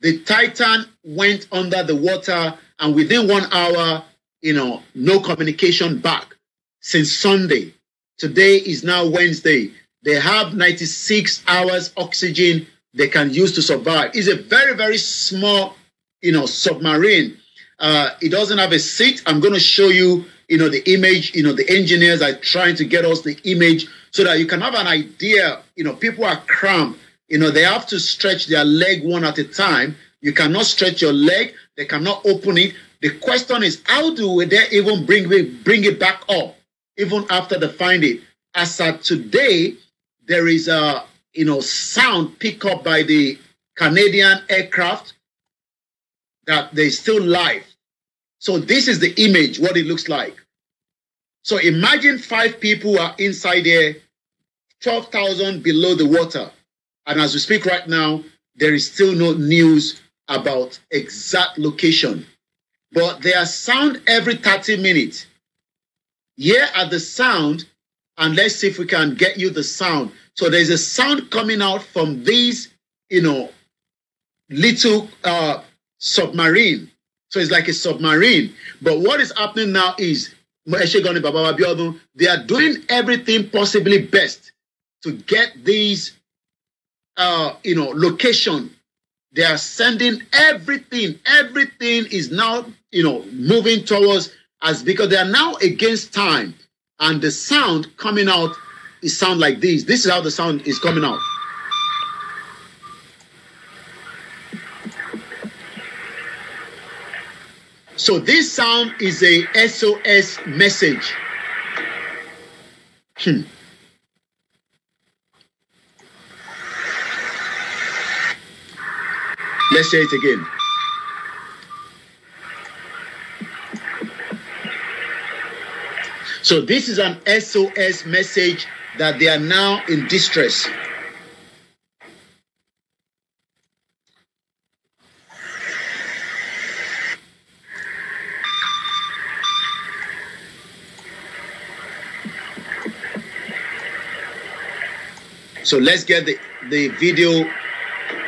The Titan went under the water, and within one hour, you know, no communication back since Sunday. Today is now Wednesday. They have 96 hours oxygen they can use to survive. It's a very, very small, you know, submarine. Uh, it doesn't have a seat. I'm going to show you, you know, the image. You know, the engineers are trying to get us the image so that you can have an idea. You know, people are cramped. You know, they have to stretch their leg one at a time. You cannot stretch your leg. They cannot open it. The question is, how do they even bring it, bring it back up, even after they find it? As of today, there is a you know sound picked up by the Canadian aircraft that they're still live. So this is the image, what it looks like. So imagine five people are inside there, 12,000 below the water. And as we speak right now, there is still no news about exact location but they are sound every 30 minutes. Here are the sound, and let's see if we can get you the sound. So there's a sound coming out from these, you know, little uh, submarine. So it's like a submarine. But what is happening now is they are doing everything possibly best to get these, uh, you know, location. They are sending everything. Everything is now you know, moving towards as because they are now against time, and the sound coming out is sound like this. This is how the sound is coming out. So this sound is a SOS message. Hmm. Let's say it again. So this is an SOS message that they are now in distress. So let's get the, the video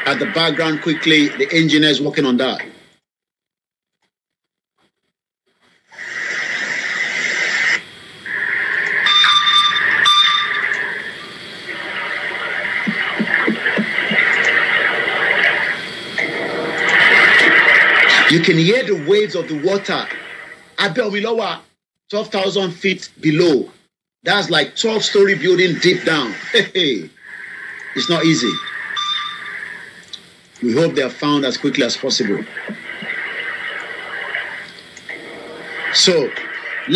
at the background quickly, the engineers working on that. waves of the water. Abẹ́ omi ló wà twelve thousand feet below. That's like twelve story building deep down. it's not easy. We hope they are found as quickly as possible. So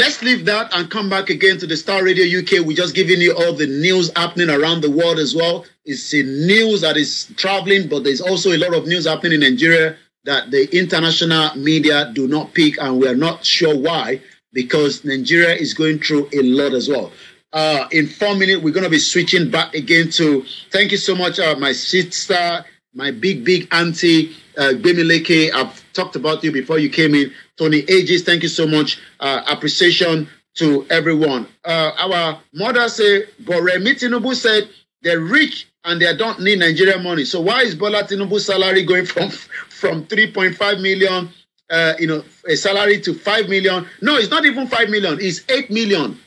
let's leave that and come back again to the Star Radio UK. We're just giving you all the news happening around the world as well. It's the news that is traveling, but there's also a lot of news happening in Nigeria that the international media do not pick, and we are not sure why, because Nigeria is going through a lot as well. Uh, in four minutes, we're going to be switching back again to thank you so much, uh, my sister, my big, big auntie, uh, Bimileke. I've talked about you before you came in. Tony Ages, thank you so much. Uh, appreciation to everyone. Uh, our mother said, Bore Tinubu said, they're rich and they don't need Nigerian money. So why is Bola Tinubu's salary going from from 3.5 million, uh, you know, a salary to 5 million. No, it's not even 5 million, it's 8 million.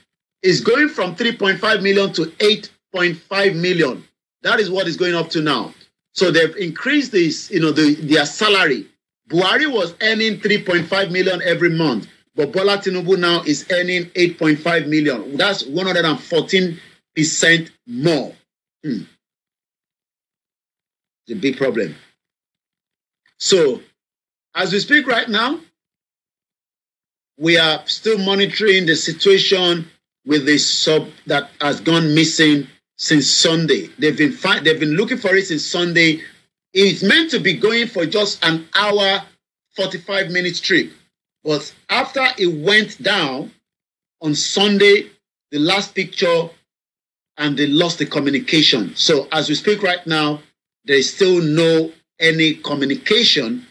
It's going from 3.5 million to 8.5 million. That is what is going up to now. So they've increased this, you know, the, their salary. Buhari was earning 3.5 million every month, but Bola Tinubu now is earning 8.5 million. That's 114% more. Hmm. It's a big problem. So, as we speak right now, we are still monitoring the situation with the sub that has gone missing since Sunday. They've been find, they've been looking for it since Sunday. It's meant to be going for just an hour, 45 minutes trip. But after it went down on Sunday, the last picture and they lost the communication. So as we speak right now, there is still no any communication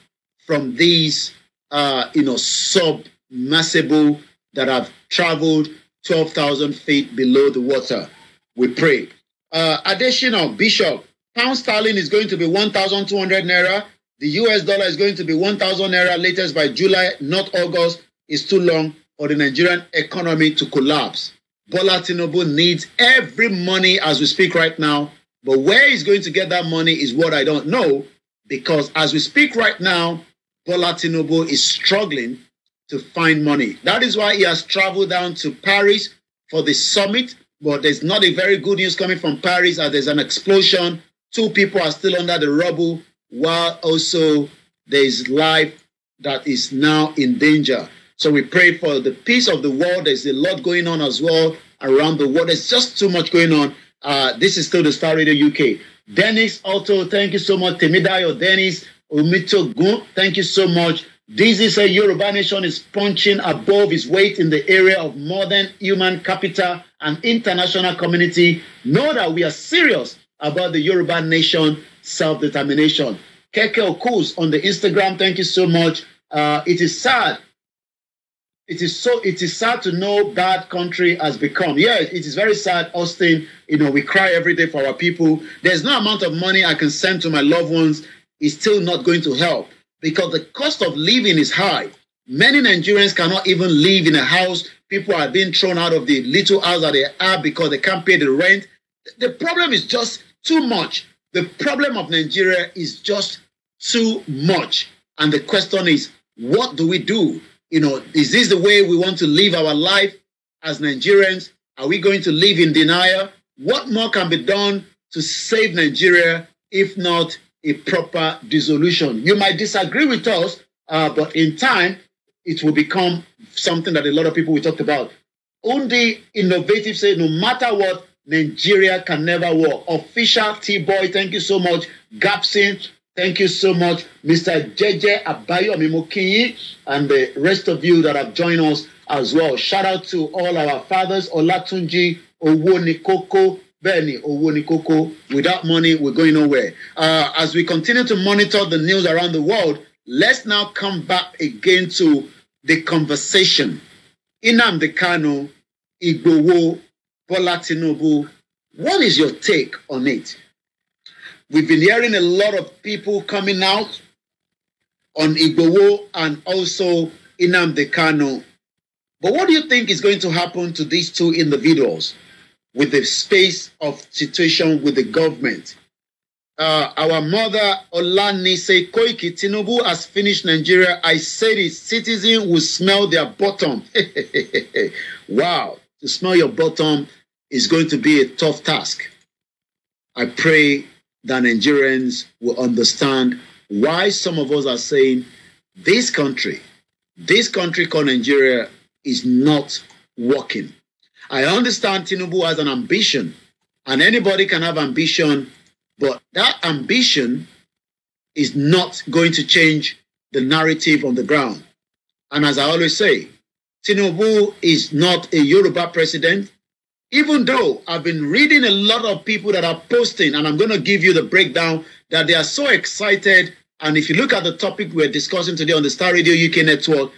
from these, uh, you know, submersible that have traveled 12,000 feet below the water. We pray. Uh, additional, Bishop, pound sterling is going to be 1,200 naira. The US dollar is going to be 1,000 naira latest by July, not August. It's too long for the Nigerian economy to collapse. Bola Tinubu needs every money as we speak right now. But where he's going to get that money is what I don't know. Because as we speak right now, Bola Tinobu is struggling to find money. That is why he has traveled down to Paris for the summit. But there's not a very good news coming from Paris as there's an explosion. Two people are still under the rubble, while also there is life that is now in danger. So we pray for the peace of the world. There's a lot going on as well around the world. There's just too much going on. Uh, this is still the Star Radio UK. Dennis Otto, thank you so much. Temidayo Dennis, Umito Gun, thank you so much. This is a Yoruba nation is punching above its weight in the area of modern human capital and international community. Know that we are serious about the Yoruba nation self-determination. Keke Okuz on the Instagram, thank you so much. Uh, it is sad it is so it is sad to know that country has become yeah it is very sad austin you know we cry every day for our people there's no amount of money i can send to my loved ones is still not going to help because the cost of living is high many nigerians cannot even live in a house people are being thrown out of the little house that they are because they can't pay the rent the problem is just too much the problem of nigeria is just too much and the question is what do we do you know, is this the way we want to live our life as Nigerians? Are we going to live in denial? What more can be done to save Nigeria if not a proper dissolution? You might disagree with us, uh, but in time, it will become something that a lot of people will talk about. Undi Innovative said, no matter what, Nigeria can never work. Official T-Boy, thank you so much. Gapsin, Thank you so much, Mr. JJ Abayomi Mukiyi, and the rest of you that have joined us as well. Shout out to all our fathers, Olatunji, Owonikoko, Benny, Owonikoko. Without money, we're going nowhere. Uh, as we continue to monitor the news around the world, let's now come back again to the conversation. Inam Dekano, Igbowo, Bola Tinubu, what is your take on it? We've been hearing a lot of people coming out on Igbowo and also Inamde Kano. But what do you think is going to happen to these two individuals with the space of situation with the government? Uh, our mother Olani say, Koiki Tinubu has finished Nigeria. I said it, citizens will smell their bottom. wow, to smell your bottom is going to be a tough task. I pray that Nigerians will understand why some of us are saying this country, this country called Nigeria, is not working. I understand Tinubu has an ambition, and anybody can have ambition, but that ambition is not going to change the narrative on the ground. And as I always say, Tinubu is not a Yoruba president. even though I've been reading a lot of people that are posting, and I'm going to give you the breakdown that they are so excited. And if you look at the topic we're discussing today on the Star Radio UK network,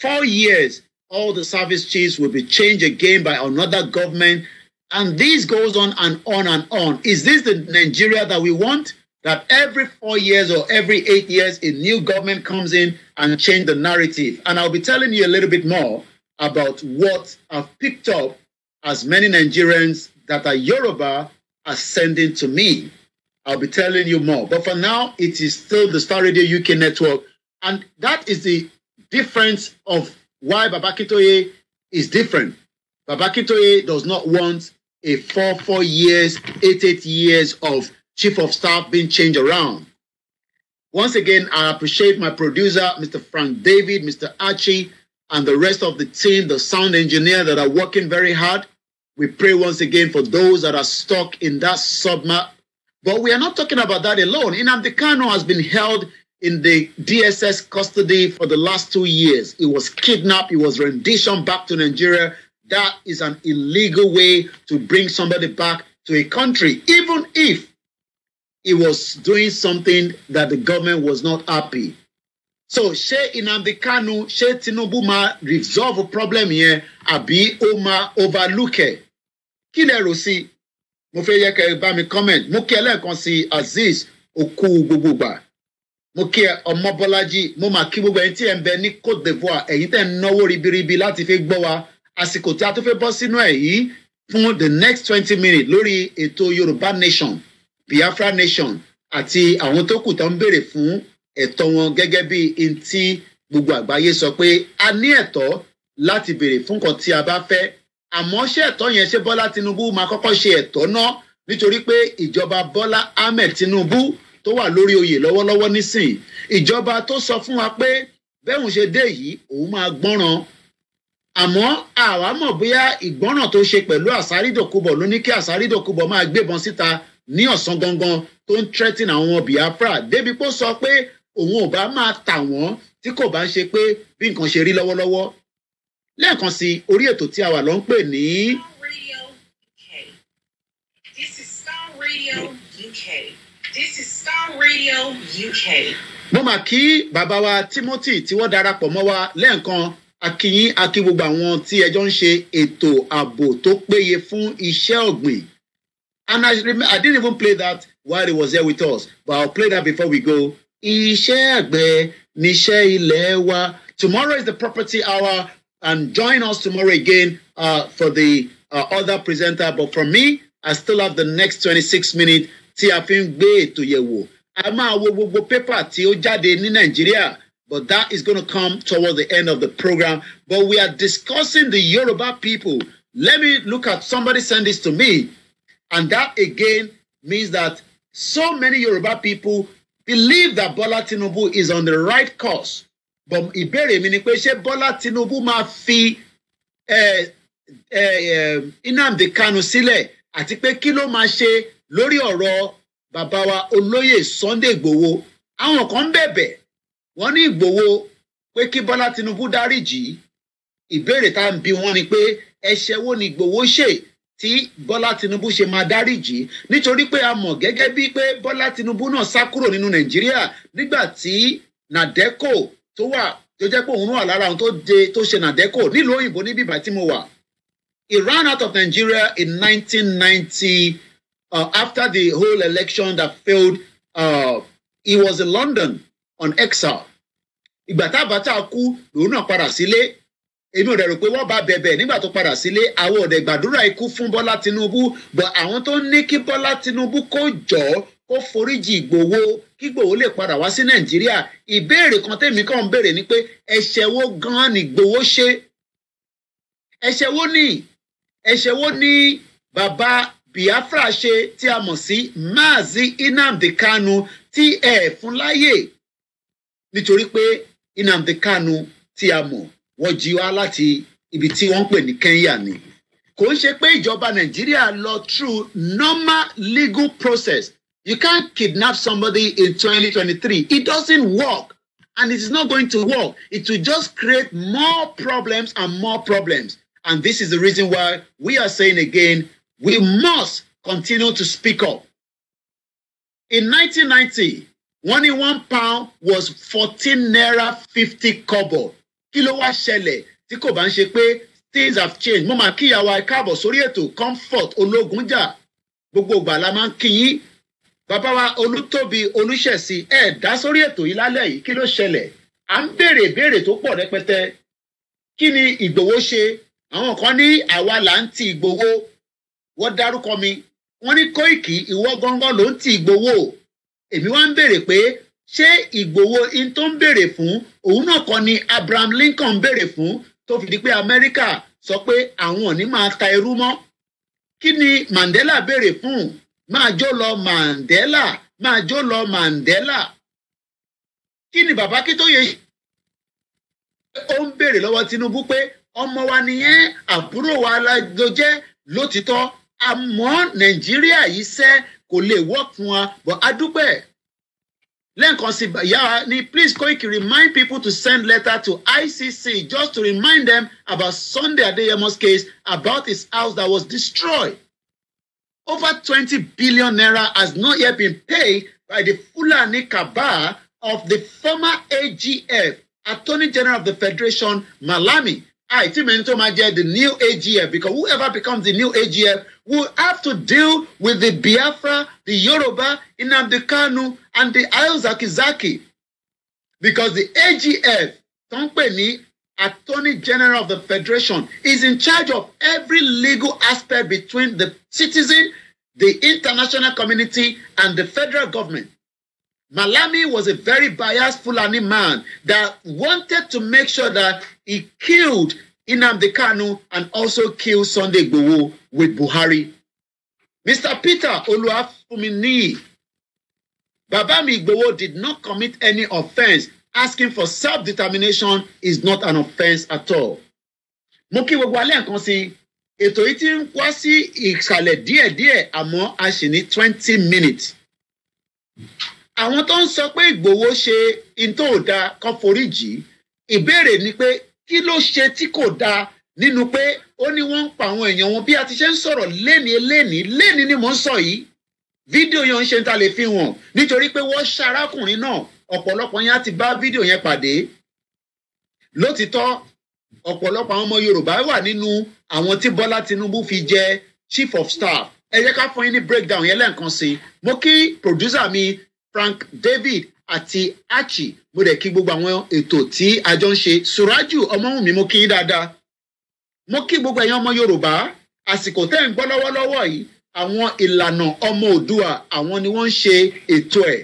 four years, all the service chiefs will be changed again by another government. And this goes on and on and on. Is this the Nigeria that we want? That every four years or every eight years, a new government comes in and change the narrative. And I'll be telling you a little bit more about what I've picked up as many Nigerians that are Yoruba are sending to me. I'll be telling you more. But for now, it is still the Star Radio UK network. And that is the difference of why Babakitoye is different. Babakitoye does not want a four, four years, eight, eight years of chief of staff being changed around. Once again, I appreciate my producer, Mr. Frank David, Mr. Archie, and the rest of the team, the sound engineer that are working very hard. We pray once again for those that are stuck in that submarine. But we are not talking about that alone. Inamdi Kano has been held in the DSS custody for the last two years. He was kidnapped. He was renditioned back to Nigeria. That is an illegal way to bring somebody back to a country, even if he was doing something that the government was not happy so ṣé Nnamdi Kanu ṣé Tinubu máa resolve problem yẹn àbí ó máa overlook ẹ̀ kí lẹ rò sí mo fẹ́ yẹ kẹ́ bá mi comment mo kí ẹ lẹ́ẹ̀kan sí Azeez okú gbogbogbà mo kí ẹ Ọmọbọ́lájí mo máa kí gbogbo ẹ̀yin tí ẹ ń bẹ ní Côte d'Ivoire ẹ̀yin tẹ́ ń náwó ribiribi láti fi gbọ́ wa àsìkò tí a tó fẹ́ bọ́ sínú ẹ̀ yìí fún the next twenty minutes lórí ètò Yorùbá Nation Biafra Nation àti àwọn tó kù tó ń béèrè fún ẹ̀tọ́ wọn gẹ́gẹ́ bí n tí gbogbo àgbáyé sọ pé a ní ẹ̀tọ́ láti béèrè fún nǹkan tí a bá fẹ́ àmọ́ ṣé ẹ̀tọ́ yẹn ṣé Bọ́lá Tinubu máa kọ́kọ́ ṣe ẹ̀tọ́ náà nítorí pé ìjọba Bọ́lá Ahmed Tinubu tó wà lórí oyè lọ́wọ́lọ́wọ́ nísìn ìjọba tó sọ fún wa pé bẹ́ẹ̀ ń ṣe dé yìí òun máa gbọ́ràn àmọ́ àwa mọ̀ bóyá ìgbọ́ràn tó ṣe pẹ̀lú àsárídòkúbọ̀ ló ní kí àsárídòkúbọ̀ máa gbébọn síta ní ọ̀sán gangan tó ń threaten àwọn Biafra débi pó sọ pé òun ò bá máa tà wọ́n tí kò bá ń ṣe pé bí nǹkan ṣe rí lọ́wọ́lọ́wọ́ lẹ́ẹ̀kan sí orí ètò tí a wà ló ń pè ní. mo mà kí bàbá wa Timothy tí wọ́n darapọ̀ mọ́ wa lẹ́ẹ̀kan akínyín akí gbogbo àwọn tí ẹjọ́ ń ṣe ètò ààbò tó péye fún iṣẹ́ ọ̀gbìn and I, I didn't even play that while he was there with us but I'll play that before we go Iṣẹ́ àgbẹ̀ níṣẹ́ ilẹ̀ wa. Tomorrow is the property hour and join us tomorrow again uh, for the uh, other presenter. But for me, I still have the next 26 minutes tí a fi ń gbé ètò yẹ̀ wò. A máa wo gbogbo pépà tí ó jáde ní Nàìjíríà. But that is going to come towards the end of the program. But we are discussing the Yoruba people. Let me look at somebody send this to me. And that again means that so many Yoruba people believe that Bọ́lá Tinubu is on the right course but ìbéèrè mi ni pé ṣé Bọ́lá Tinubu máa fi eh, eh, Nnamdi Kanu sílẹ̀ àti pé kí ló máa ṣe lórí ọ̀rọ̀ bàbá olóyè Sunday Igboho àwọn kan bẹ̀bẹ̀ wọ́n ní Igboho pé kí Bọ́lá Tinubu dáríjì ìbéèrè tá à ń bi wọ́n ni pé ẹ̀ṣẹ̀ wo ni Igboho ṣe tí Bọ́lá Tinubu ṣe máa dáríjì nítorí pé a mọ̀ gẹ́gẹ́ bíi pé Bọ́lá Tinubu náà sá kúrò nínú Nàìjíríà nígbà tí Nàdẹ́kò tó wà tó jẹ́ pé òun wà lára àwọn tó de tó ṣe Nàdẹ́kò nílùú òyìnbó ní bíbá tí mo wà. He ran out of Nigeria in 1990 uh, after the whole election that failed. Uh, he was in London on exile. Ìgbà tá Abacha kú lòun náà padà sílé èmi ò dẹ̀rù pé wọ́n bá bẹ̀bẹ̀ nígbà tó padà sílé àwọn ọ̀dẹ̀ gbàdúrà ikú fún Bọ́lá Tinubu but àwọn tó ní kí Bọ́lá Tinubu kó jọ kó foríjì Ìgbòho kí Ìgbòho lè padà wá sí Nàìjíríà ìbéèrè kan tèmi kàn ń béèrè ni pé ẹ̀ṣẹ̀ wo gan-an ni Ìgbòho ṣe ẹ̀ṣẹ̀ wo ni ẹ̀ṣẹ̀ wo ni bàbá Biafra ṣe tí a mọ̀ sí Mazi Nnamdi Kanu tí ẹ̀ fún láyè nítorí pé Nnamdi Kanu tí a mọ̀ wọ́n jí wá láti ibi tí wọ́n ń pè ní Kenya ni kò ń ṣe pé ìjọba Nàìjíríà lọ through normal legal process you can't kidnap somebody in 2023 it doesn't work and it is not going to work it will just create more problems and more problems and this is the reason why we are saying again we must continue to speak up. In 1990, one in one pound was fourteen naira fifty kobo kí ló wá ṣẹlẹ̀ tí kò bá ń ṣe pé things have changed mo máa kíyàwó káàbọ̀ sórí ètò comfort ológunjà gbogbo ìgbà la máa ń kíyìn bàbá wa olútóbi olúṣẹ̀sí ẹ̀ dá sórí ètò yìí lálẹ́ yìí kí ló ṣẹlẹ̀ à ń béèrè béèrè tó pọ̀ rẹpẹtẹ kí ni ìgbòho ṣe àwọn kan ní àwa là ń ti ìgbòho wọ́n dárúkọ mi wọ́n ní Kóìkì ìwọ gangan ló ń ti ìgbòho èmi wá ń béèrè pé ṣé ìgbòho in tó ń béèrè fún òun náà kọ́ ni Abraham Lincoln béèrè fún tó fi di pé Amẹ́ríkà sọ pé àwọn ò ní máa ta irú mọ́ kí ni Mandela béèrè fún máa jó lọ Mandela máa jó lọ Mandela kí ni bàbá Akíntóyè ó ń béèrè lọ́wọ́ Tinubu pé ọmọ wa nìyẹn àbúrò wa ló jẹ́ lótìtọ́ àmọ́ Nàìjíríà yìí ṣe kò lè wọ́ fún wa bọ̀ adúpẹ́ lẹ́ǹkan sí yàrá ni please Koiki remind people to send letter to ICC just to remind them about Sunday Adeyemo's case about his house that was destroyed. Over 20 billion naira has not yet been paid by the Fulani cabal of the former AGF, Attorney General of the Federation, Malami. I think Menito Maje, the new AGF, because whoever becomes the new AGF will have to deal with the Biafra, the Yoruba, Inamdi Kanu, and the Ayozakizaki. Because the AGF, Tompeni, Attorney General of the Federation, is in charge of every legal aspect between the citizen, the international community, and the federal government. Malami was a very biased Fulani man that wanted to make sure that he killed Inamde Kanu, and also kill Sunday Igboho with Buhari. Mr. Peter Oluwafumini, Baba Mi Igboho did not commit any offence. Asking for self-determination is not an offence at all. Mo kí gbogbo alẹ́ nǹkan sí ètò yìí ti ń wá sí ìsàlẹ̀ díẹ̀díẹ̀ àmọ́ a sì ní twenty minutes. Àwọn tó ń sọ pé Ìgbòho ṣe ntòòdà kan foríjì ìbéèrè ni pé kí ló ṣe tí kò dáa nínú pé ó ní wọ́n ń pa àwọn èèyàn wọn bí a ti ṣe ń sọ̀rọ̀ lénìí lénìí lénìí ni mò ń sọ yìí fídíò yẹn ń ṣe ta lè fi hàn nítorí pé wọ́n ṣarákùnrin náà ọ̀pọ̀lọpọ̀ yẹn á ti bá fídíò yẹn pàdé lótìtọ́ ọ̀pọ̀lọpọ̀ àwọn ọmọ Yorùbá wà nínú àwọn tí Bọ́lá Tinubu fi jẹ chief of staff ẹ jẹ́ ká fún yín ní breakdown yẹn lẹ́ẹ̀kan sí mo kí producer mi Frank David àti achi mo dẹ̀ kí gbogbo àwọn ètò tí a jọ ń ṣe suraju ọmọhùn mi mo kí dáadáa mo kí gbogbo ẹ̀yin ọmọ yorùbá àsìkò tẹ́ ń gbọ́ lọ́wọ́lọ́wọ́ yìí àwọn ìlànà ọmọ òdua àwọn ni wọ́n ń ṣe ètò ẹ̀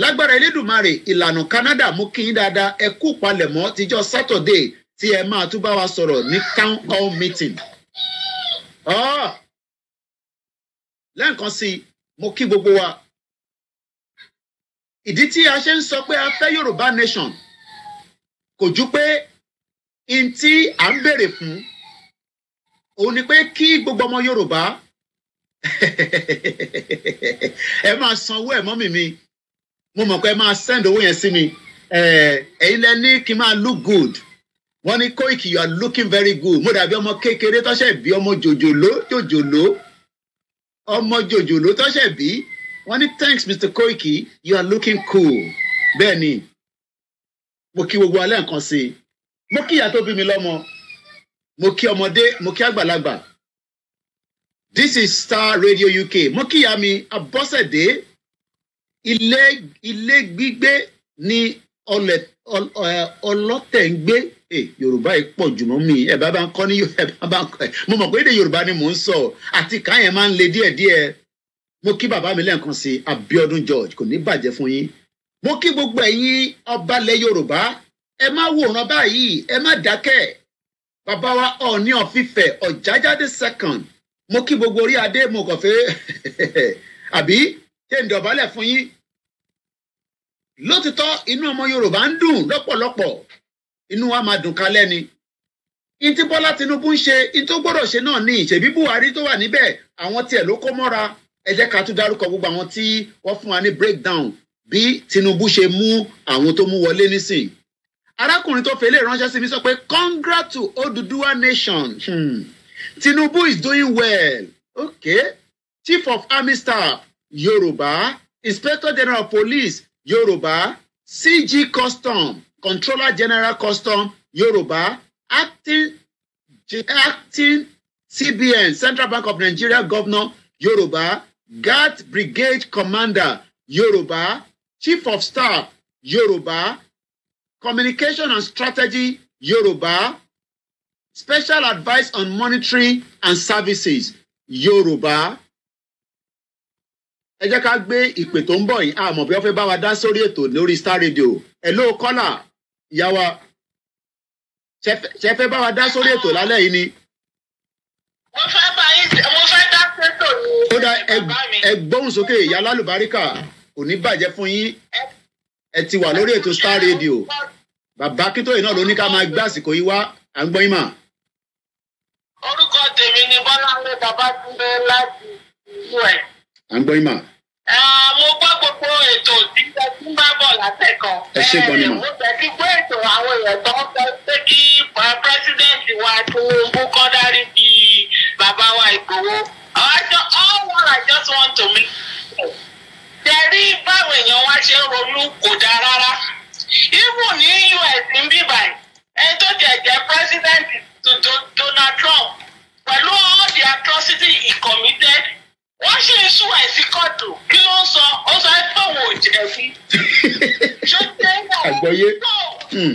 lágbára elédùnmarè ìlànà canada mo kí yín dáadáa ẹ kú palẹ̀mọ́ tíjọ́ saturday tí ẹ máa tún bá wa sọ̀rọ̀ ní town hall meeting. Ah! lẹ́ǹkan sí i mo kí gbogbo wa ìdí tí a ṣe ń sọ pé a fẹ́ yorùbá nation kò ju pé n tí à ń béèrè fún òun ni pé kí gbogbo ọmọ yorùbá ẹ máa sanwó ẹ mọ́mì mi mo mọ̀ pé ẹ máa send owó yẹn sí mi ẹ̀yin lẹ ní kí n máa look good wọ́n ní Koiki you are looking very good mo dàbí ọmọ kékeré tọ́ṣẹ̀ bí ọmọ jòjòló jòjòló ọmọ jòjòló tọ́ṣẹ̀ bí wọ́n ní thanks Mr. Koiki you are looking cool bẹ́ẹ̀ ni mo kí gbogbo alẹ́ nǹkan sí i mo kí ìyá tó bí mi lọ́mọ mo kí ọmọdé mo kí àgbàlagbà this is Star Radio UK mo kí ìyá mi Abọ́sẹ̀dé ilé ilé gbígbé ní ọlẹ̀ ọlọ́tẹ̀ ń gbé yorùbá yìí pọ̀ jùmọ̀ mi ẹ̀ bá bá ń kọ́ ní ẹ̀ bá bá ń kọ́ mo mọ̀ pé èdè yorùbá ni mò ń sọ àti káyẹn máa ń le díẹ̀díẹ̀ mo kí bàbá mi lẹ́ẹ̀kan sí Abíọ́dún George kò ní bàjẹ́ fún yín mo kí gbogbo ẹ̀yin ọbalẹ̀ Yorùbá ẹ má wòran báyìí ẹ má dákẹ́ bàbá wa Ọọ̀ni of Ife the second mo kí gbogbo orí adé mo kàn fẹ́ àbí ṣé ń dọ̀bálẹ̀ fún yín lótìtọ́ inú ọmọ Yorùbá ń dùn lọ́pọ̀lọpọ̀ inú wa máa dùn kalẹ́ ni in tí Bọ́lá Tinubu ń ṣe in tó gbọ́dọ̀ ṣe náà ni ìṣèbí Buhari tó wà níbẹ̀ àwọn tiẹ̀ ló kó mọ́ra ẹ jẹ́ ká tún dárúkọ gbogbo àwọn tí wọ́n fún wa ní breakdown bí Tinubu ṣe mú àwọn tó mú wọlé nísìn arákùnrin tó fẹ́lẹ̀ ránṣẹ́ sí mi sọ pé congrats to Oduduwa nation hmm. Tinubu is doing well okay chief of army staff Yoruba, inspector general of police Yoruba, CG custom controller general custom Yoruba, acting acting CBN Central Bank of Nigeria governor Yoruba gat brigade commander Yoruba, chief of staff Yoruba, communication and strategy Yoruba, special advice on Monetary and services Yoruba. ẹ jẹ́ ká gbé ìpè tó ń bọ̀ yìí àmọ́ bí wọ́n fẹ́ bá wa dá sórí ètò lórí star radio ẹ̀ ló kọ́là ìyá wa ṣe fẹ́ bá wa dá sórí ètò lálẹ́ yìí ni. wọ́n fẹ́ bá kódà ẹgbọ́n sókè ìyá lálùbáríkà kò ní bàjẹ́ fún yín ẹ ti wà lórí ètò star radio bàbá kítóyè náà ló ní ká máa gbé àsìkò yìí wá à ń gbọ́ yín mà. orúkọ tèmi ni bọ́láńlé babátúndé láti ìlú ẹ̀. à ń gbọ́ yín mà. mo gbọ́ gbogbo ètò tí tí ń bá bọ̀ látẹ̀kọ̀. ẹ ṣe gbọ́ ni mà. mo tẹ̀sí gbé ètò àwọn èèyàn tó pé kí pẹ́sidẹ́ǹtì wa Tinubu kọ́ dárí di bàbá wa Ìgbòho. I just, all what I just want to make tẹ̀rí báwọn èèyàn wá ṣe ń ronú kò dáa rárá ibù ní US ń bí báyìí ẹni tó jẹ́ jẹ́ president Donald Trump pẹ̀lú all the atrocity he committed wọ́n ṣe ń sún àìsí kóòtù kí ló ń sọ ó sọ pé òun ò jẹ̀bi ṣó jẹ́ ìyàwó tó. Hmm.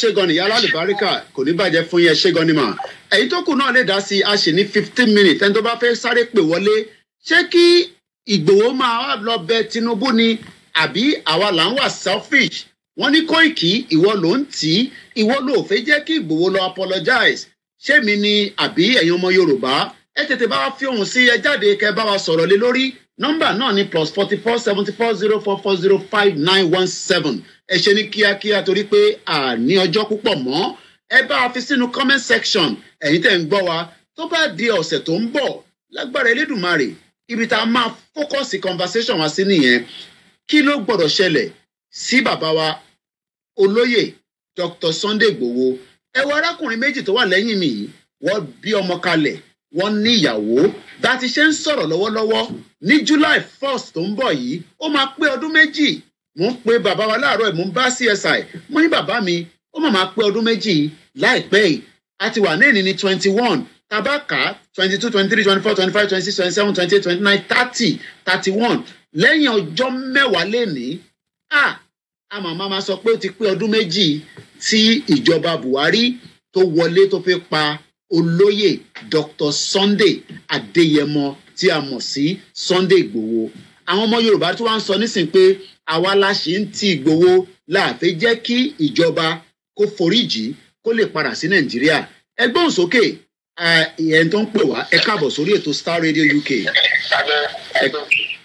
ṣégan nìyá alálùbáríkà kò ní bàjẹ́ fún yẹn ṣégan ni mà ẹ̀yin tó kù náà lè dá sí a sì ní fifteen minutes ẹni tó bá fẹ́ sáré pè wọlé ṣé kí ìgbòho máa lọ bẹ tinubu ni àbí àwa là ń wà selfish wọ́n ní kóìkì ìwọ ló ń tì í ìwọ ló fẹ́ jẹ́ kí ìgbòho lọ apologize ṣé mi ni àbí ẹ̀yin ọmọ yorùbá ẹ tètè bá wa fi ohùn sí ẹ jáde kẹ́ bá wa sọ̀rọ̀ lé lórí nọ́mbà náà ni plus forty four seventy four zero four four zero five nine one seven ẹ ṣe ní kíákíá torí pé àní ọjọ́ púpọ̀ mọ́ ẹ bá a fi sínú comment section ẹ̀yin tẹ̀ ń gbọ́ wa tó bá di ọ̀sẹ̀ tó ń bọ̀ lágbára elédùnmarè ibi tá a máa fókọ̀sì conversation wa sí nìyẹn kí ló gbọ́dọ̀ ṣẹlẹ̀ sí bàbá wa olóyè Dr. Sunday Igboho ẹ wo arákùnrin méjì tó wà lẹ́yìn mi yìí wọ́n bí ọmọ kalẹ̀ wọ́n ní ìyàwó bá a ti ṣe ń sọ̀rọ̀ lọ́wọ́lọ́wọ́ ní July 1st tó ń bọ̀ yìí ó máa pé ọdún méjì mo ń pe bàbá wa láàárọ̀ ẹ̀ mo ń bá CSI mo ní bàbá mi ó mà máa pé ọdún méjì láìpẹ́ yìí a ti wà ní ní twenty one tabaka twenty two twenty three twenty four twenty five twenty six twenty seven twenty eight twenty nine thirty thirty one lẹ́yìn ọjọ́ mẹ́wàá lénìí a a màmá máa sọ pé ó ti pé ọdún méjì tí ìjọba Buhari tó wọlé tó fi pa olóyè Dr. Sunday Adéyẹmọ tí a mọ̀ sí Sunday Ìgbòho àwọn ọmọ Yorùbá tó wá ń sọ nísìnyí pé àwa la sì ń ti Ìgbòho láàfin jẹ́ kí ìjọba kó foríjì kó lè padà sí Nàìjíríà ẹgbọ́n sókè ẹ̀ẹ́n tó ń pè wá ẹ káàbọ̀ sórí ètò Star Radio UK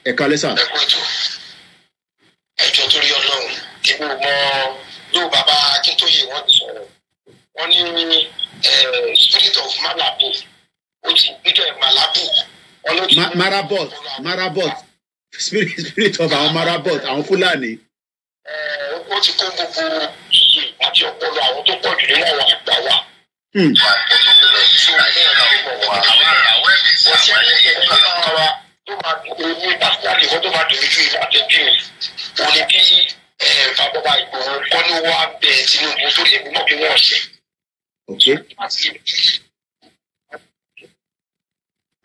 ẹ̀ka lẹ́sà. ẹjọ́ torí Ọlọ́run ìwọ mọ yóò bàbá Akíntóyè wọ́n ti sọ̀rọ̀ wọ́n ní spirit of malabo ó ti gbígbẹ malabo. marabot marabot spirit spirit of àwọn marabot àwọn fúlàní. ó ti kó gbogbo iyì àti ọpọlọ àwọn tó pọ̀ jù nínú àwọn àgbà wa. Èmi pásítálì kan tó máa dùn ju ìlú àtẹ̀jú mi, kò ní kí bàbá ìgbòho kọ́ ní wá bẹ̀ Tinubu torí èmi náà bí wọ́n ṣe.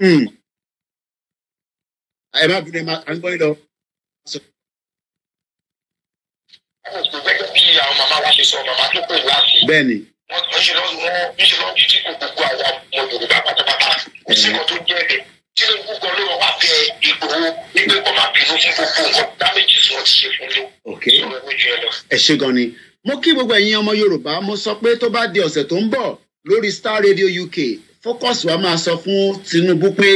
Mm ẹ má bínú ẹ má à ń gbọ́ yín lọ. gẹ́gẹ́ bí àwọn màmá wa ṣe sọ màmá tó pè láti. bẹ́ẹ̀ni. wọ́n ti ṣe lọ́wọ́ wọ́n ṣe lọ́wọ́ títí kò gbogbo àwọn ọmọ Yorùbá pátápátá kò sí nǹkan tó jẹ́ ẹ̀rẹ̀ Tinubu kan ló wà bẹ Ìgbòho nígbà kó má bínú fún gbogbo nǹkan dáméjì tí wọ́n ti ṣe fún ló. ẹ ṣé gan ni mo kí gbogbo ẹ̀yin ọmọ Yorùbá mo sọ pé tó bá di ọ̀sẹ̀ tó ń bọ̀ lórí Star Radio UK Focus wa máa sọ fún Tinubu pé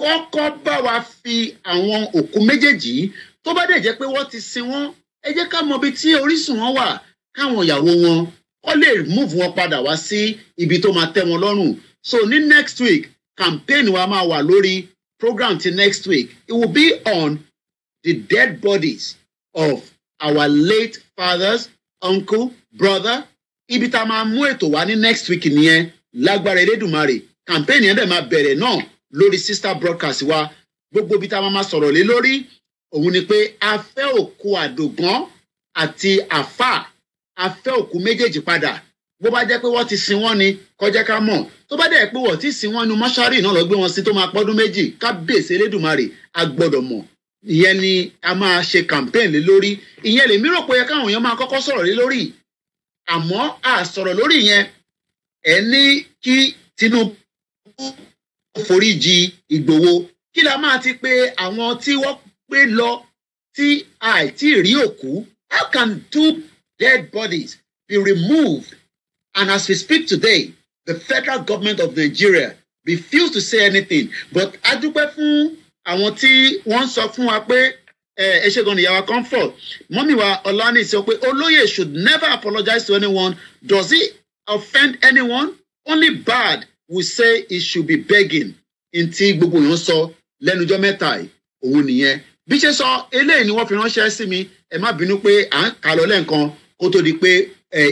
kọ́kọ́ bá wa fi àwọn òkú méjèèjì tó bá dẹ̀ jẹ́ pé wọ́n ti sin wọ́n ẹ jẹ́ ká mọ ibi tí orísun wọn wà káwọn ìyàwó wọn ó lè múùfù wọn padà wá sí ibi tó máa tẹ́ wọn lọ́rùn so ní next week campaign wa máa wà lórí program ti next week it will be on the dead bodies of our late fathers uncle brother ibi tá a máa mú ètò wá ní next week nìyẹn lágbára Elédùmarè campaign yẹn dẹ̀ máa bẹ̀rẹ̀ náà. No lórí sister broadcast wa gbogbo ibi tá a máa sọ̀rọ̀ lé lórí òun ni pé a fẹ́ òkú àdògán àti àfà a fẹ́ òkú méjèèjì padà bó bá jẹ́ pé wọ́n ti sin wọ́n ni kọjá ká mọ̀ tó bá dẹ̀ pé wọ́n ti sin wọ́n nu mọ́ṣárì náà lọ gbé wọn sí tó máa pọ́dún méjì kábíyèsí elédùnmarè a gbọ́dọ̀ mọ̀ ìyẹn ni a máa ṣe campaign lé lórí ìyẹn lèmi rò pé ó yẹ káwọn èèyàn máa kọ́kọ́ sọ̀rọ̀ lé lórí àmọ́ a sọ̀rọ̀ lórí yẹn ẹ ní kí Tinubu foríjì Ìgbòho kí la máa ti pe àwọn tí wọ́n gbé lọ tí àìtí rí òkú how can two dead bodies be removed and as we speak today the federal government of Nigeria refuse to say anything but a dúpẹ́ fún àwọn tí wọ́n sọ fún wa pé ẹ ṣe gan ìyàwó comfort mọ́mí wa ọ̀lànà sọ pé olóyè should never apologize to anyone does he offend anyone only bad we say it should be begging n tí gbogbo èèyàn sọ lẹ́nujọ́ mẹ́ta yìí òun nìyẹn bí ṣe sọ eléyìí ni wọ́n fi ránṣẹ́ sí mi ẹ má bínú pé à ń kà lẹ́ǹkan kó tó di pé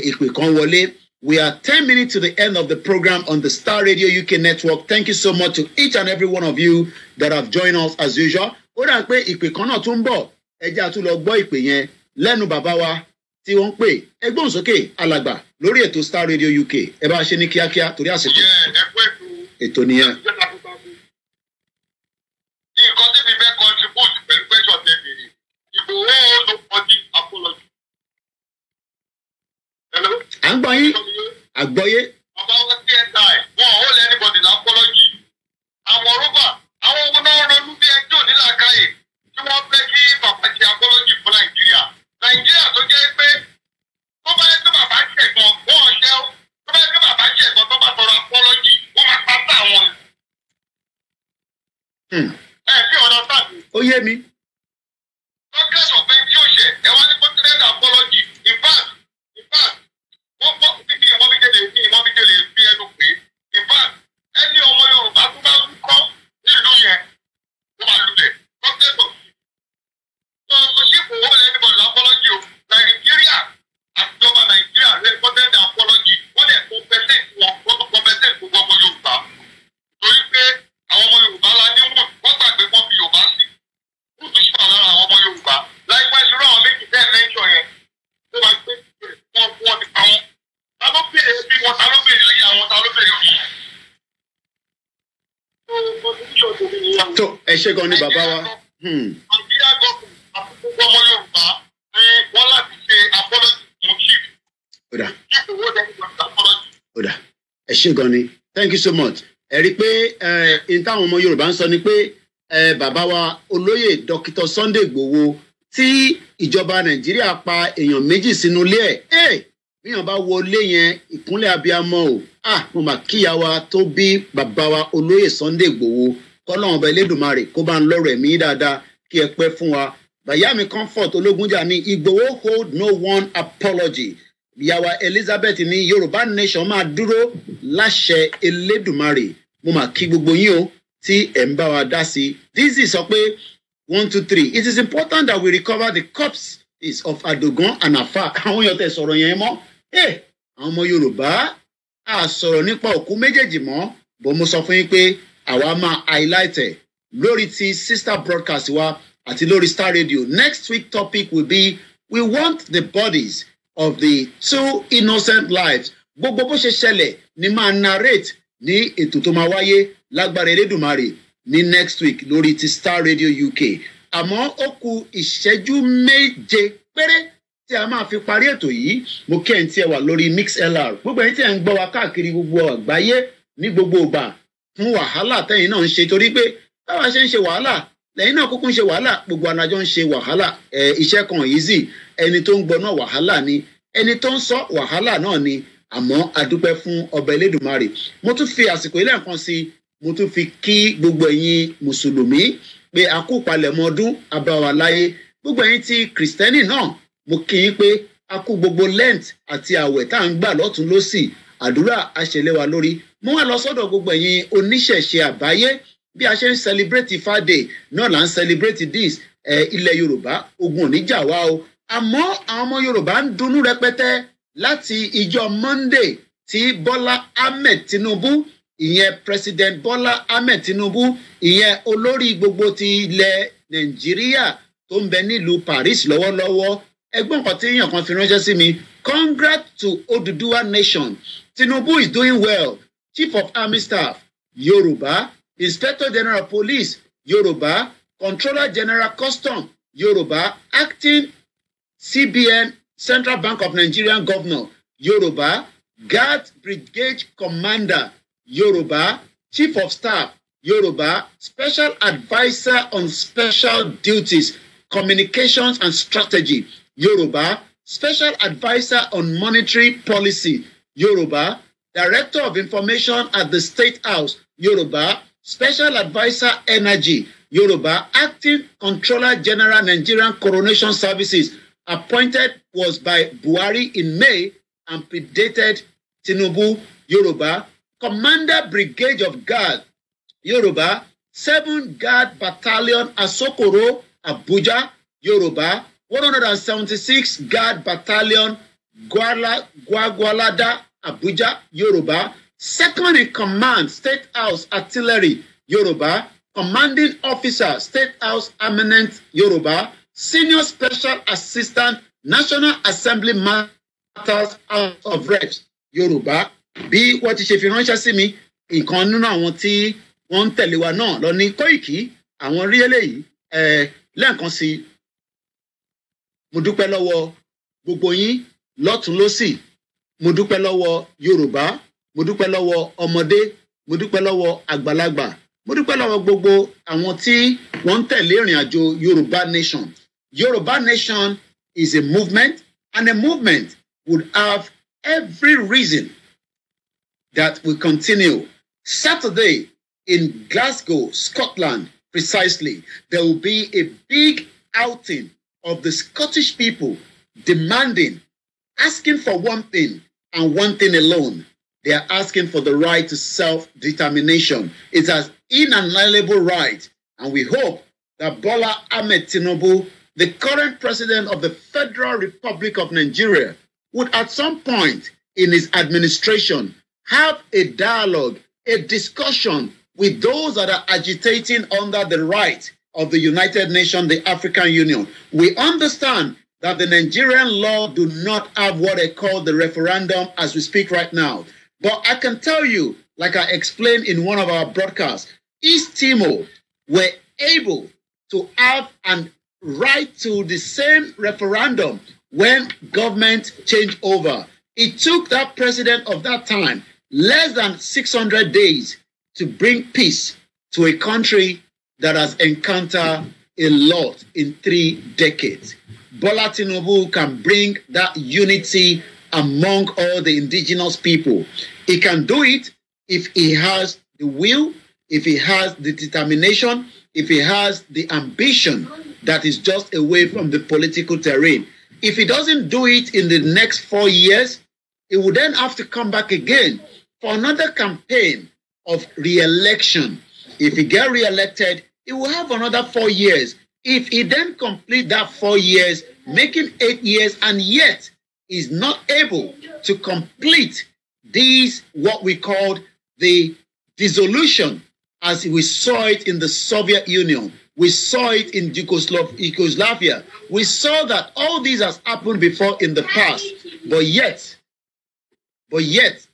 ìpè kan wọlé we are ten minutes to the end of the program on the Star Radio UK network thank you so much to each and every one of you that have joined us as usual ó dà pé ìpè kan náà tún bọ̀ ẹ jẹ́ àtúnlọ gbọ́ ìpè yẹn lẹ́nu bàbá wa tí wọ́n ń pè ẹgbọ́n sókè alàgbà lórí ètò Star Radio UK ẹ bá ṣe ní kíákíá torí àsìkò ètò nìyẹn. nǹkan tí mi fẹ́ contribute pẹ̀lú pẹ́sọ̀ tẹ̀lé Ìgbòho ló kọ́ ní apology. à ń gbọ́ yín àgbọ́yé. bàbá wa ti ẹ̀ ta ẹ̀ wọn ò lẹ́ anybody ní apology. àwọn rọ́bà àwọn ogun náà ronú bí ẹjọ́ nílàkàyè tí wọ́n fẹ́ kí bàbá ṣe apology fún Nàìjíríà nàìjíríà tó jẹ́ pé tó bá yẹ kí bàbá ṣẹ̀gbọ́n wọ́n ṣẹ́ tó bá yẹ kí bàbá ṣẹ̀gbọ́n tó bá tọrọ apọ́lọ́jì wọ́n máa pa sí àwọn. Hmm. ẹ fi ọ̀rọ̀ sáà. ó yé mi. congress of benjamin ṣe ẹ wá ní kọ́ńtínẹ́ẹ̀tì apọ́lọ́jì in fact in fact wọ́n tó ẹ ṣe gan ni bàbá wa. Hmm. ẹ ṣe gan ni thank you so much ẹ rí i pé n táwọn ọmọ yorùbá ń sọ ni pé bàbá wa olóyè dókítà Sunday Igboho tí ìjọba nàìjíríà pa èèyàn méjì sínú ilé ẹ̀ bíyàn bá wọlé yẹn ìkúnlẹ̀ abiyamọ o a ah, mo mà kíyà wa tó bí bàbá wa olóyè Sunday Igboho kọ́lọ́run ọba Elédùmarè kó bá ń lọ́rọ̀ ẹ̀mí dáadáa kí ẹ pẹ́ fún wa bayami comfort ológunjà ní Igboho hold no one apology ìyàwó Elizabeth ní Yorùbá nation máa dúró láṣẹ Elédùmarè mo mà kí gbogbo yín o tí ẹ̀ ń bá wa dá sí i dizzy sọ pé one two three it is important that we recover the cups. Is of Adogan and Afaq àwọn èèyàn tẹ sọ̀rọ̀ yẹn mọ́ àwọn ọmọ Yorùbá a sọ̀rọ̀ nípa òkú méjèèjì mọ́ bó mo sọ fún yín pé àwa máa highlight lórí ti sister broadcast wa àti lórí Star Radio next week topic will be we want the bodies of the two innocent lives gbogbo bó ṣe ṣẹlẹ̀ ni máa narrate ní ètò tó máa wáyé lágbára Elédùmarè ní next week lórí ti Star Radio UK àmọ́ ó kù ìṣẹ́jú méje péré tí a máa fi parí ètò yìí mo kí ẹ̀yin tí ẹ wà lórí MixLR gbogbo ẹ̀yin tí ẹ ń gbọ́ wa káàkiri gbogbo àgbáyé ní gbogbo ìgbà fún wàhálà tẹ́yin náà ń ṣe torí pé báwa ṣe ń ṣe wàhálà lẹ́yìn náà kúkú ń ṣe wàhálà gbogbo anájọ́ ń ṣe wàhálà iṣẹ́ kan easy ẹni tó ń gbọ́ náà wàhálà ni ẹni tó ń sọ wàhálà náà ni àmọ́ adúpẹ́ fún ọba Elédùmarè mo tún fi àsìkò ilé nǹkan sí mo tún fi kí gbogbo ẹ̀yin mùsùlùmí pé a ọdún abáwa láyé gbogbo ẹ̀yin ti kìrìsìtẹ́nì náà mo kí yín pé a kú gbogbo lent àti àwẹ̀ tá à ń gbà lọ́tún lọ́sì àdúrà àṣẹlẹ̀wà lórí mo wá lọ sọ́dọ̀ gbogbo ẹ̀yin oníṣẹ̀ṣe àbáyé bí a ṣe ń celebrate fàdé náà là ń celebrate this ẹ ilẹ̀ yorùbá ogun oníjà wa o àmọ́ àwọn ọmọ yorùbá ń dunnú rẹpẹtẹ láti ìjọ monday tí bọ́lá ahmed tinubu ìyẹn president bọ́lá ahmed tinubu ìyẹn olórí gbogbo ti ilẹ̀ nàìjíríà tó ń bẹ nílùú paris lọ́wọ́lọ́wọ́ ẹgbọ́n kan tí èèyàn kan fi ránṣẹ́ sí mi congrats to Oduduwa nation Tinubu is doing well chief of army staff Yoruba, inspector general police Yoruba, controller general Customs Yoruba, acting CBN central bank of Nigeria governor Yoruba, guard brigade commander Yoruba, chief of staff Yoruba, special adviser on special duties communications and strategy Yoruba, Special Adviser on Monetary Policy, Yoruba, Director of Information at the State House, Yoruba, Special Adviser Energy, Yoruba, Acting Controller General Nigerian Coronation Services, appointed was by Buhari in May and predated Tinubu, Yoruba, Commander Brigade of Guard, Yoruba, 7 Guard Battalion Asokoro, Abuja, Yoruba, 176 Guard Battalion, Guala, Guagualada, Abuja, Yoruba. Second in command, State House Artillery, Yoruba. Commanding Officer, State House Eminent, Yoruba. Senior Special Assistant, National Assembly Matters House of Reps, Yoruba. Bí wọ́n ti ṣe fi ránṣẹ́ sí mi, nǹkan nínú àwọn tí wọ́n ń tẹ̀lé wa náà lọ ní Kóìkì, àwọn rí eléyìí eh, lẹ́ẹ̀kan sí i mo dúpẹ́ lọ́wọ́ gbogbo yín lọ́tún lọ́sì mo dúpẹ́ lọ́wọ́ yorùbá mo dúpẹ́ lọ́wọ́ ọmọdé mo dúpẹ́ lọ́wọ́ àgbàlagbà mo dúpẹ́ lọ́wọ́ gbogbo àwọn tí wọ́n ń tẹ̀lé ìrìn àjò yorùbá nation yorùbá nation is a movement and a movement would have every reason that we continue saturday in glasgow scotland precisely there will be a big outing of the Scottish people demanding, asking for one thing and one thing alone. They are asking for the right to self determination. It's an inalienable right. And we hope that Bola Ahmed Tinubu, the current president of the Federal Republic of Nigeria, would at some point in his administration have a dialogue, a discussion with those that are agitating under the right of the United Nations, the African Union. We understand that the Nigerian law do not have what they call the referendum as we speak right now. But I can tell you, like I explained in one of our broadcasts, East Timor were able to have and right to the same referendum when government changed over. It took that president of that time less than 600 days to bring peace to a country that has encountered a lot in three decades. Bola Tinubu can bring that unity among all the indigenous people. He can do it if he has the will, if he has the determination, if he has the ambition that is just away from the political terrain. If he doesn't do it in the next four years, he would then have to come back again for another campaign of re-election. If he get re-elected, he will have another four years. If he then complete that four years, making eight years, and yet is not able to complete these what we called the dissolution as we saw it in the Soviet Union. We saw it in Yugoslavia. We saw that all this has happened before in the past, but yet, but yet,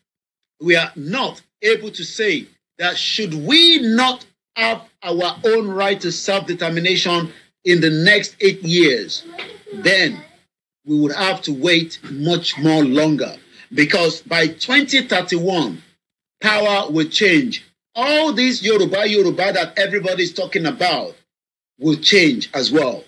we are not able to say that should we not have our own right to self determination in the next eight years, then we would have to wait much more longer because by 2031, power will change. All this Yoruba Yoruba that everybody is talking about will change as well.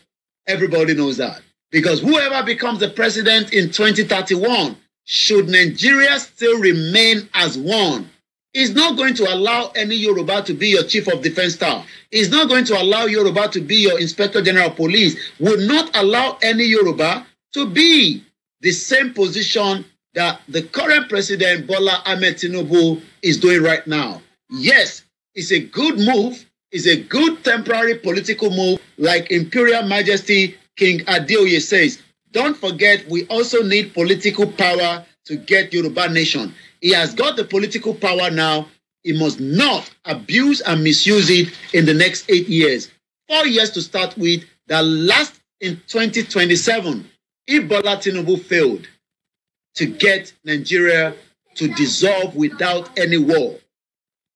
Everybody knows that. Because whoever becomes the president in 2031, should Nigeria still remain as one, Is not going to allow any Yoruba to be your chief of defense staff. Is not going to allow Yoruba to be your inspector general of police. Would not allow any Yoruba to be the same position that the current president Bola Ahmed Tinubu is doing right now. Yes, it's a good move. It's a good temporary political move, like Imperial Majesty King Adeoye says. Don't forget, we also need political power to get Yoruba nation. He has got the political power now. He must not abuse and misuse it in the next eight years. Four years to start with, that last in 2027, if Bola Tinubu failed to get Nigeria to dissolve without any war,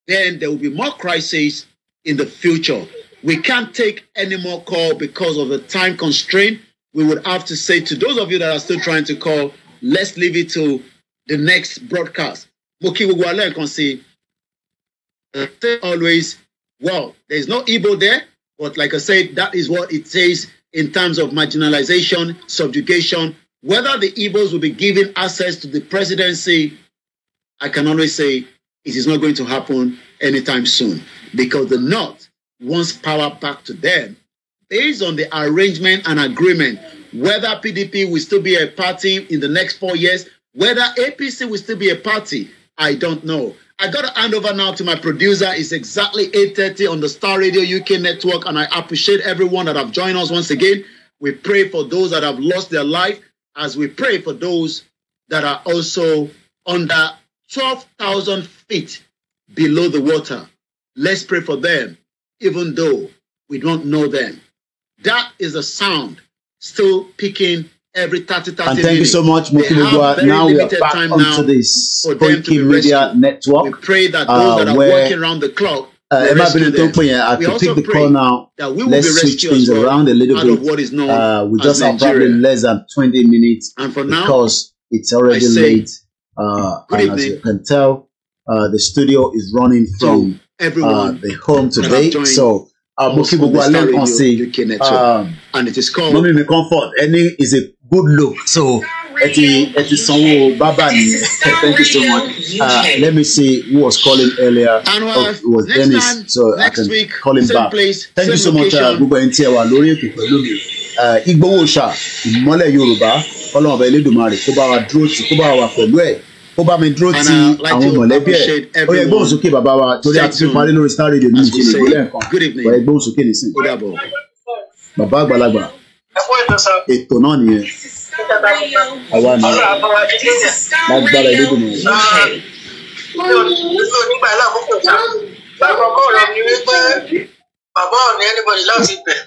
then there will be more crises in the future. We can't take any more call because of the time constraint. We would have to say to those of you that are still trying to call, let's leave it to the next broadcast. Mo kí gbogbo alẹ́ nǹkan sí i. Uh, say always, well, there is no evil there, but like I said, that is what it says in terms of marginalization, subjugation. Whether the evils will be given access to the presidency, I can only say it is not going to happen anytime soon because the North wants power back to them based on the arrangement and agreement whether PDP will still be a party in the next four years, whether APC will still be a party, I don't know. I got to hand over now to my producer. It's exactly 8.30 on the Star Radio UK network, and I appreciate everyone that have joined us once again. We pray for those that have lost their life as we pray for those that are also under 12,000 feet below the water. Let's pray for them, even though we don't know them. That is the sound still picking every 30 30 And thank minutes. you so much, Mukimugwa. Now we are back onto this Koiki Media be, Network. We pray that those uh, that are working around the clock uh, Emma Benetopon, yeah, I could pick the call now. Let's switch things well around a little bit. What is known uh, we just have probably less than 20 minutes and for now, because it's already late. Uh, and evening. as you can tell, uh, the studio is running from uh, the home today. So Ah, mo kí gbogbo alẹ́ nǹkan sí i mọ́mí mi comfort Any is a good look so ẹ ti ẹ ti sanwó bábà nìyẹn thank you so much uh, let me see who was calling earlier oh, it was Dennis so I can call him back thank you so much uh, gbogbo ẹni tí ẹ wà lórí ètò pẹ̀lú mi uh, Igbówó Òòṣà ìmọ́lẹ̀ Yorùbá ọlọ́run ọba Elédùmarè kó wa dúró tì wa pẹ̀lú ó bá mi dúró ti uh, àwọn mọ̀lẹ́bí ẹ̀ ó yẹ gbóhùn bàbá wa torí àti fífún alẹ́ lórí star radio ní ìṣẹ̀lẹ̀ ìgbélé nǹkan ó yẹ gbóhùn bàbá àgbàlagbà ètò náà nìyẹn àwa ni lágbára Elédùmarè. bàbá ọ̀nà ẹnìbọ̀dì láti bẹ̀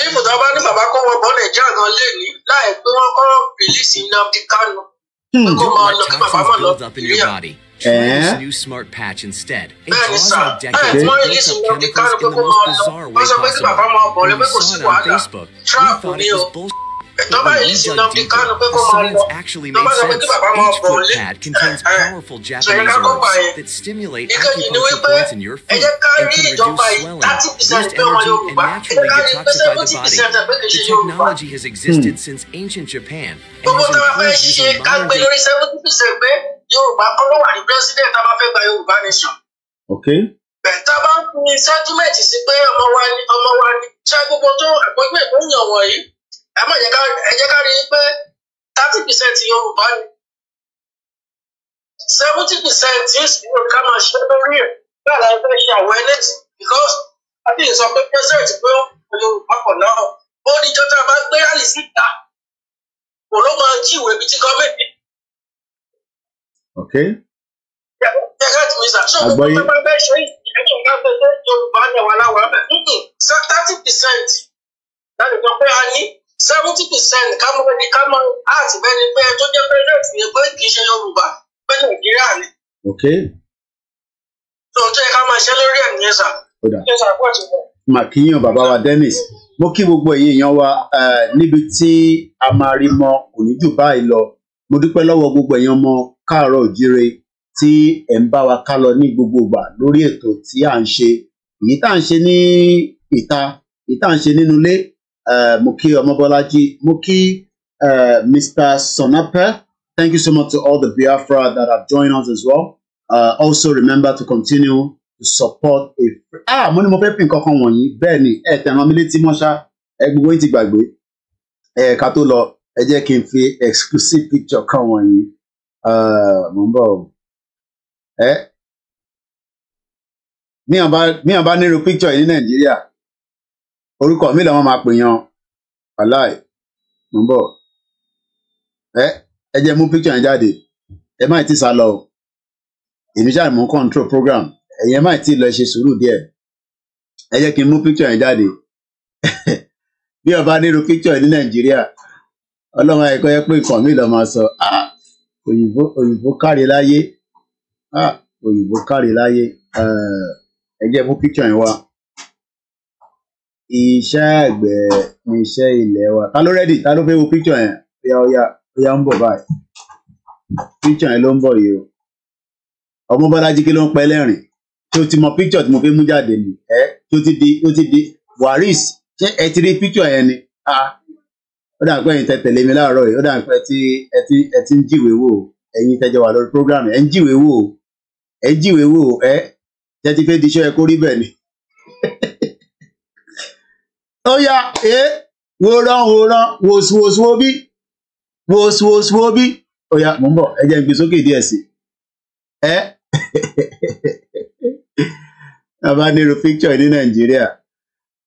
even tó bá ní bàbá kọ́ wọn bọ́ nàìjíríà gan lé ní láì pé wọ́n kọ́ rìlíìsì Nnamdi Kanu hmm. kó máa lọ kí bàbá máa lọ nàìjíríà. Eh? new smart patch instead. It draws out decades built up chemicals in the most bizarre way possible. When we These like science actually makes sense. Each foot pad contains eh, powerful Japanese herbs that stimulate acupuncture points in your feet and can reduce swelling, boost energy, and naturally detoxify the body. The technology has existed hmm. since ancient Japan and has improved using modern day. Okay. bẹ̀tà bá ń fi sẹ́tímẹ̀tì sí pé ọmọ wa ni ọmọ wa ni ṣé gbogbo tó àpéjúwe tó ń yàn wọ̀nyí ẹ má jẹ́ ká rí i pé thirty percent Yorùbá ni seventy percent ìṣirò ká máa ṣe lórí ẹ̀ bẹ́ẹ̀ la fẹ́ ṣe àwọn eléyìí because àti ìsọ pé president pé ó Yorùbá pọ̀ náà ó ní jọ́tà bá gbé rálì síta kò ló máa jí ìwé bíi ti gọ́ọ̀mẹ̀ntì. Okay. Àgbọ̀yé. Mm-hmm. Thirty percent. Láti sọ pé a ní seventy percent kámọ́ ẹni kámọ́ àti bẹ́ni pé tó jẹ́ pé rẹ́ẹ̀tì yẹn pé kì í ṣe Yorùbá pé Nàìjíríà ni. ok. tó tó yẹ ká máa ṣe lórí ẹ̀ nìyẹn sà. ó dà màkìyàn bàbá wa Dennis mo kí gbogbo èyí èèyàn wa níbi tí a máa rí mọ kò ní jù báyìí lọ mo dúpẹ́ lọ́wọ́ gbogbo èèyàn mọ káàárọ̀ òjíire tí ẹ̀ ń bá wa ká lọ ní gbogbo ìgbà lórí ètò tí à ń ṣe èyí tá à ń ṣe ní ìta èyí tá à ń ṣe nínú ilé Uh, mo kí ọmọbọlájí mo kí uh, mr sonape thank you so much to all the biafra that have joined us as well uh, also remember to continue to support a friend. ah mo ní mo fẹ́ pín kankan wọ̀nyí bẹ́ẹ̀ ni ẹ tẹ̀ràn mi létí mọ́ṣá ẹ gbogbo yín ti gbàgbé ẹ ká tó lọ ẹ jẹ́ kí n fi exclusive picture kan wọ̀nyí uh, mo ń bọ̀ o ẹ mi àbá mi àbá nírú picture yìí ní nàìjíríà orúkọ mi làwọn máa pè yan wàláì mo ń bọ̀ ẹ ẹ jẹ́ mú píkṣọ yẹn jáde ẹ má ti sá lọ èmi ṣáà mú control program ẹ̀yin ẹ má ti lọ ṣe sùúrù díẹ̀ ẹ jẹ́ kí n mú píkṣọ yẹn jáde bí ọba nírú píkṣọ ní nàìjíríà ọlọ́run àìkọ́ yẹ pé nǹkan mi lọ́ máa sọ òyìnbó òyìnbó kárí láyé òyìnbó kárí láyé ẹ jẹ́ mú píkṣọ yẹn wá. iṣẹ́ agbe ni iṣẹ́ ilẹ̀ wa ta ló rẹ́dì ta ló fẹ́ wo píkṣọ̀ yẹn bóyá ọ̀yà bóyá ń bọ̀ báyìí píkṣọ̀ yẹn ló ń bọ̀ yìí o ọmọ Bọ́lájí kí ló ń pẹ́ lẹ́rìn ti mọ píkṣọ̀ tí mo fẹ́ mú jáde nì ẹ́ ti di o ti di waris ṣé ẹ ti rí píkṣọ̀ yẹn ni a ó dà tẹ tẹ̀lé mi láàárọ̀ yìí ó dà ẹ ti ẹ ti ń program ẹ̀ ń ẹ bẹ́ẹ̀ ni. ó yá ẹ wòran wòran wòsùwòsùwò bí wòsùwòsùwò bí ó yá mò ń bọ̀ ẹ jẹ́ n gbé sókè díẹ̀ sí ẹ bàbá nírú picture ní nàìjíríà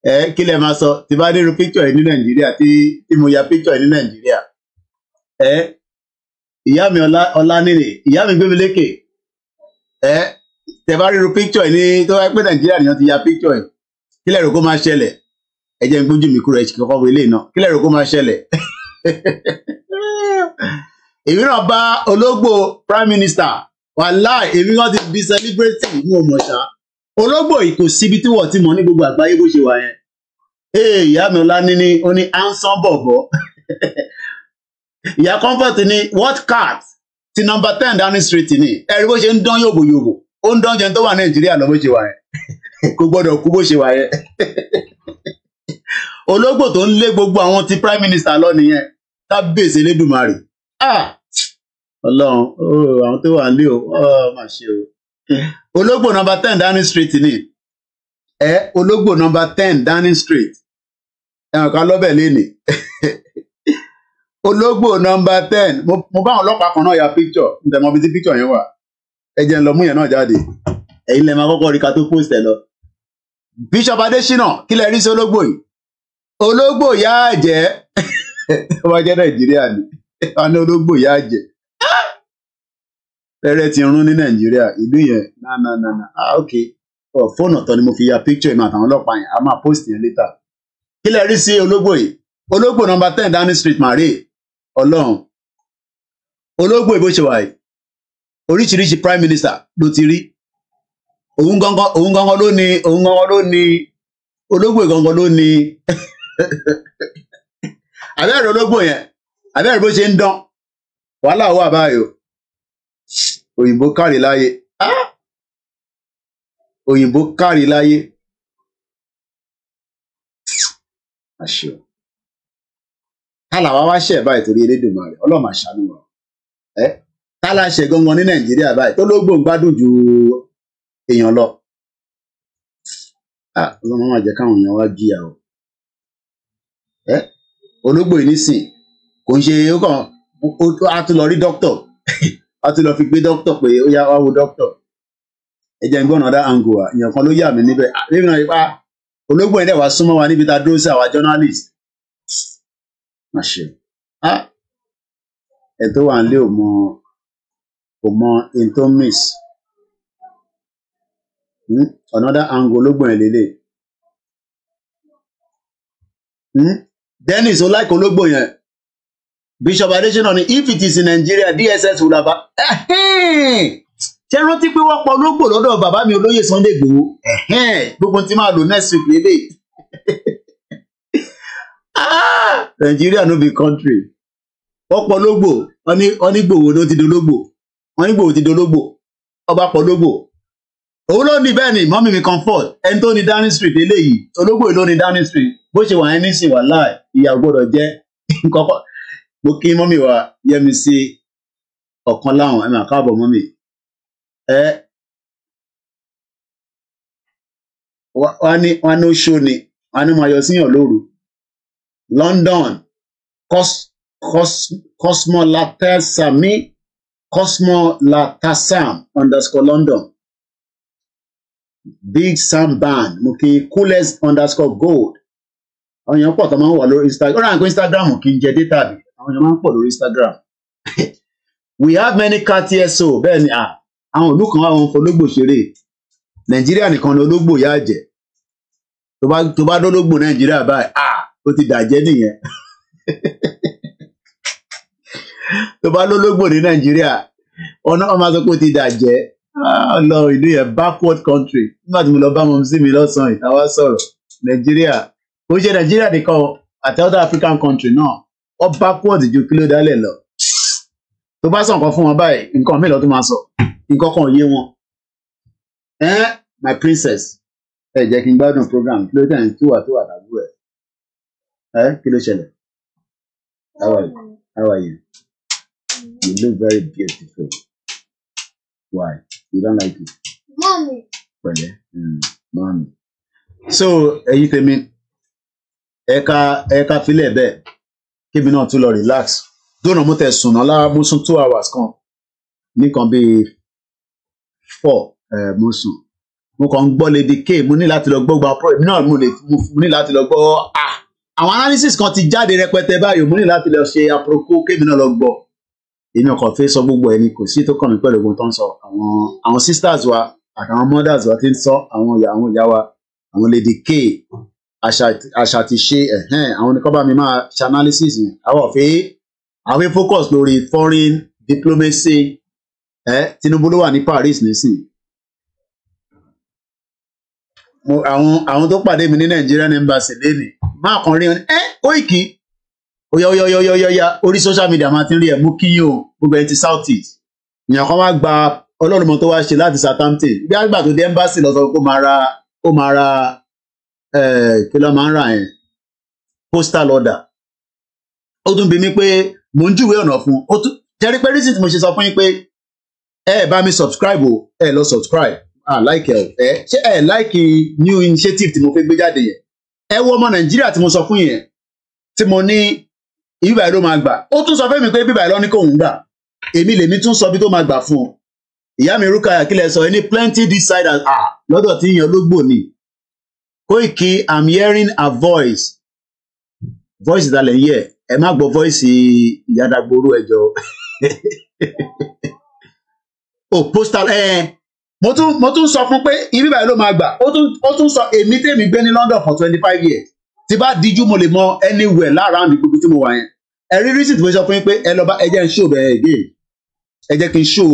ẹ kí lẹ máa sọ tí bá nírú picture ní nàìjíríà tí tí mo ya picture ní nàìjíríà ẹ ìyá mi ọlá ọlá nìyí ìyá mi gbé mi lékè ẹ tẹ bá ríru picture ní tó wáyé pé nàìjíríà nìyẹn ti ya picture kí lẹ rò kó máa ṣẹlẹ̀ ẹ jẹ́ ń gbójú mi kúrò ẹ kí kọ́kọ́ wo ilé náà kí lẹ́rù kó máa ṣẹlẹ̀. èmi náà bá ológbò prime minister wàláì èmi kan ti bí celebrity mú o mọ̀ ṣá ológbò yìí kò síbi tí wọ́n ti mọ̀ ní gbogbo àgbáyé bó ṣe wà yẹn. ee eh, ìyá mi ọlá ní ó ní ansan bọ̀bọ̀ ìyá comfort ní what card? ti number ten Downing Street ní ẹ̀rí bó ṣe ń dán yòbòyòbò ó ń dán jẹun tó wà Nàìjíríà lọ bó ṣe wà yẹn kò gbọ́dọ̀ kú bó ṣe wà yẹn ológbò tó ń lé gbogbo àwọn ti prime minister lọ nìyẹn kábíyèsí elédùnmarè ah! Ọlọ́run àwọn tó wà nílé o má ṣe o ológbò number ten Downing Street ni ẹ ológbò number ten Downing Street ẹ̀wọ̀n kan lọ́bẹ̀ léni ológbò number ten mo bá àwọn ọlọ́pàá kan náà ya picture ntẹ̀mọ́ bíi ti picture yẹn wà ẹ jẹ́ ń lọ mú yẹn náà jáde ẹ̀yin lẹ́ẹ̀ máa kọ́kọ́ rí ká tó post ẹ̀ lọ Bishop Adesina kí lẹ rí sí ológbò yìí ológbò yá àjẹ́ wọ́n jẹ nàìjíríà ni wọ́n ní ológbò yá jẹ, rẹ́rẹ́ ti rún ní nàìjíríà ìlú yẹn na na na na ah ok fóònù ni mo fi ya picture ìmọ̀ àtàwọn ọlọ́pàá yẹn a máa post yẹn later kí lẹ rí sí ológbò yìí ológbò number ten Downing Street Marie ológbò ṣe wà yìí oríṣiríṣi prime minister ló ti rí òun àbẹ́rẹ́ ológbò yẹn àbẹ́rẹ́ bó ṣe ń dán wàhálà wà báyìí o òyìnbó kárí láyé òyìnbó kárí láyé àṣẹ o tálà wá wá ṣẹ̀ báyìí torí Elédùmarè ọlọ́mà ṣàánú wa ẹ tálà ṣe gangan ní Nàìjíríà báyìí tó ló gbòǹ gbádùn ju èèyàn lọ ọlọ́run má jẹ́ káwọn èèyàn wá jìyà o ológbò yìí nísìn kò ń ṣe ó kàn á tún lọ rí dókítà á tún lọ fi gbé dókítà pé ó yá wá wo dókítà ẹ jẹ́ n gbọ́n ọ̀dà àǹgò à èèyàn kan ló yà mí níbẹ̀ níbi náà ipá ológbò yẹn dẹ̀ wá súnmọ́ wa níbi tá a dúró sí àwa journalist má ẹ tó wà ń lé ò mọ kò hmm? another angle ológbò yẹn lélẹ̀ hmm? Dennis olaiko ológbò yẹn Bishop Adesina ni if it is in Nigeria DSS will have ṣé rántí pé wọ́n pa ológbò lọ́dọ̀ bàbá mi olóyè Sunday Igboho gbogbo tí máa lò next week lélẹ́yìí ah! Nigeria no be country wọ́n pa ológbò wọ́n ní Igboho ló ti dológbò wọ́n ní Igboho ti dológbò ọba pa ológbò òun ló ní bẹ́ẹ̀ ni mọ́mí mi comfort ẹni tó ní Downing Street eléyìí ológbò ló ní Downing Street bó ṣe wà ẹni sì wà láì ìyá gbọ́dọ̀ jẹ́ kọ́kọ́ mo kí mọ́mí wa yẹmi sí ọ̀kan láwọn ẹ̀ máa káàbọ̀ mọ́mí ẹ wá ní wá ní oṣù ni wá ní máa yọ síyàn lóru London cos cos cosmolatasami cosmolatasam underscore London big samban mo kí coolest underscore gold àwọn èèyàn pọ̀ tó máa ń wà lórí instagram ọ̀rọ̀ àgbẹ̀ instagram kì í jẹ data bi àwọn èèyàn máa ń pọ̀ lórí instagram we have many car bẹ́ẹ̀ ni àwọn ìlú kan àwọn ológbò ṣeré nàìjíríà nìkan ni ológbò yá jẹ tó bá tó bá dólógbò nàìjíríà ah ó ti dàjẹ́ nìyẹn tó bá lólógbò ní nàìjíríà ọ̀nà ọmọ ti dàjẹ́ ọlọ́run ah, ìlú yẹn backward country nígbà tí mo lọ bá mọ sí mi lọ́sàn-án yìí táwa sọ̀rọ̀ nàìjíríà kò ṣe nàìjíríà nìkan àti other african country náà ọ backward ju kí ló dálẹ̀ lọ tó bá sọ nǹkan fún wọn báyìí nǹkan mélòó tó máa sọ nǹkan kan yé wọn ẹ my princess ẹ jẹ́ kí n gbádùn program kí ló dé àyìn tó wà tó wà lábúrò ẹ ẹ kí ló ṣẹlẹ̀ how are you how are you you look very beautiful. Why? You don't like it? Mommy. Pẹ̀lẹ́. Mm. Mommy. So, ẹ̀yin tèmi, Eka ẹ̀ka filẹ̀ there. kébì náà tún to relax. Dónà mo tẹ̀ sùn soon. lára mo sùn two hours Come. Me can be four mo sùn. Mo kàn ń gbọ́ Lady K, mo ní láti lọ gbọ́ gba pro, èmi náà mo ní láti lọ gbọ́ ah. Àwọn analysis kan ti jáde rẹpẹtẹ báyìí, mo ní láti lọ ṣe àpòròkó kébì náà lọ gbọ́ èmi ọkàn fẹ́ sọ gbogbo ẹni kò sí tó kàn mí pẹ̀lú ogun tó ń sọ àwọn àwọn sisters wa àtàwọn mothers wa ti ń sọ àwọn ìyá àwọn ìyá wa àwọn lady k àṣà ti ṣe ẹ̀hẹ́n àwọn nìkan mi máa ṣe analysis yẹn àwọn ọ̀fẹ́ àwọn focus lórí foreign diplomacy ẹ Tinubu ló wà ní Paris nísìnyí àwọn àwọn tó pàdé mi ní Nigerian embassy lẹ́nu máa kàn rí ẹ Koiki oya oya oya oya oya orí social media máa ti ń rí ẹ mú kíyàn o gbogbo ẹ ti south east èèyàn kan wá gba ọlọ́run mọ tó wá ṣe láti Southampton bí àgbà tó dé embassy lọ sọ pé ó máa ra ó máa ra kí ló máa ń rà yẹn postal order ó tún bi mí pé mò ń júwèé ọ̀nà fún ó tún jẹ́rí pé reason mo ṣe sọ fún yín pé ẹ bá mi subscribe o ẹ lọ subscribe ah like ẹ o ẹ ṣé ẹ like new initiative tí mo fẹ́ gbé jáde yẹn ẹ wo ọmọ Nàìjíríà tí mo sọ fún yẹn tí mo ní ibi báyìí ló máa gbà ó tún sọ fẹ́mi pé ibi báyìí lọ ní kóun gbà èmi lèmi tún sọ bí tó máa gbà fún un ìyá mi rúkà àkílẹ̀ sọ ẹni plenty this side and ah lọ́dọ̀ tí yan ló gbò ní Koiki i'm hearing her voice voice ìdálẹ̀ ń yẹ ẹ má gbọ́ voice ìyàdàgbòrú ẹjọ́ o oh, postal ẹ eh, mo tún mo tún sọ fún pé ibi báyìí ló máa gbà ó tún ó tún sọ èmi tèmi gbé ní London for twenty five years tí bá díjú mo lè mọ anywhere lára àmì gbogbo tí mo wà yẹn ẹ rí reason tí mo sọ fún yín pé ẹ lọ bá ẹ jẹ́ n show bẹ́ẹ̀ again ẹ jẹ́ kí n show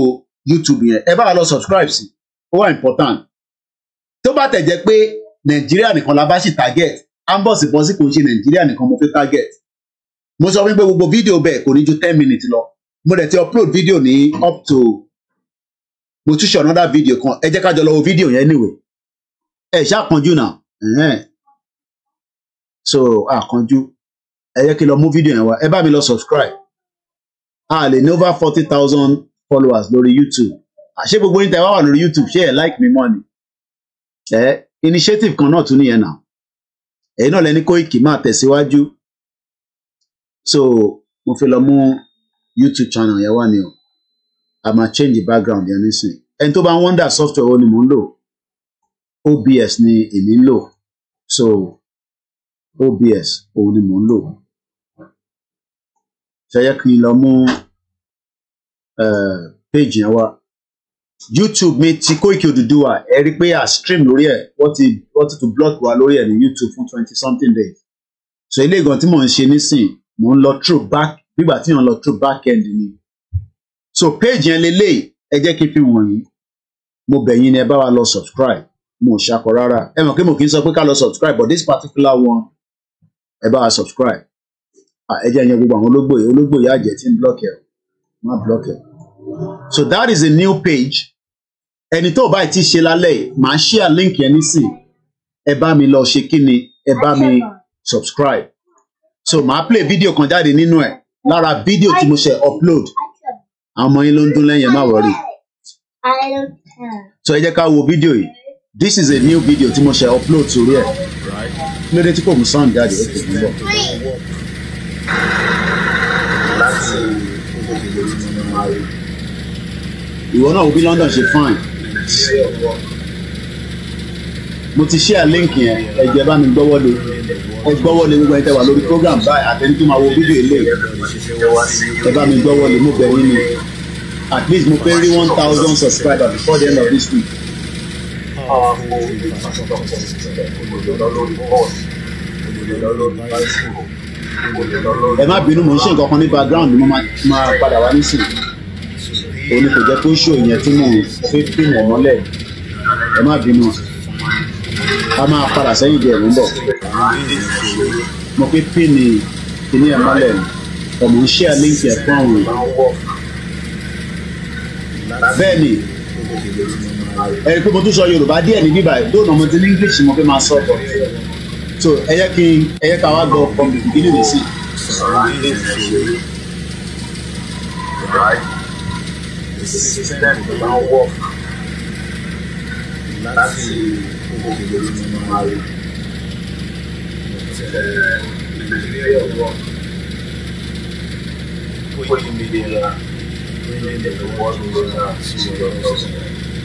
YouTube yẹn ẹ bá wa lọ subscribe sí ó wà important tó bá tẹ̀ jẹ́ pé Nàìjíríà nìkan la bá sì target ambos bọ́sì kò ń ṣe Nàìjíríà nìkan mo fẹ́ target mo sọ fún yín pé gbogbo fídíò bẹ́ẹ̀ kò ní ju ten minutes lọ mo dẹ̀ ti upload fídíò ní up to mo tún ṣe another video kan ẹ jẹ́ ká jọ lọ wo fídíò yẹn anyway ẹ ṣáà kanjú náà so àkànjú ẹ yẹ kí n lọ mú fídíò yẹn wá ẹ bá mi lọ subscribe a lè ní over forty thousand followers lórí youtube àṣé gbogbo yín tẹ wá wà lórí youtube ṣé ẹ like mi mọ ni ẹ initiative kan náà tún nìyẹn náà èyí náà lẹni Koiki máa tẹ̀síwájú so mo fi lọ mú youtube channel yẹn wá ni o a máa change the background yẹn nísìnyí ẹni tó bá ń wonder software wo ni mò ń lò obs ni èmi ń lò so obs òun ni mò ń lò ṣẹyẹ kí n lọ mú page yẹn wá youtube mi ti Koiki Odùduwà ẹ rí i pé a stream lórí ẹ wọ́n ti wọ́n ti tún block wa lórí ẹ ní youtube fún twenty something days so ilé ìgàn tí mò ń ṣe nísìn mò ń lọ through back nígbà tí mò ń lọ true back end mi so page yẹn lélẹ́yìí ẹ jẹ́ kí n fi wọ̀nyí mo bẹ̀ yín ni ẹ bá wa lọ subscribe mo ṣakọ rárá ẹ mọ̀ pé mo kì í sọ pé ká lọ subscribe but this particular one ẹ bá a subscribe ẹ jẹ́ ẹ̀yàn gbogbo àwọn ológbòye ológbòye àjẹ́ tí ń block ẹ̀ má block ẹ̀ so that is a new page ẹni tó bá ti ṣe lálẹ́ màá share link yẹn nísìn ẹ bá mi lọ ṣe kí ni ẹ bá mi subscribe so màá play video kan jáde nínú ẹ̀ lára fídíò tí mo ṣe upload àwọn ọmọ yín ló ń dún lẹ́yìn ẹ má wọrí so ẹ jẹ́ ká wo fídíò yìí this is a new video tí mo ṣe upload sórí ẹ̀. Right kí ló dé tí kò mú sound jáde ó kò bọ̀. láti ìwọ náà wo bí London ṣe fine. mo ti share link yẹn ẹ jẹ́ bá mi gbọ́wọ́ lé ẹ gbọ́wọ́ lé gbogbo ẹni tẹ́ wà lórí program báyìí àtẹni tó máa wo fídíò ilé ẹ bá mi gbọ́wọ́ lé mo bẹ̀ yín ni at least mo fẹ́ one thousand subscribers before the end of this week ààrùn ìbàdọ̀pọ̀ olùdọ̀lọ́ lórí bọ́ọ̀lù olùdọ̀lọ́ lórí báyìsíkò olùdọ̀lọ́ lórí. ẹ má bínú mo ń ṣe nǹkan kan ní background ni mo máa padà wá nísìnyí òun kò jẹ́ kó ṣó ìyẹn tí mò ń fi fìmọ̀ mọ́lẹ̀ ẹ má bínú a máa padà sẹ́yìn díẹ̀ ló ń bọ̀ mo pé píìnì kìíní ẹ̀ mọ́lẹ̀ ń ṣe àlíǹkì ẹ̀ fún bẹ́ẹ̀ ni ẹ pé mo tún sọ yorùbá díẹ̀ ní bíbá yìí lóòótọ́ mo ti ní english mo fẹ́ máa sọ ọ̀pọ̀ so ẹ yẹ kí ẹ yẹ ká wá gbọ́ from the beginning ní sí. The system tó bá ń wọ̀ láti òkè lórí mi máa rí ìgbésí ọ̀gbọ́n pé ìmìlera ní ilẹ̀ ìwọ́n ló ń ra sí ìjọba ọ̀gbọ́n.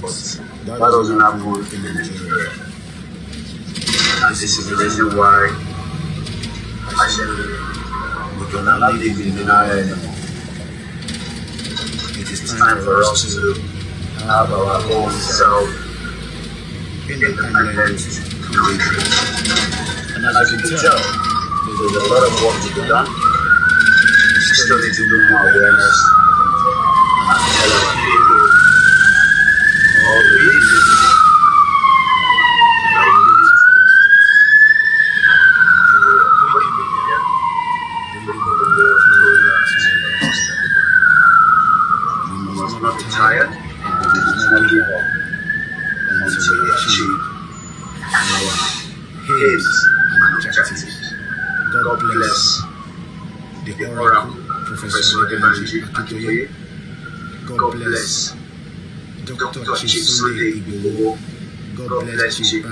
but that, that doesn't happen in Nigeria. And this is the reason why I said we cannot live in denial anymore. It is time for us to have our own self independent creation. And as you can tell, there's a lot of work to be done. Still need to do more awareness and tell our people.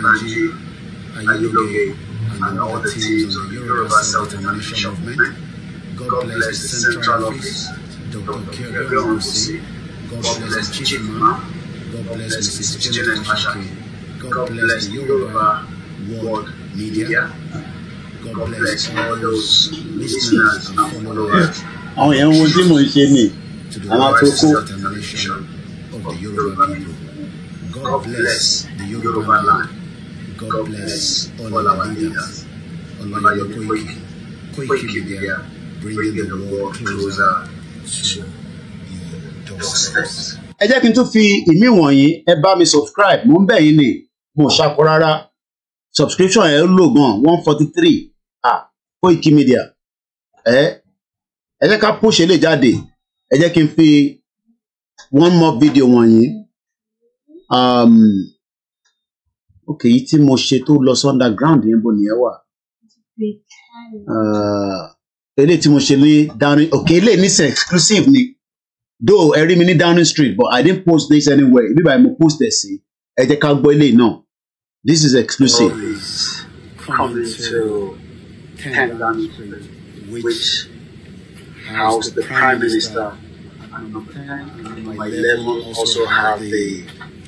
Banji, Ayiloge, and all the teams of the Yoruba Self-Determination Movement. God bless the Central Office, Dr. Kyogo Rusi. God bless the Chief Man. God bless Mrs. Janet Mashaki. God bless the Yoruba World Media. God bless all those listeners and followers. àwọn yẹn ń wo tí mò ń ṣe ni àwọn tó kó. of the Yoruba people. God bless the Yoruba land. God bless all our leaders. Olaya Koiki, Koiki bringing the world closer to your doorsteps. Ẹ jẹ́ kí n tún fi ìmí wọ̀nyí ẹ bá mi subscribe mo ń bẹ̀ yín ni mo ṣàkó rárá subscription ẹ lò gan one forty three ah Koiki Media ẹ ẹ jẹ́ ká push eléyìí jáde ẹ jẹ́ kí n fi one more video wọ̀nyí. Um, ok èyí tí mo ṣe tó lọ sí underground yẹn bó nìyẹn wà ah, eléyìí tí mo ṣe ní Downing ok eléyìí ní sẹ exclusive ni though ẹ rí mi ní Downing Street but I didn't post this anywhere ibi báyìí mo post ẹ sí ẹ jẹ́ ká gbọ́ eléyìí náà this is exclusive. Always coming to ten which house the prime minister and my level also have the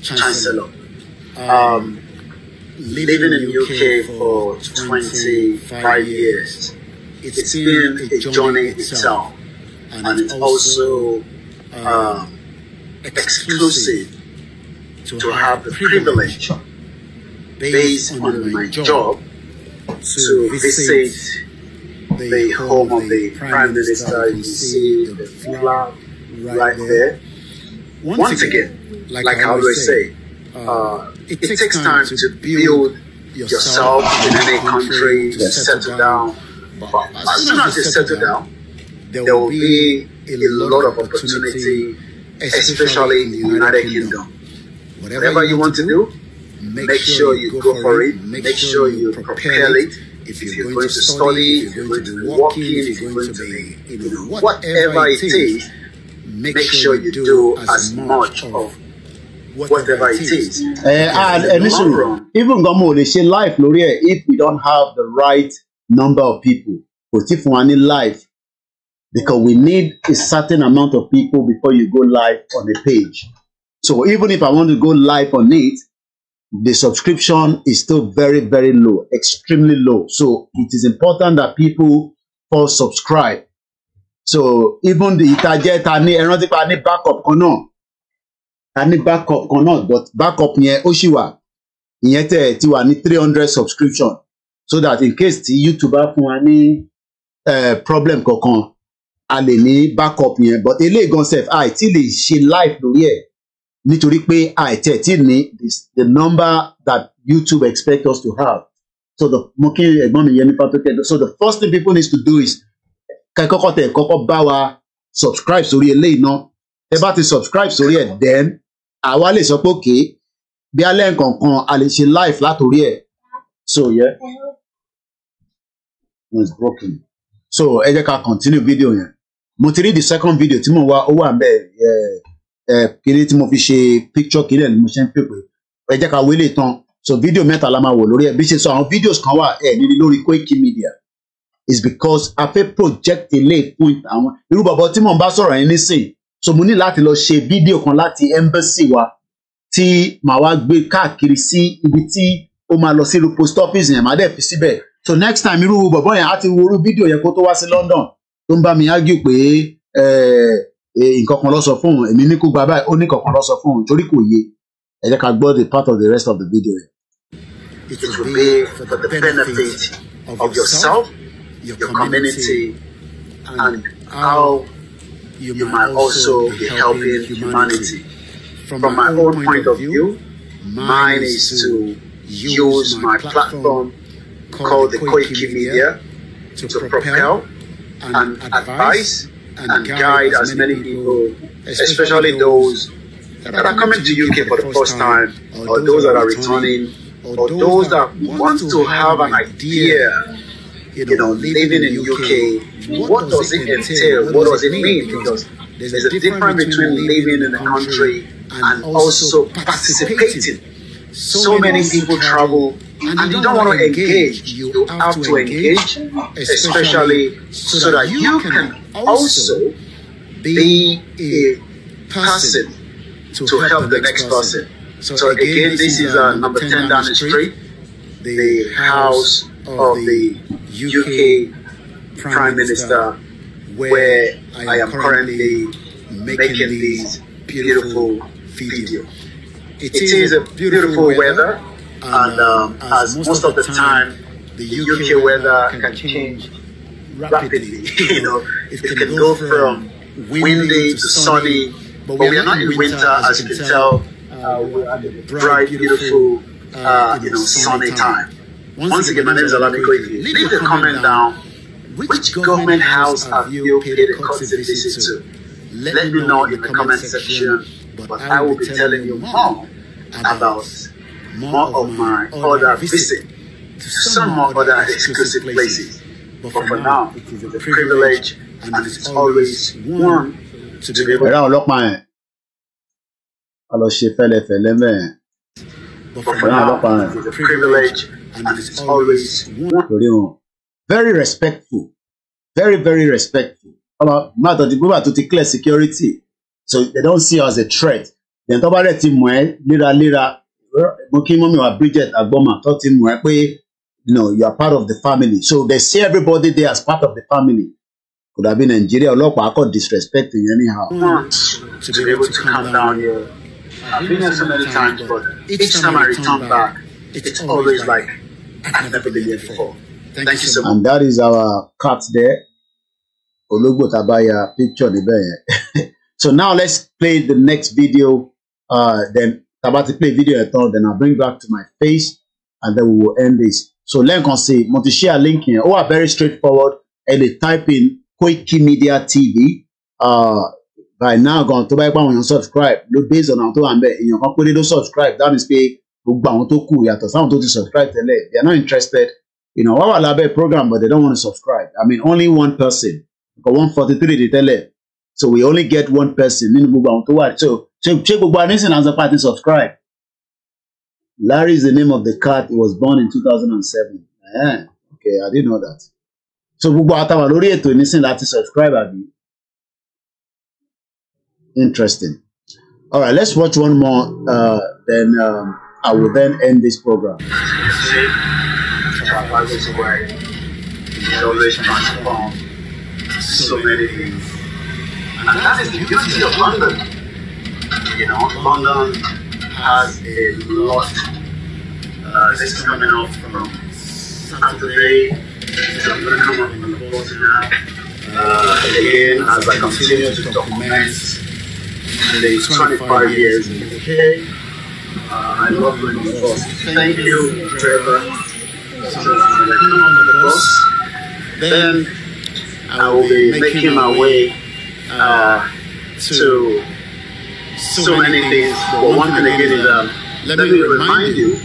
chancellor. Um, living in the UK for 25 years. It's been a journey itself, and it's also um, um exclusive to have the privilege based on my job to visit the home of the Prime Minister. You see the flag right there. Once again, like I always say, uh, uh it, it takes, time, time, to build yourself, in any country, to settle down. down. But, but as, as soon as you settle down, down there will be a lot of opportunity, especially in the United Kingdom. Kingdom. Whatever, Whatever you want to do, make, make sure, you go for it, make sure you prepare it. If you're, if you're, going, going to study, if you're going to be in, if you're going to be, you know, whatever it is, make sure you do as much of whatever it is. ẹ eh, ah, eh, ní even gan mo lè ṣe live lórí if we don't have the right number of people kò tí fún wa ní live because we need a certain amount of people before you go live on the page so even if I want to go live on it the subscription is still very very low extremely low so it is important that people all subscribe so even the ìtajẹ́ ta ní ẹran need backup or náà a ní backup kan náà but backup yẹn ó ṣì wà ìyẹn tẹ̀ ti wà ní three hundred subscription so that in case tí YouTube bá fún wa ní problem kankan a lè ní backup yẹn but eléyìí gan sef àì tí lè ṣe live lórí ẹ̀ nítorí pé àì tẹ̀ tí ní the number that YouTube expect us to have so the mo kí ẹ̀gbọ́n mi yẹn ní pàtó kẹjọ so the first thing people need to do is kẹkọkọ tẹ kọ́kọ́ bá wa subscribe sórí eléyìí náà ẹ bá ti subscribe sórí ẹ̀ then àwa lè sọ pé òkè bí alẹ́ nǹkankan a lè ṣe life látòrí ẹ̀ so yeah it's broken so ẹ jẹ́ ká continue video yẹn mo ti rí the second video tí mo wá ó wà bẹ́ẹ̀ ẹ ẹ kiri tí mo fi ṣe picture kiri ẹ̀ ni mo ṣe ń pè pé ẹ jẹ́ ká wélé tán so video mẹ́ta la máa wò lórí ẹ̀ bí ṣe sọ àwọn videos kan wà ẹ̀ nílí lórí Koiki Media is because a fẹ́ project ilé fún àwọn irú bàbá tí mò ń bá sọ̀rọ̀ yẹn nísìnyí so mo ní láti lọ ṣe fídíò kan láti embassy wa tí màá wá gbé káàkiri sí ibi tí ó máa lọ sí irú post office yẹn màá dẹ̀ fi síbẹ̀ so next time irú bọ̀bọ̀ yẹn á ti wo irú fídíò yẹn kó tó wá sí London tó ń bá mi argue pé nǹkan kan lọ sọ fún òun èmi ní kó gba báyìí ó ní kankan lọ sọ fún òun torí kò yé ẹ jẹ́ ká gbọ́ the part of the rest of the video yẹn. It will be for the benefit of yourself, your community, and our. you, you might also be helping humanity. From, From my, own point, point of view, mine is to use my platform called the Koiki Media to, to propel and advise and guide as many people, especially those that are coming to UK for the first time, or those that are returning, or those that want to have an idea you know, you know living in the UK, UK what does it entail? What does it mean? Because there's, there's a difference between living in the country and also participating. So, so many people travel and, and you don't want to engage, you have to engage, especially so that you can also be a person to help the next person. So, so again, this is uh, number 10 down the street, the house of the UK Prime Minister, where I am currently making these beautiful video. It is a beautiful weather, and um, um, as most of the time, the UK weather can change rapidly. you know, it can go from windy to sunny, but we are not in winter, as you can tell. Uh, we're at a bright, beautiful, uh, uh, you know, sunny time. Once, Once again, my name is Alabi Levy. Leave, leave a comment down. Which, which government, house have you paid a courtesy visit to? Let, Let me know in the comment section, but, but I will be telling you more about more of my other visit to some more other exclusive places. But for now, it is a privilege and it's always warm to be able to. a lọ ṣe my mẹ. But for now, it's a privilege and is always very respectful very very respectful ọmọ mátọ ti gbọ́dọ̀ tó ti clear security so they don't see us as a threat then tọ́ba rẹ̀ ti mọ̀ ẹ́ léraléra mo kí mọ́mí wa Bridget agbọ́mà tó ti mọ̀ ẹ́ pé you know you are part of the family so they see everybody there as part of the family Could kò dàbí Nàìjíríà ọlọ́pàá kò disrespect yẹn anyhow. Mm. Ah. to be able to calm down here. I've been here so many times, but each time I return back, it's always like Thank, Thank you so much. And that is our cut there. Olugbo Tabaya picture níbẹ̀ So now let's play the next video. Uh, then Tabati play video at all. Then I'll bring back to my face, and then we will end this. So lẹ́ẹ̀kan sí mo ti share link here? Oh, very straightforward. Ẹ lè type in Koiki Media TV. Uh, by now go on to buy one àwọn subscribe Look based on àwọn tó wà ń bẹ̀ èèyàn kan péré ló subscribe that is pay gbogbo àwọn tó kù yàtọ̀ sáwọn tó ti subscribe tẹ́lẹ̀ they are not interested you know wọ́n wà lábẹ́ program but they don't want to subscribe i mean only one person because one forty three dey tẹ́lẹ̀ so we only get one person nínú gbogbo àwọn tó wà so ṣé gbogbo anisin and sapa ti subscribe larry is the name of the cat he was born in two thousand and seven okay i didn't know that so gbogbo àtàwà lórí ètò nísìn láti subscribe àbí interesting all right let's watch one more uh, then. Um, I will then end this program. So many things. And that is the beauty of London. You know, London has a lot uh, this is coming off from Saturday. So I'm going to come up on the board now. Uh, again, as I continue to document the 25 years in the UK. I love my the book. Thank you, Trevor, the boss. Then I will be making my way uh, uh, to so many things. But one thing again is, um, uh, let me remind you,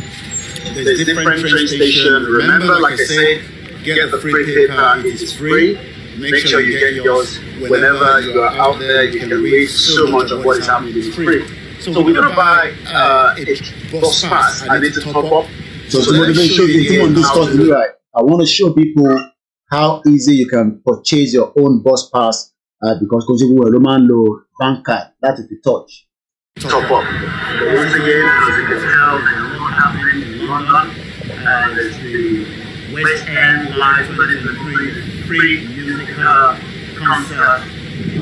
there's different train stations. Remember, like I said, get the free paper, it is free. Make sure you get yours whenever you are out there. You can read so much of what is happening. It's free. So, so we're, gonna, buy uh, uh, a bus pass. I need to top up. So, so let me show you on this course. Right. I want to show people how easy you can purchase your own bus pass uh, because consumer will Roman low bank card. That is the touch. Top up. So once again, as you can tell, happening in London. Uh, there's the West End Live 2023 free musical concert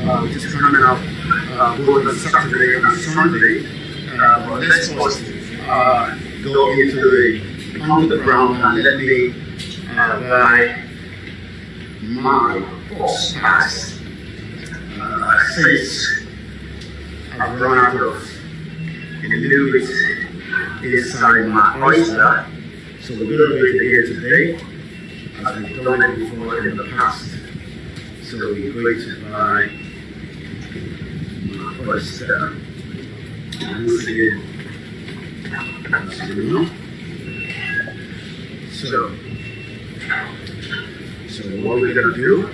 uh, is coming up uh, both on Saturday and Sunday. Uh, but let's first uh, go into the underground and let me uh, buy my boss pass uh, since I've run out of liquid inside my oyster. So we're going to be here today, as we've done it before in the past. So we're going to buy was uh, rooted in So, so what we gonna do?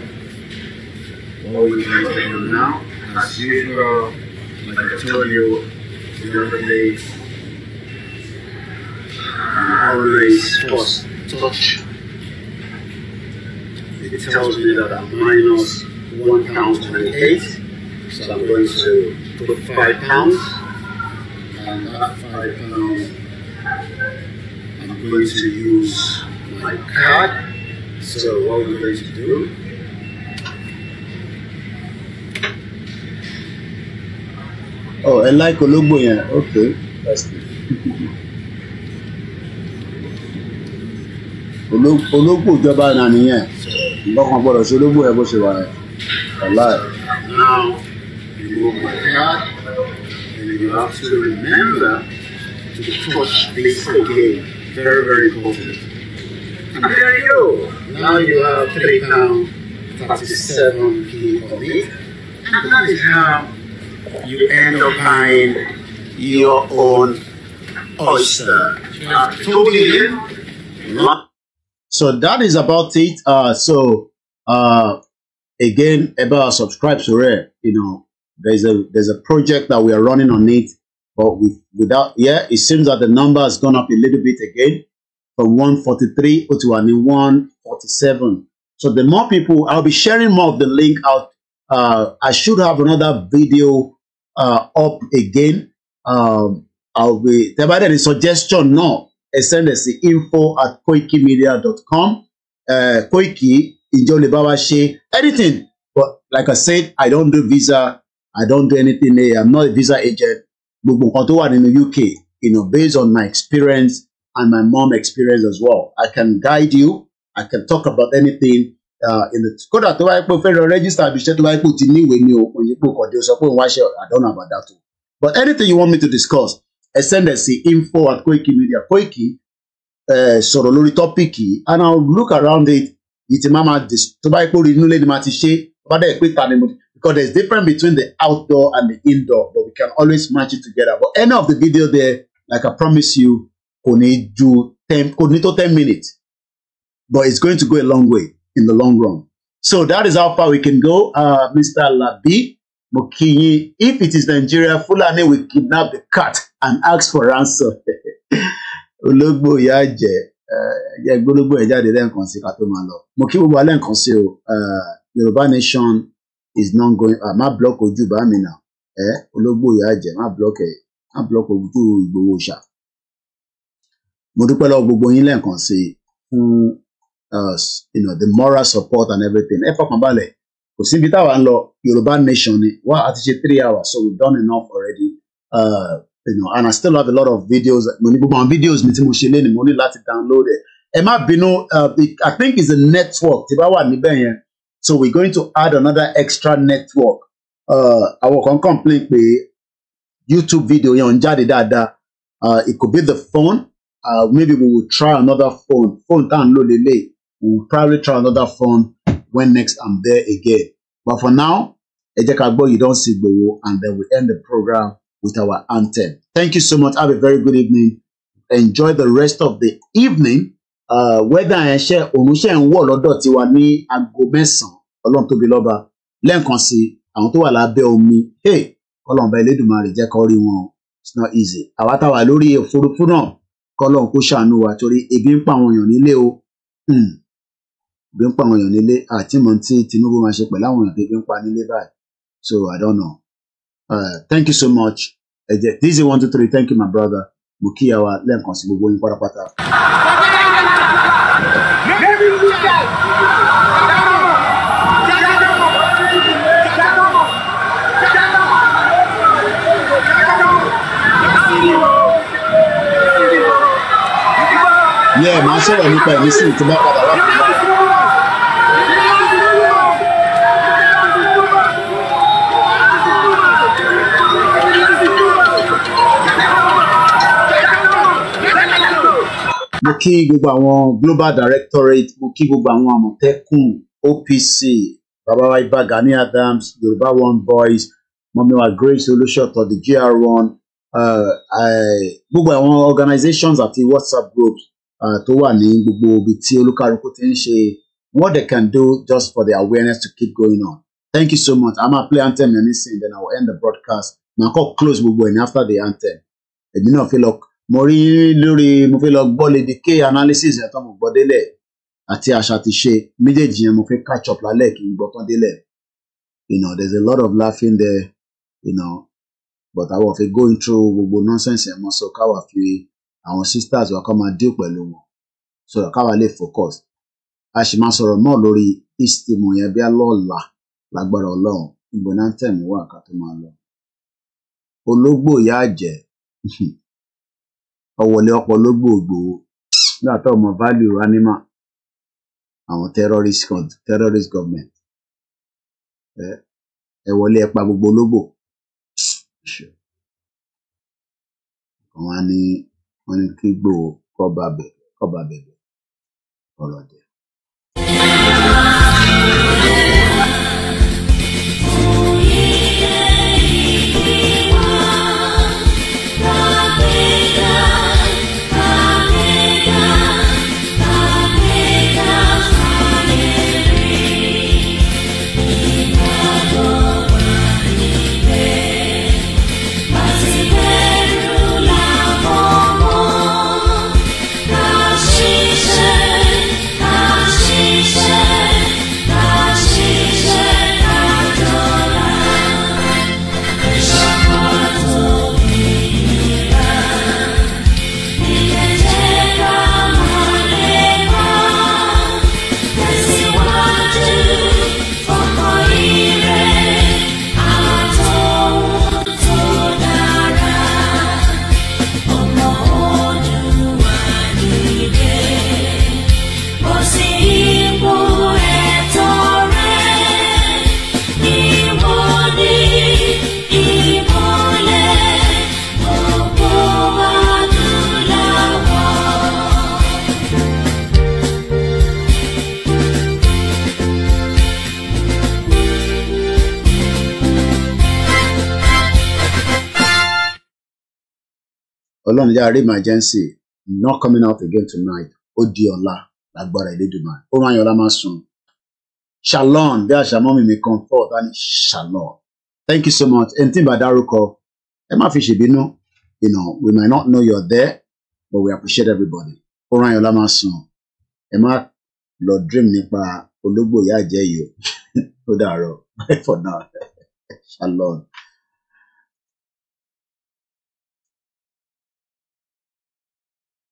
What we going to do now? As usual, like I told you the other day, always first touch. It tells me that I'm minus one pound twenty-eight. So I'm going to put five pounds, and that uh, five pounds, I'm going to use my card. So what we're going to do Oh, I like ológbò yẹn. Okay, that's good. ológbò ìjọba náà nìyẹn. Nǹkan kan to ṣe ológbò yẹn bó ṣe wà yẹn. Wàláì. you my God, and you have to remember to touch this again. Very, very important. And there you go. Now you have three pound 37 p of it. And that is how you end up buying your own oyster. Uh, so that is about it. Uh, so uh, again, about subscribe to Rare, you know, there's a there's a project that we are running on it, but with, without yeah, it seems that the number has gone up a little bit again from 143 to 147. So the more people, I'll be sharing more of the link out. Uh, I should have another video uh, up again. Um, I'll be there any suggestion no. Send us the info at koikimedia.com. Uh, Koiki, enjoy the Baba Anything. But like I said, I don't do visa I don't do anything there. Eh, I'm not a visa agent. Gbogbo nǹkan tó wà nínú UK, you know, based on my experience and my mom experience as well. I can guide you. I can talk about anything. Uh, in the kódà tó bá yẹ pé federal register àbí iṣẹ́ tó bá yẹ pé o ti ní ìwé ní òkun yìí pé o kàn dé o sọ pé òun wá ṣe I don't know about that o. But anything you want me to discuss, ẹ send ẹ sí info at Koiki Media Koiki uh, sọ̀rọ̀ lórí tọ́pìkì and I'll look around it. Ìtì máa ma dis tó bá yẹ pé orí inú lé ni máa ti ṣe bá dẹ̀ pé ta ni mo because there's difference between the outdoor and the indoor, but we can always match it together. But any of the video there, like I promise you, kò ní ju ten kò ní ten minutes, but it's going to go a long way in the long run. So that is how far we can go, uh, Mr. Labi Mokinyi. If it is Nigeria, Fulani will kidnap the cat and ask for ransom. Ológbò ìyá jẹ uh, ẹ gbólógbò ẹ jáde lẹ́ǹkan sí ká tó máa lọ. Mo kí gbogbo alẹ́ uh, Nation is not going ah má block ojú bá mi nà ẹ ológbò ìyá jẹ má block ẹ má block ojú Ìgbòho ṣá mo dúpẹ́ lọ́wọ́ gbogbo yín lẹ́ẹ̀kan sí i fún uh, you know the moral support and everything ẹ fọkàn balẹ̀ kò síbi táwa ń lọ Yorùbá nation ni wá a ti ṣe three hours so we've done enough already uh, you know and I still have a lot of videos mo ní gbogbo àwọn videos mi tí mo ṣe lénìí mo ní láti download ẹ ẹ má bínú uh, I think it's a network tí bá wà níbẹ̀ yẹn So we're going to add another extra network. Uh, àwọn kan complain pé YouTube video yẹn ń jáde dáadáa. Uh, it could be the phone. Uh, maybe we will try another phone. Phone down, à ń lò We probably try another phone when next I'm there again. But for now, ẹ jẹ́ ká gbọ́ yìí don sí and then we end the program with our anthem. Thank you so much. Have a very good evening. Enjoy the rest of the evening. Uh, wẹ́dà yẹn ṣe òun ń wọ̀ lọ́dọ̀ tiwa ní aago mẹ́sàn-án ọlọ́run tóbi lọ́ba lẹ́ǹkan sí àwọn tó wà lábẹ́ omi kọ́lọ́n bá Elédùmarè jẹ́ kó rí wọn it's not easy àwa táwa lórí òfurufú náà kọ́lọ́n kó ṣàánú wa torí ebi ń pa àwọn èèyàn nílé o hmm. ebi ń pa àwọn èèyàn nílé àti mọ̀ tí Tinubu máa ṣe pẹ̀lú àwọn èèyàn tó ń pa nílé báyìí so I don't know uh, thank you so much ẹ jẹ this one two three thank you my brother mo kíyàwá lẹ́ǹkan sí gbogbo yín pátápátá yẹ màá sọ̀rọ̀ nípa ìmísí tó bá padà wá. mo kí gbogbo àwọn global directorate mo kí gbogbo àwọn àmọ̀tẹ́kùn OPC bàbá wa Ìbà Gani Adams Yorùbá One Voice mọ̀mí wa Grace Olúṣọ̀tọ̀ the GR1 uh, eh, gbogbo àwọn organizations àti WhatsApp groups uh, tó wà ní gbogbo ibi tí olúkálukú ti ń ṣe what they can do just for their awareness to keep going on thank you so much i'm gonna play anthem and listen then i will end the broadcast na call close gbogbo ẹni after the anthem èmi náà fi lọ mo rí lórí mo fẹ́ lọ gbọ́ Lady K analysis ẹ̀ tán mo gbọ́ délẹ̀ àti àṣà ti ṣe méjèèjì yẹn mo fẹ́ catch up lálẹ́ kí n gbọ́ délẹ̀ you know there's a lot of laughing there you know but I ò fẹ́ going through gbogbo nonsense ẹ̀ mọ́ so káwa fi àwọn sisters wa ká máa deal pẹ̀lú wọn so káwa lè focus a sì máa sọ̀rọ̀ náà lórí istimu yẹn bí a lọ́ọ̀la lágbára ọlọ́run ìgbónántẹ̀mí wà ká tó máa lọ ológbò yá jẹ́ ọwọlé ọpọlọ gbòògbòò nígbà tó mọ value animal àwọn terrorist terrorist government ẹ wọlé ẹ pa gbogbo ológbò wọn ní wọn ní kí gbòò kọba bẹbẹ kọba bẹbẹ ọlọdẹ. ọlọ́run yára rí emergency not coming out again tonight ó di ọ̀la lágbára ìlédùnmá ó máa yan ọ̀la máa sùn shalom bí àṣà mọ́mí mi comfort á ní shalom thank you so much ẹni tí n bá dárúkọ ẹ má fi ṣèbínú you know we might not know you're there but we appreciate everybody ó máa yan ọ̀la máa sùn ẹ má lọ dream nípa ológbò ìyá àjẹ́ yìí ó dàárọ̀ for now shalom.